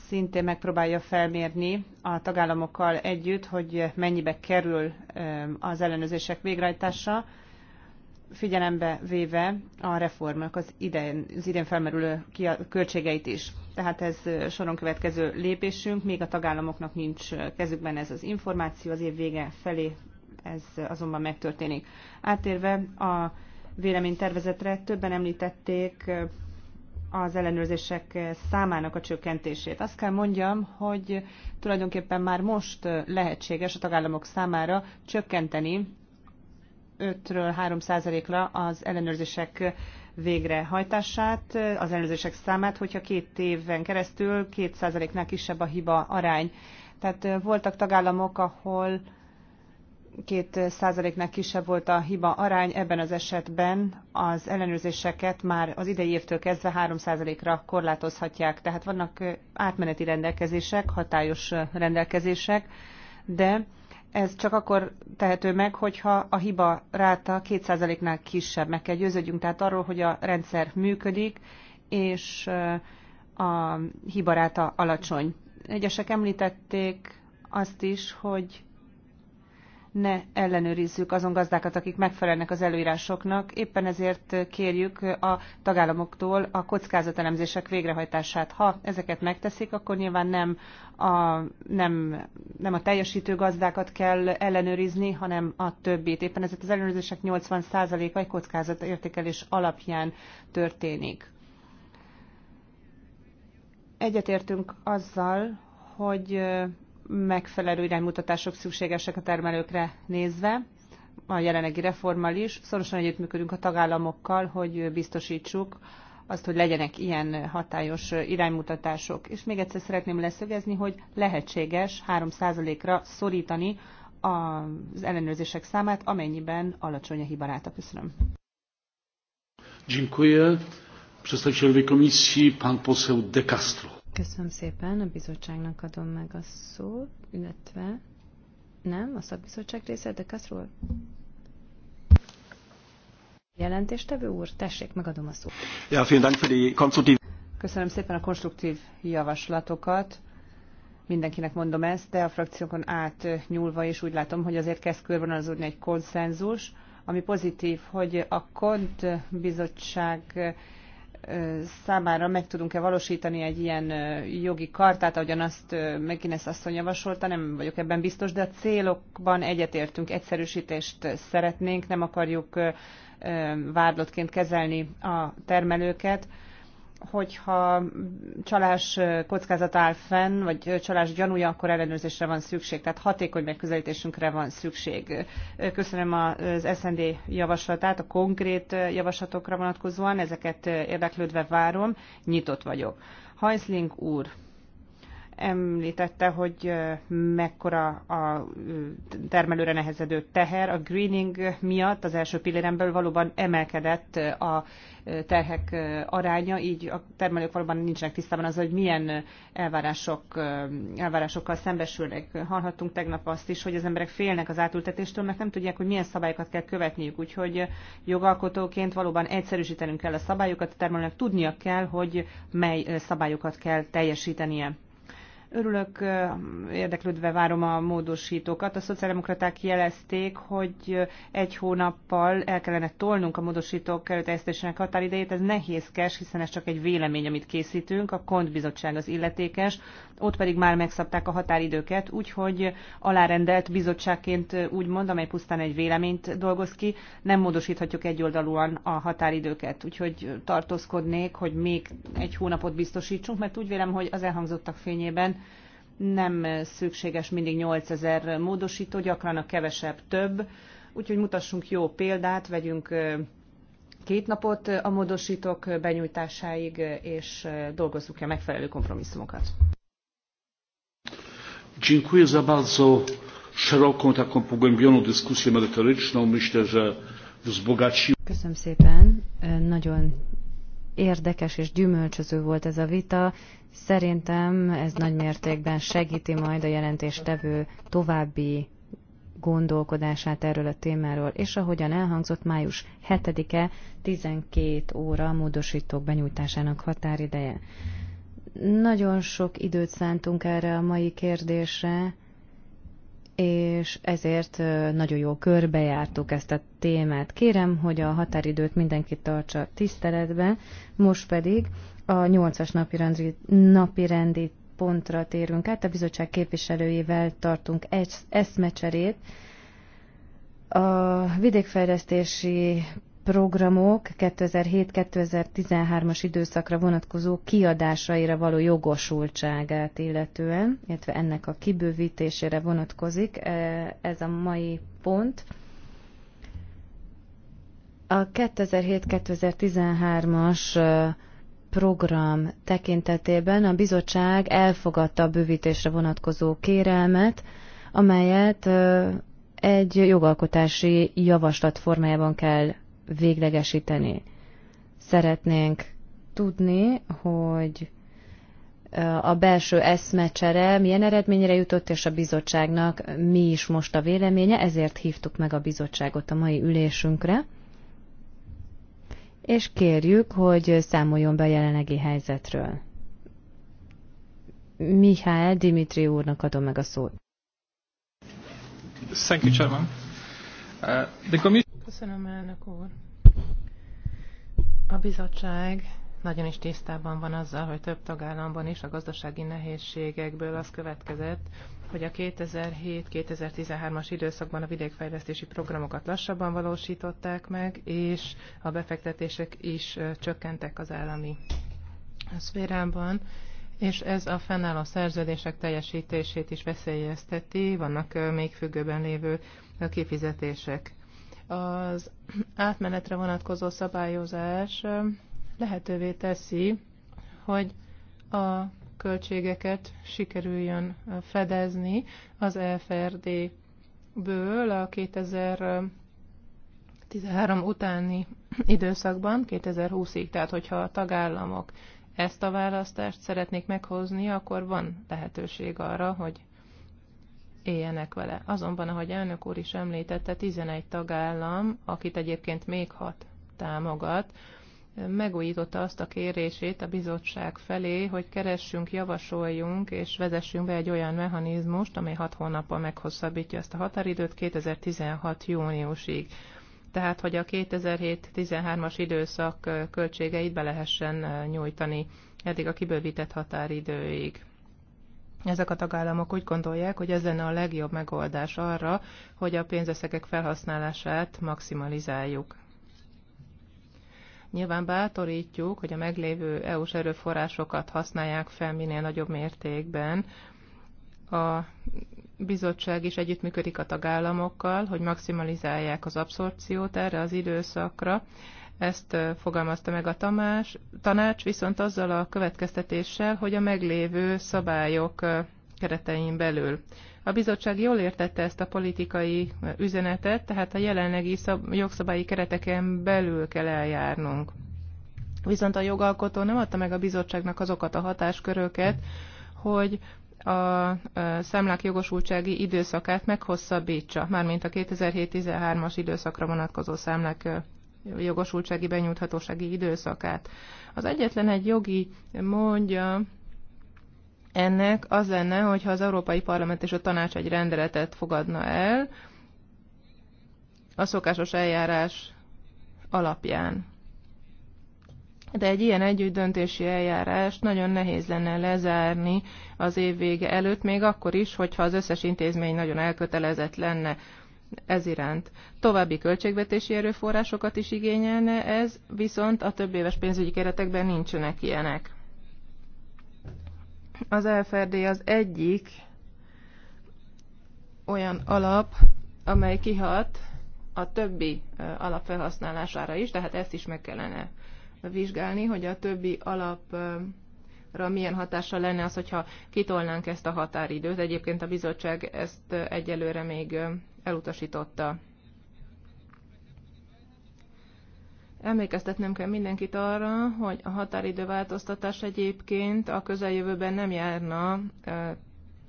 szintén megpróbálja felmérni a tagállamokkal együtt, hogy mennyibe kerül az ellenőrzések végrehajtása, figyelembe véve a reformnak az idén az idén felmerülő költségeit is. Tehát ez soron következő lépésünk, még a tagállamoknak nincs kezükben ez az információ, az év vége felé ez azonban megtörténik. Átérve a véleménytervezetre többen említették az ellenőrzések számának a csökkentését. Azt kell mondjam, hogy tulajdonképpen már most lehetséges a tagállamok számára csökkenteni 5-ről 3%-ra az ellenőrzések végrehajtását, az ellenőrzések számát, hogyha két évben keresztül 2%-nál kisebb a hiba arány. Tehát voltak tagállamok, ahol 2%-nál kisebb volt a hiba arány, ebben az esetben az ellenőrzéseket már az idei évtől kezdve 3%-ra korlátozhatják. Tehát vannak átmeneti rendelkezések, hatályos rendelkezések, de ez csak akkor tehető meg, hogyha a hiba ráta 2%-nál kisebb. Meg kell győződjünk tehát arról, hogy a rendszer működik, és a hibaráta alacsony. Egyesek említették azt is, hogy ne ellenőrizzük azon gazdákat, akik megfelelnek az előírásoknak. Éppen ezért kérjük a tagállamoktól a kockázatelemzések végrehajtását. Ha ezeket megteszik, akkor nyilván nem a, nem, nem a teljesítő gazdákat kell ellenőrizni, hanem a többit. Éppen ezért az ellenőrzések 80%-a egy kockázatértékelés alapján történik. Egyetértünk azzal, hogy megfelelő iránymutatások szükségesek a termelőkre nézve, a jelenlegi reformmal is. Szorosan együttműködünk a tagállamokkal, hogy biztosítsuk azt, hogy legyenek ilyen hatályos iránymutatások. És még egyszer szeretném leszögezni, hogy lehetséges 3%-ra szorítani az ellenőrzések számát, amennyiben alacsony a hibaráta. Köszönöm. Dziękuję. Przedstawicielowi komisji pan poseł De Castro. Köszönöm szépen, a bizottságnak adom meg a szót, illetve nem, a szakbizottság része, de Kaszról. Jelentéstevő úr, tessék, megadom a szót. Ja, vielen Dank für die konstruktiv... Köszönöm szépen a konstruktív javaslatokat. Mindenkinek mondom ezt, de a frakciókon átnyúlva is úgy látom, hogy azért kezd körvonalazódni egy konszenzus, ami pozitív, hogy a KONT bizottság számára meg tudunk-e valósítani egy ilyen jogi kartát, ahogyan azt ezt asszony javasolta, nem vagyok ebben biztos, de a célokban egyetértünk, egyszerűsítést szeretnénk, nem akarjuk vádlottként kezelni a termelőket, hogyha csalás kockázat áll fenn, vagy csalás gyanúja, akkor ellenőrzésre van szükség. Tehát hatékony megközelítésünkre van szükség. Köszönöm az SND javaslatát, a konkrét javaslatokra vonatkozóan. Ezeket érdeklődve várom, nyitott vagyok. Hajszling úr, említette, hogy mekkora a termelőre nehezedő teher. A greening miatt az első pilléren belül valóban emelkedett a terhek aránya, így a termelők valóban nincsenek tisztában az, hogy milyen elvárások, elvárásokkal szembesülnek. Hallhattunk tegnap azt is, hogy az emberek félnek az átültetéstől, mert nem tudják, hogy milyen szabályokat kell követniük. Úgyhogy jogalkotóként valóban egyszerűsítenünk kell a szabályokat, a termelőnek tudnia kell, hogy mely szabályokat kell teljesítenie. Örülök, érdeklődve várom a módosítókat. A szociáldemokraták jelezték, hogy egy hónappal el kellene tolnunk a módosítók előterjesztésének határidejét. Ez nehézkes, hiszen ez csak egy vélemény, amit készítünk. A kontbizottság bizottság az illetékes, ott pedig már megszabták a határidőket, úgyhogy alárendelt bizottságként mond, amely pusztán egy véleményt dolgoz ki, nem módosíthatjuk egyoldalúan a határidőket. Úgyhogy tartózkodnék, hogy még egy hónapot biztosítsunk, mert úgy vélem, hogy az elhangzottak fényében nem szükséges mindig 8000 módosító, gyakran a kevesebb több, úgyhogy mutassunk jó példát, vegyünk két napot a módosítók benyújtásáig, és dolgozzuk ki a megfelelő kompromisszumokat. Dziękuję za bardzo szeroką, taką pogłębioną dyskusję merytoryczną. Myślę, że wzbogaci... Köszönöm szépen. Nagyon érdekes és gyümölcsöző volt ez a vita. Szerintem ez nagy mértékben segíti majd a jelentéstevő további gondolkodását erről a témáról, és ahogyan elhangzott, május 7-e 12 óra a módosítók benyújtásának határideje. Nagyon sok időt szántunk erre a mai kérdésre, és ezért nagyon jó körbejártuk ezt a témát. Kérem, hogy a határidőt mindenki tartsa tiszteletben, most pedig a 8-as napi rendi, napi rendi pontra térünk át. A bizottság képviselőjével tartunk egy eszmecserét. A vidékfejlesztési programok 2007-2013-as időszakra vonatkozó kiadásaira való jogosultságát illetően, illetve ennek a kibővítésére vonatkozik e, ez a mai pont. A 2007-2013-as program tekintetében a bizottság elfogadta a bővítésre vonatkozó kérelmet, amelyet egy jogalkotási javaslat formájában kell véglegesíteni. Szeretnénk tudni, hogy a belső eszmecsere milyen eredményre jutott, és a bizottságnak mi is most a véleménye, ezért hívtuk meg a bizottságot a mai ülésünkre, és kérjük, hogy számoljon be a jelenlegi helyzetről. Mihály Dimitri úrnak adom meg a szót. Thank you, Chairman. Uh, the commission... Köszönöm, elnök úr. A bizottság nagyon is tisztában van azzal, hogy több tagállamban is a gazdasági nehézségekből az következett, hogy a 2007-2013-as időszakban a vidékfejlesztési programokat lassabban valósították meg, és a befektetések is csökkentek az állami szférában, és ez a fennálló szerződések teljesítését is veszélyezteti, vannak még függőben lévő kifizetések. Az átmenetre vonatkozó szabályozás lehetővé teszi, hogy a költségeket sikerüljön fedezni az EFRD-ből a 2013 utáni időszakban, 2020-ig. Tehát, hogyha a tagállamok ezt a választást szeretnék meghozni, akkor van lehetőség arra, hogy éljenek vele. Azonban, ahogy elnök úr is említette, 11 tagállam, akit egyébként még hat támogat, megújította azt a kérését a bizottság felé, hogy keressünk, javasoljunk és vezessünk be egy olyan mechanizmust, amely hat hónappal meghosszabbítja ezt a határidőt 2016. júniusig. Tehát, hogy a 2007-13-as időszak költségeit be lehessen eh, nyújtani eddig a kibővített határidőig ezek a tagállamok úgy gondolják, hogy ez lenne a legjobb megoldás arra, hogy a pénzösszegek felhasználását maximalizáljuk. Nyilván bátorítjuk, hogy a meglévő EU-s erőforrásokat használják fel minél nagyobb mértékben. A bizottság is együttműködik a tagállamokkal, hogy maximalizálják az abszorpciót erre az időszakra, ezt fogalmazta meg a tamás, tanács, viszont azzal a következtetéssel, hogy a meglévő szabályok keretein belül. A bizottság jól értette ezt a politikai üzenetet, tehát a jelenlegi szab- jogszabályi kereteken belül kell eljárnunk. Viszont a jogalkotó nem adta meg a bizottságnak azokat a hatásköröket, hogy a számlák jogosultsági időszakát meghosszabbítsa, mármint a 2007-13-as időszakra vonatkozó számlák jogosultsági benyújthatósági időszakát. Az egyetlen egy jogi mondja ennek az lenne, hogyha az Európai Parlament és a Tanács egy rendeletet fogadna el a szokásos eljárás alapján. De egy ilyen együttdöntési eljárást nagyon nehéz lenne lezárni az év vége előtt, még akkor is, hogyha az összes intézmény nagyon elkötelezett lenne ez iránt. További költségvetési erőforrásokat is igényelne ez, viszont a több éves pénzügyi keretekben nincsenek ilyenek. Az LFRD az egyik olyan alap, amely kihat a többi alapfelhasználására is, tehát ezt is meg kellene vizsgálni, hogy a többi alapra milyen hatással lenne az, hogyha kitolnánk ezt a határidőt. Egyébként a bizottság ezt egyelőre még elutasította. Emlékeztetnem kell mindenkit arra, hogy a határidő változtatás egyébként a közeljövőben nem járna eh,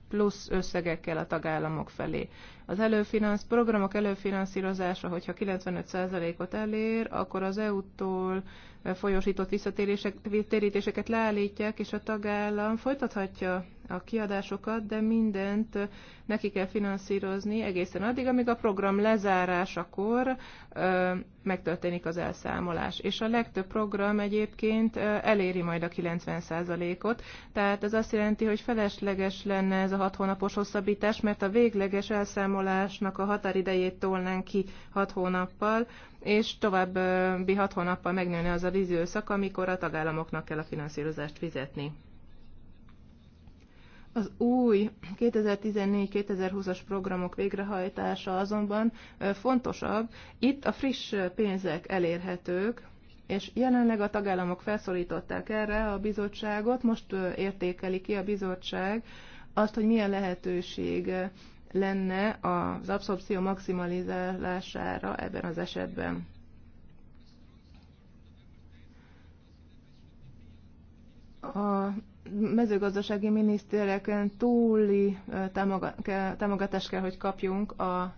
plusz összegekkel a tagállamok felé. Az előfinansz, programok előfinanszírozása, hogyha 95%-ot elér, akkor az EU-tól eh, folyosított visszatérítéseket leállítják, és a tagállam folytathatja a kiadásokat, de mindent eh, neki kell finanszírozni egészen addig, amíg a program lezárásakor ö, eh, megtörténik az elszámolás. És a legtöbb program egyébként ö, eléri majd a 90%-ot, tehát ez azt jelenti, hogy felesleges lenne ez a hat hónapos hosszabbítás, mert a végleges elszámolás beszámolásnak a határidejét tolnánk ki 6 hónappal, és további 6 hónappal megnőne az az időszak, amikor a tagállamoknak kell a finanszírozást fizetni. Az új 2014-2020-as programok végrehajtása azonban fontosabb. Itt a friss pénzek elérhetők, és jelenleg a tagállamok felszólították erre a bizottságot, most értékeli ki a bizottság azt, hogy milyen lehetőség lenne az abszorpció maximalizálására ebben az esetben. A mezőgazdasági minisztéreken túli támogatást kell, hogy kapjunk a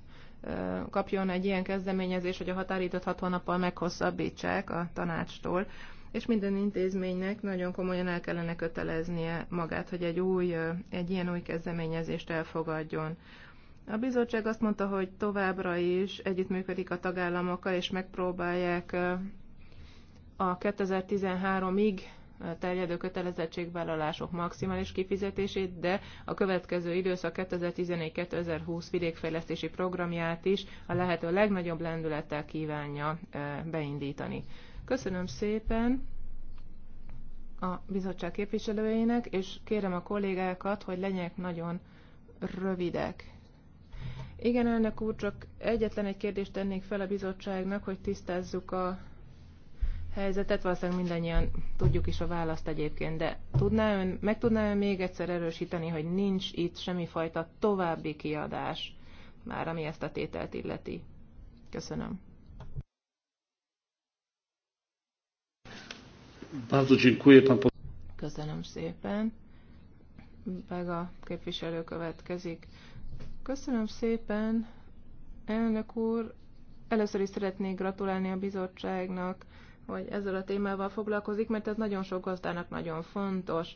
kapjon egy ilyen kezdeményezés, hogy a határidőt 60 nappal meghosszabbítsák a tanácstól és minden intézménynek nagyon komolyan el kellene köteleznie magát, hogy egy, új, egy ilyen új kezdeményezést elfogadjon. A bizottság azt mondta, hogy továbbra is együttműködik a tagállamokkal, és megpróbálják a 2013-ig terjedő kötelezettségvállalások maximális kifizetését, de a következő időszak 2014-2020 vidékfejlesztési programját is a lehető legnagyobb lendülettel kívánja beindítani. Köszönöm szépen a bizottság képviselőjének, és kérem a kollégákat, hogy legyenek nagyon rövidek. Igen, elnök úr, csak egyetlen egy kérdést tennék fel a bizottságnak, hogy tisztázzuk a helyzetet. Valószínűleg mindannyian tudjuk is a választ egyébként, de tudná ön, meg tudná ön még egyszer erősíteni, hogy nincs itt semmifajta további kiadás, már ami ezt a tételt illeti? Köszönöm. Bardzo dziękuję pan Köszönöm szépen. a képviselő következik. Köszönöm szépen, elnök úr. Először is szeretnék gratulálni a bizottságnak, hogy ezzel a témával foglalkozik, mert ez nagyon sok gazdának nagyon fontos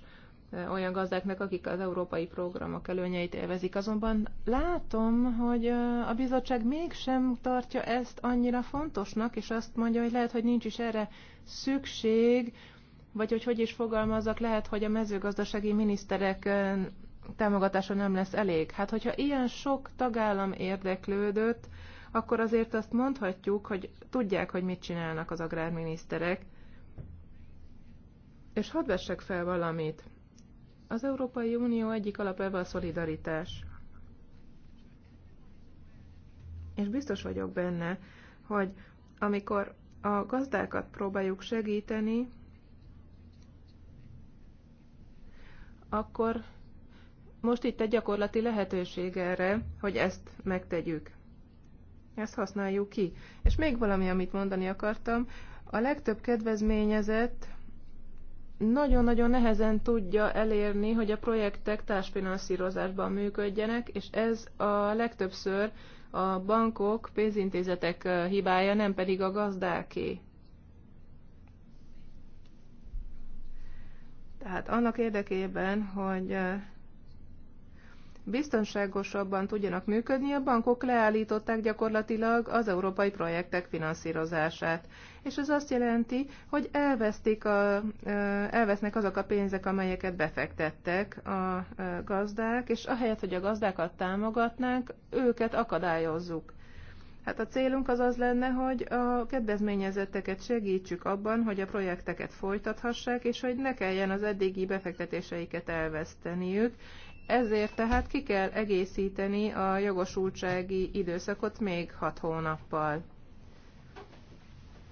olyan gazdáknak, akik az európai programok előnyeit élvezik. Azonban látom, hogy a bizottság mégsem tartja ezt annyira fontosnak, és azt mondja, hogy lehet, hogy nincs is erre szükség, vagy hogy hogy is fogalmazzak, lehet, hogy a mezőgazdasági miniszterek támogatása nem lesz elég. Hát, hogyha ilyen sok tagállam érdeklődött, akkor azért azt mondhatjuk, hogy tudják, hogy mit csinálnak az agrárminiszterek. És hadd vessek fel valamit. Az Európai Unió egyik alapelve a szolidaritás. És biztos vagyok benne, hogy amikor a gazdákat próbáljuk segíteni, akkor most itt egy gyakorlati lehetőség erre, hogy ezt megtegyük. Ezt használjuk ki. És még valami, amit mondani akartam. A legtöbb kedvezményezett nagyon-nagyon nehezen tudja elérni, hogy a projektek társfinanszírozásban működjenek, és ez a legtöbbször a bankok, pénzintézetek hibája, nem pedig a gazdáké. Tehát annak érdekében, hogy biztonságosabban tudjanak működni, a bankok leállították gyakorlatilag az európai projektek finanszírozását. És ez azt jelenti, hogy elvesztik a, elvesznek azok a pénzek, amelyeket befektettek a gazdák, és ahelyett, hogy a gazdákat támogatnánk, őket akadályozzuk. Hát a célunk az az lenne, hogy a kedvezményezetteket segítsük abban, hogy a projekteket folytathassák, és hogy ne kelljen az eddigi befektetéseiket elveszteniük, ezért tehát ki kell egészíteni a jogosultsági időszakot még hat hónappal.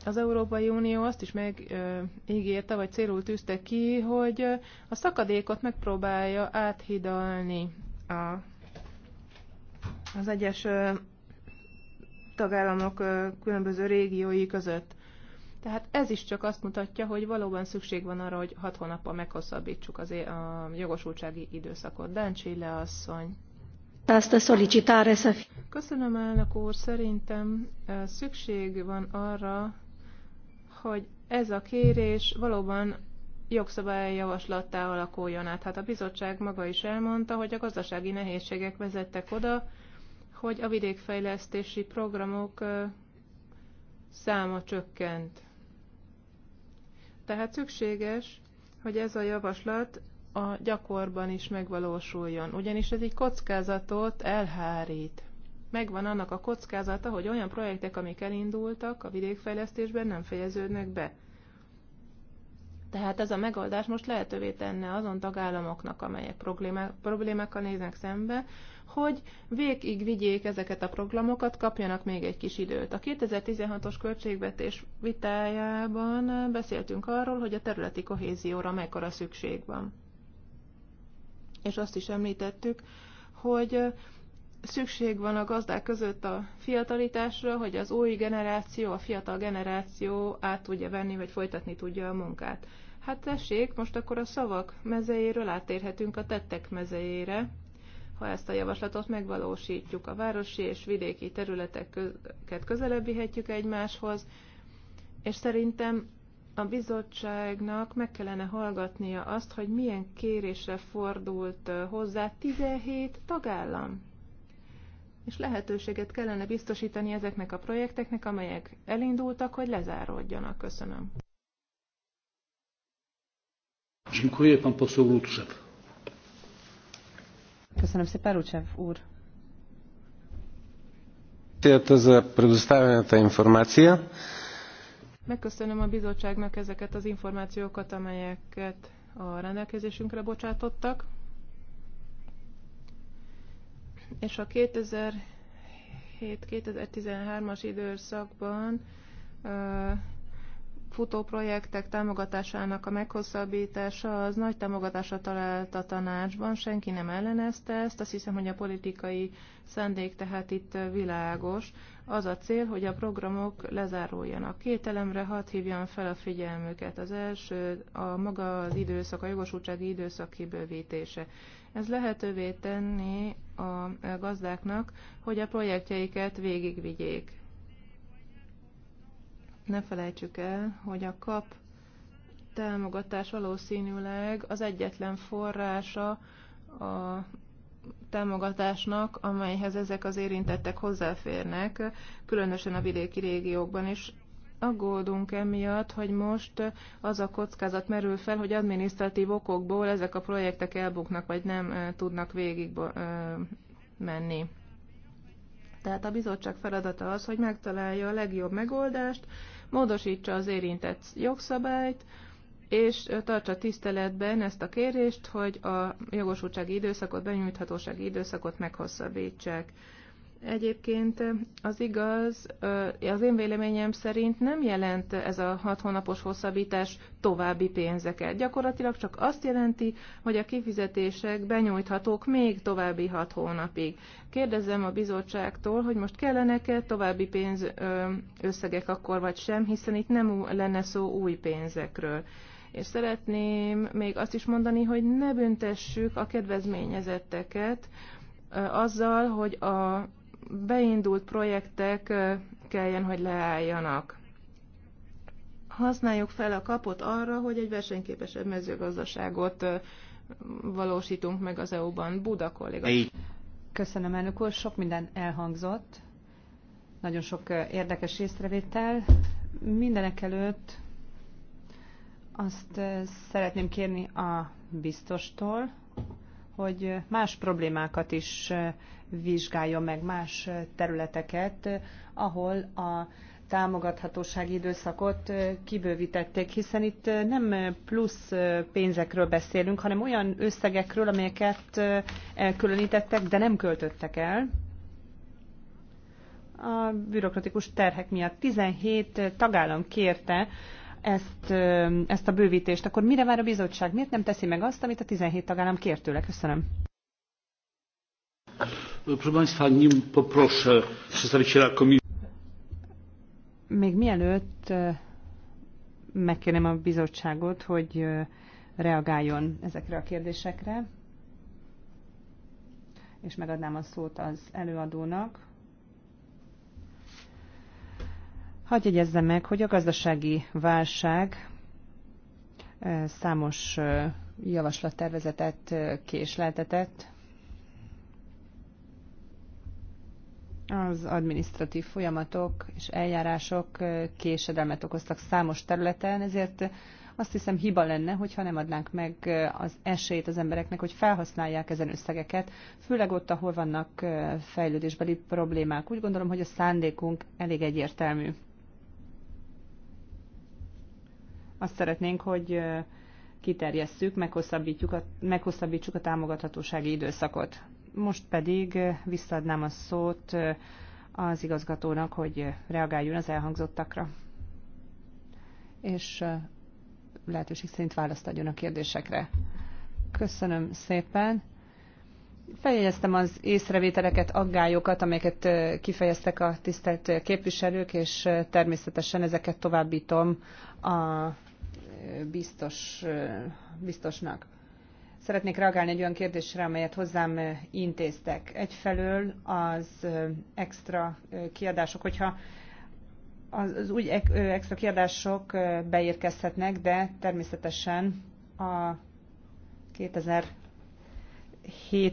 Az Európai Unió azt is megígérte, vagy célul tűzte ki, hogy a szakadékot megpróbálja áthidalni a, az egyes tagállamok különböző régiói között. Tehát ez is csak azt mutatja, hogy valóban szükség van arra, hogy hat hónappal meghosszabbítsuk az a jogosultsági időszakot. Dáncsille asszony. Köszönöm, elnök úr. Szerintem eh, szükség van arra, hogy ez a kérés valóban javaslattá alakuljon át. Hát a bizottság maga is elmondta, hogy a gazdasági nehézségek vezettek oda, hogy a vidékfejlesztési programok eh, száma csökkent. Tehát szükséges, hogy ez a javaslat a gyakorban is megvalósuljon, ugyanis ez egy kockázatot elhárít. Megvan annak a kockázata, hogy olyan projektek, amik elindultak a vidékfejlesztésben, nem fejeződnek be. Tehát ez a megoldás most lehetővé tenne azon tagállamoknak, amelyek problémákkal néznek szembe, hogy végig vigyék ezeket a programokat, kapjanak még egy kis időt. A 2016-os költségvetés vitájában beszéltünk arról, hogy a területi kohézióra mekkora szükség van. És azt is említettük, hogy szükség van a gazdák között a fiatalításra, hogy az új generáció, a fiatal generáció át tudja venni, vagy folytatni tudja a munkát. Hát tessék, most akkor a szavak mezejéről átérhetünk a tettek mezejére, ha ezt a javaslatot megvalósítjuk. A városi és vidéki területeket közelebb vihetjük egymáshoz, és szerintem a bizottságnak meg kellene hallgatnia azt, hogy milyen kérésre fordult hozzá 17 tagállam és lehetőséget kellene biztosítani ezeknek a projekteknek, amelyek elindultak, hogy lezáródjanak. Köszönöm. Köszönöm szépen, Rucsev úr. Megköszönöm a bizottságnak ezeket az információkat, amelyeket a rendelkezésünkre bocsátottak és a 2007-2013-as időszakban futó projektek támogatásának a meghosszabbítása az nagy támogatásra talált a tanácsban, senki nem ellenezte ezt, azt hiszem, hogy a politikai szándék tehát itt világos. Az a cél, hogy a programok lezáruljanak. Két elemre hadd hívjam fel a figyelmüket. Az első a maga az időszak, a jogosultsági időszak kibővítése. Ez lehetővé tenni a gazdáknak, hogy a projektjeiket végigvigyék. Ne felejtsük el, hogy a kap támogatás valószínűleg az egyetlen forrása a támogatásnak, amelyhez ezek az érintettek hozzáférnek, különösen a vidéki régiókban, és aggódunk emiatt, hogy most az a kockázat merül fel, hogy adminisztratív okokból ezek a projektek elbuknak, vagy nem tudnak végig menni. Tehát a bizottság feladata az, hogy megtalálja a legjobb megoldást, módosítsa az érintett jogszabályt, és tartsa tiszteletben ezt a kérést, hogy a jogosultsági időszakot, benyújthatósági időszakot meghosszabbítsák. Egyébként az igaz, az én véleményem szerint nem jelent ez a hat hónapos hosszabbítás további pénzeket. Gyakorlatilag csak azt jelenti, hogy a kifizetések benyújthatók még további hat hónapig. Kérdezem a bizottságtól, hogy most kellenek-e további pénz összegek akkor vagy sem, hiszen itt nem lenne szó új pénzekről. És szeretném még azt is mondani, hogy ne büntessük a kedvezményezetteket, azzal, hogy a beindult projektek kelljen, hogy leálljanak. Használjuk fel a kapot arra, hogy egy versenyképesebb mezőgazdaságot valósítunk meg az EU-ban. Buda kolléga. Köszönöm, elnök úr. Sok minden elhangzott. Nagyon sok érdekes észrevétel. Mindenek előtt azt szeretném kérni a biztostól, hogy más problémákat is vizsgálja meg más területeket, ahol a támogathatósági időszakot kibővítették, hiszen itt nem plusz pénzekről beszélünk, hanem olyan összegekről, amelyeket elkülönítettek, de nem költöttek el. A bürokratikus terhek miatt 17 tagállam kérte ezt, ezt a bővítést. Akkor mire vár a bizottság? Miért nem teszi meg azt, amit a 17 tagállam kért tőle? Köszönöm. Proszę Państwa, nim poproszę przedstawiciela komisji. Még mielőtt e, megkérném a bizottságot, hogy e, reagáljon ezekre a kérdésekre, és megadnám a szót az előadónak. Hagy jegyezzem meg, hogy a gazdasági válság e, számos javaslattervezetet késleltetett, Az administratív folyamatok és eljárások késedelmet okoztak számos területen, ezért azt hiszem hiba lenne, hogyha nem adnánk meg az esélyt az embereknek, hogy felhasználják ezen összegeket, főleg ott, ahol vannak fejlődésbeli problémák. Úgy gondolom, hogy a szándékunk elég egyértelmű. Azt szeretnénk, hogy kiterjesszük, meghosszabbítsuk a, meghosszabbítsuk a támogathatósági időszakot. Most pedig eh, visszaadnám a szót eh, az igazgatónak, hogy eh, reagáljon az elhangzottakra. És lehetőség szerint választ adjon a kérdésekre. Köszönöm szépen. Feljegyeztem az észrevételeket, aggályokat, amelyeket kifejeztek a tisztelt képviselők, és természetesen ezeket továbbítom a biztos, biztosnak. Szeretnék reagálni egy olyan kérdésre, amelyet hozzám intéztek. Egyfelől az extra kiadások, hogyha az, az úgy extra kiadások beérkezhetnek, de természetesen a 2007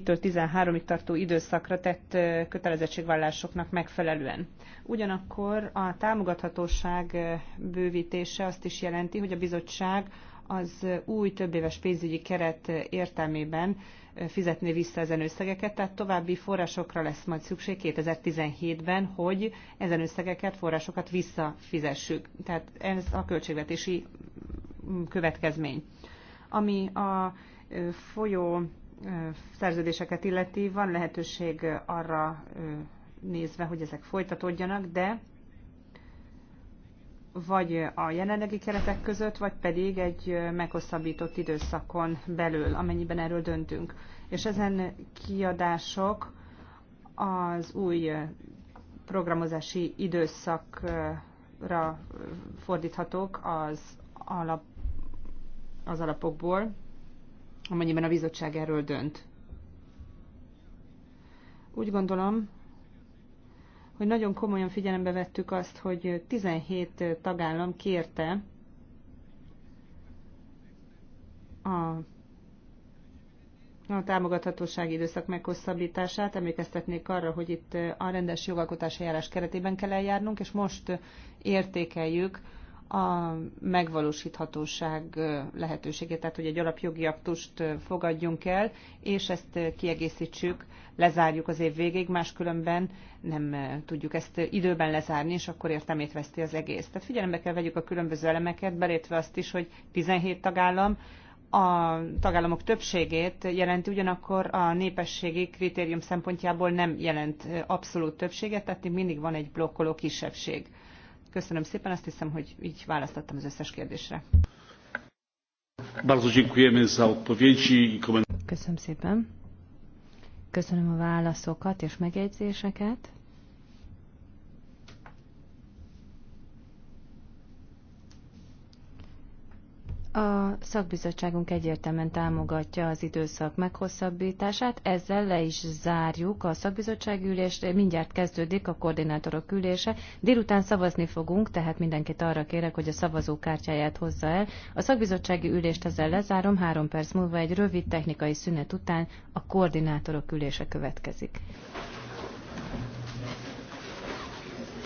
től 13-ig tartó időszakra tett kötelezettségvállásoknak megfelelően. Ugyanakkor a támogathatóság bővítése azt is jelenti, hogy a bizottság az új többéves pénzügyi keret értelmében fizetné vissza ezen összegeket, tehát további forrásokra lesz majd szükség 2017-ben, hogy ezen összegeket, forrásokat visszafizessük. Tehát ez a költségvetési mm, következmény. Ami a folyó szerződéseket illeti, van lehetőség arra nézve, hogy ezek folytatódjanak, de vagy a jelenlegi keretek között, vagy pedig egy meghosszabbított időszakon belül, amennyiben erről döntünk. És ezen kiadások az új programozási időszakra fordíthatók az, alap, az alapokból, amennyiben a bizottság erről dönt. Úgy gondolom, hogy nagyon komolyan figyelembe vettük azt, hogy 17 tagállam kérte a a támogathatósági időszak meghosszabbítását. Emlékeztetnék arra, hogy itt a rendes jogalkotási járás keretében kell eljárnunk, és most értékeljük a megvalósíthatóság lehetőségét, tehát hogy egy alapjogi aktust fogadjunk el, és ezt kiegészítsük, lezárjuk az év végéig, máskülönben nem tudjuk ezt időben lezárni, és akkor értelmét veszti az egész. Tehát figyelembe kell vegyük a különböző elemeket, belétve azt is, hogy 17 tagállam, a tagállamok többségét jelenti, ugyanakkor a népességi kritérium szempontjából nem jelent abszolút többséget, tehát mindig van egy blokkoló kisebbség Köszönöm szépen, azt hiszem, hogy így választottam az összes kérdésre. Köszönöm szépen. Köszönöm a válaszokat és megjegyzéseket. A szakbizottságunk egyértelműen támogatja az időszak meghosszabbítását, ezzel le is zárjuk a szakbizottsági ülést, mindjárt kezdődik a koordinátorok ülése. Délután szavazni fogunk, tehát mindenkit arra kérek, hogy a szavazókártyáját hozza el. A szakbizottsági ülést ezzel lezárom, három perc múlva egy rövid technikai szünet után a koordinátorok ülése következik.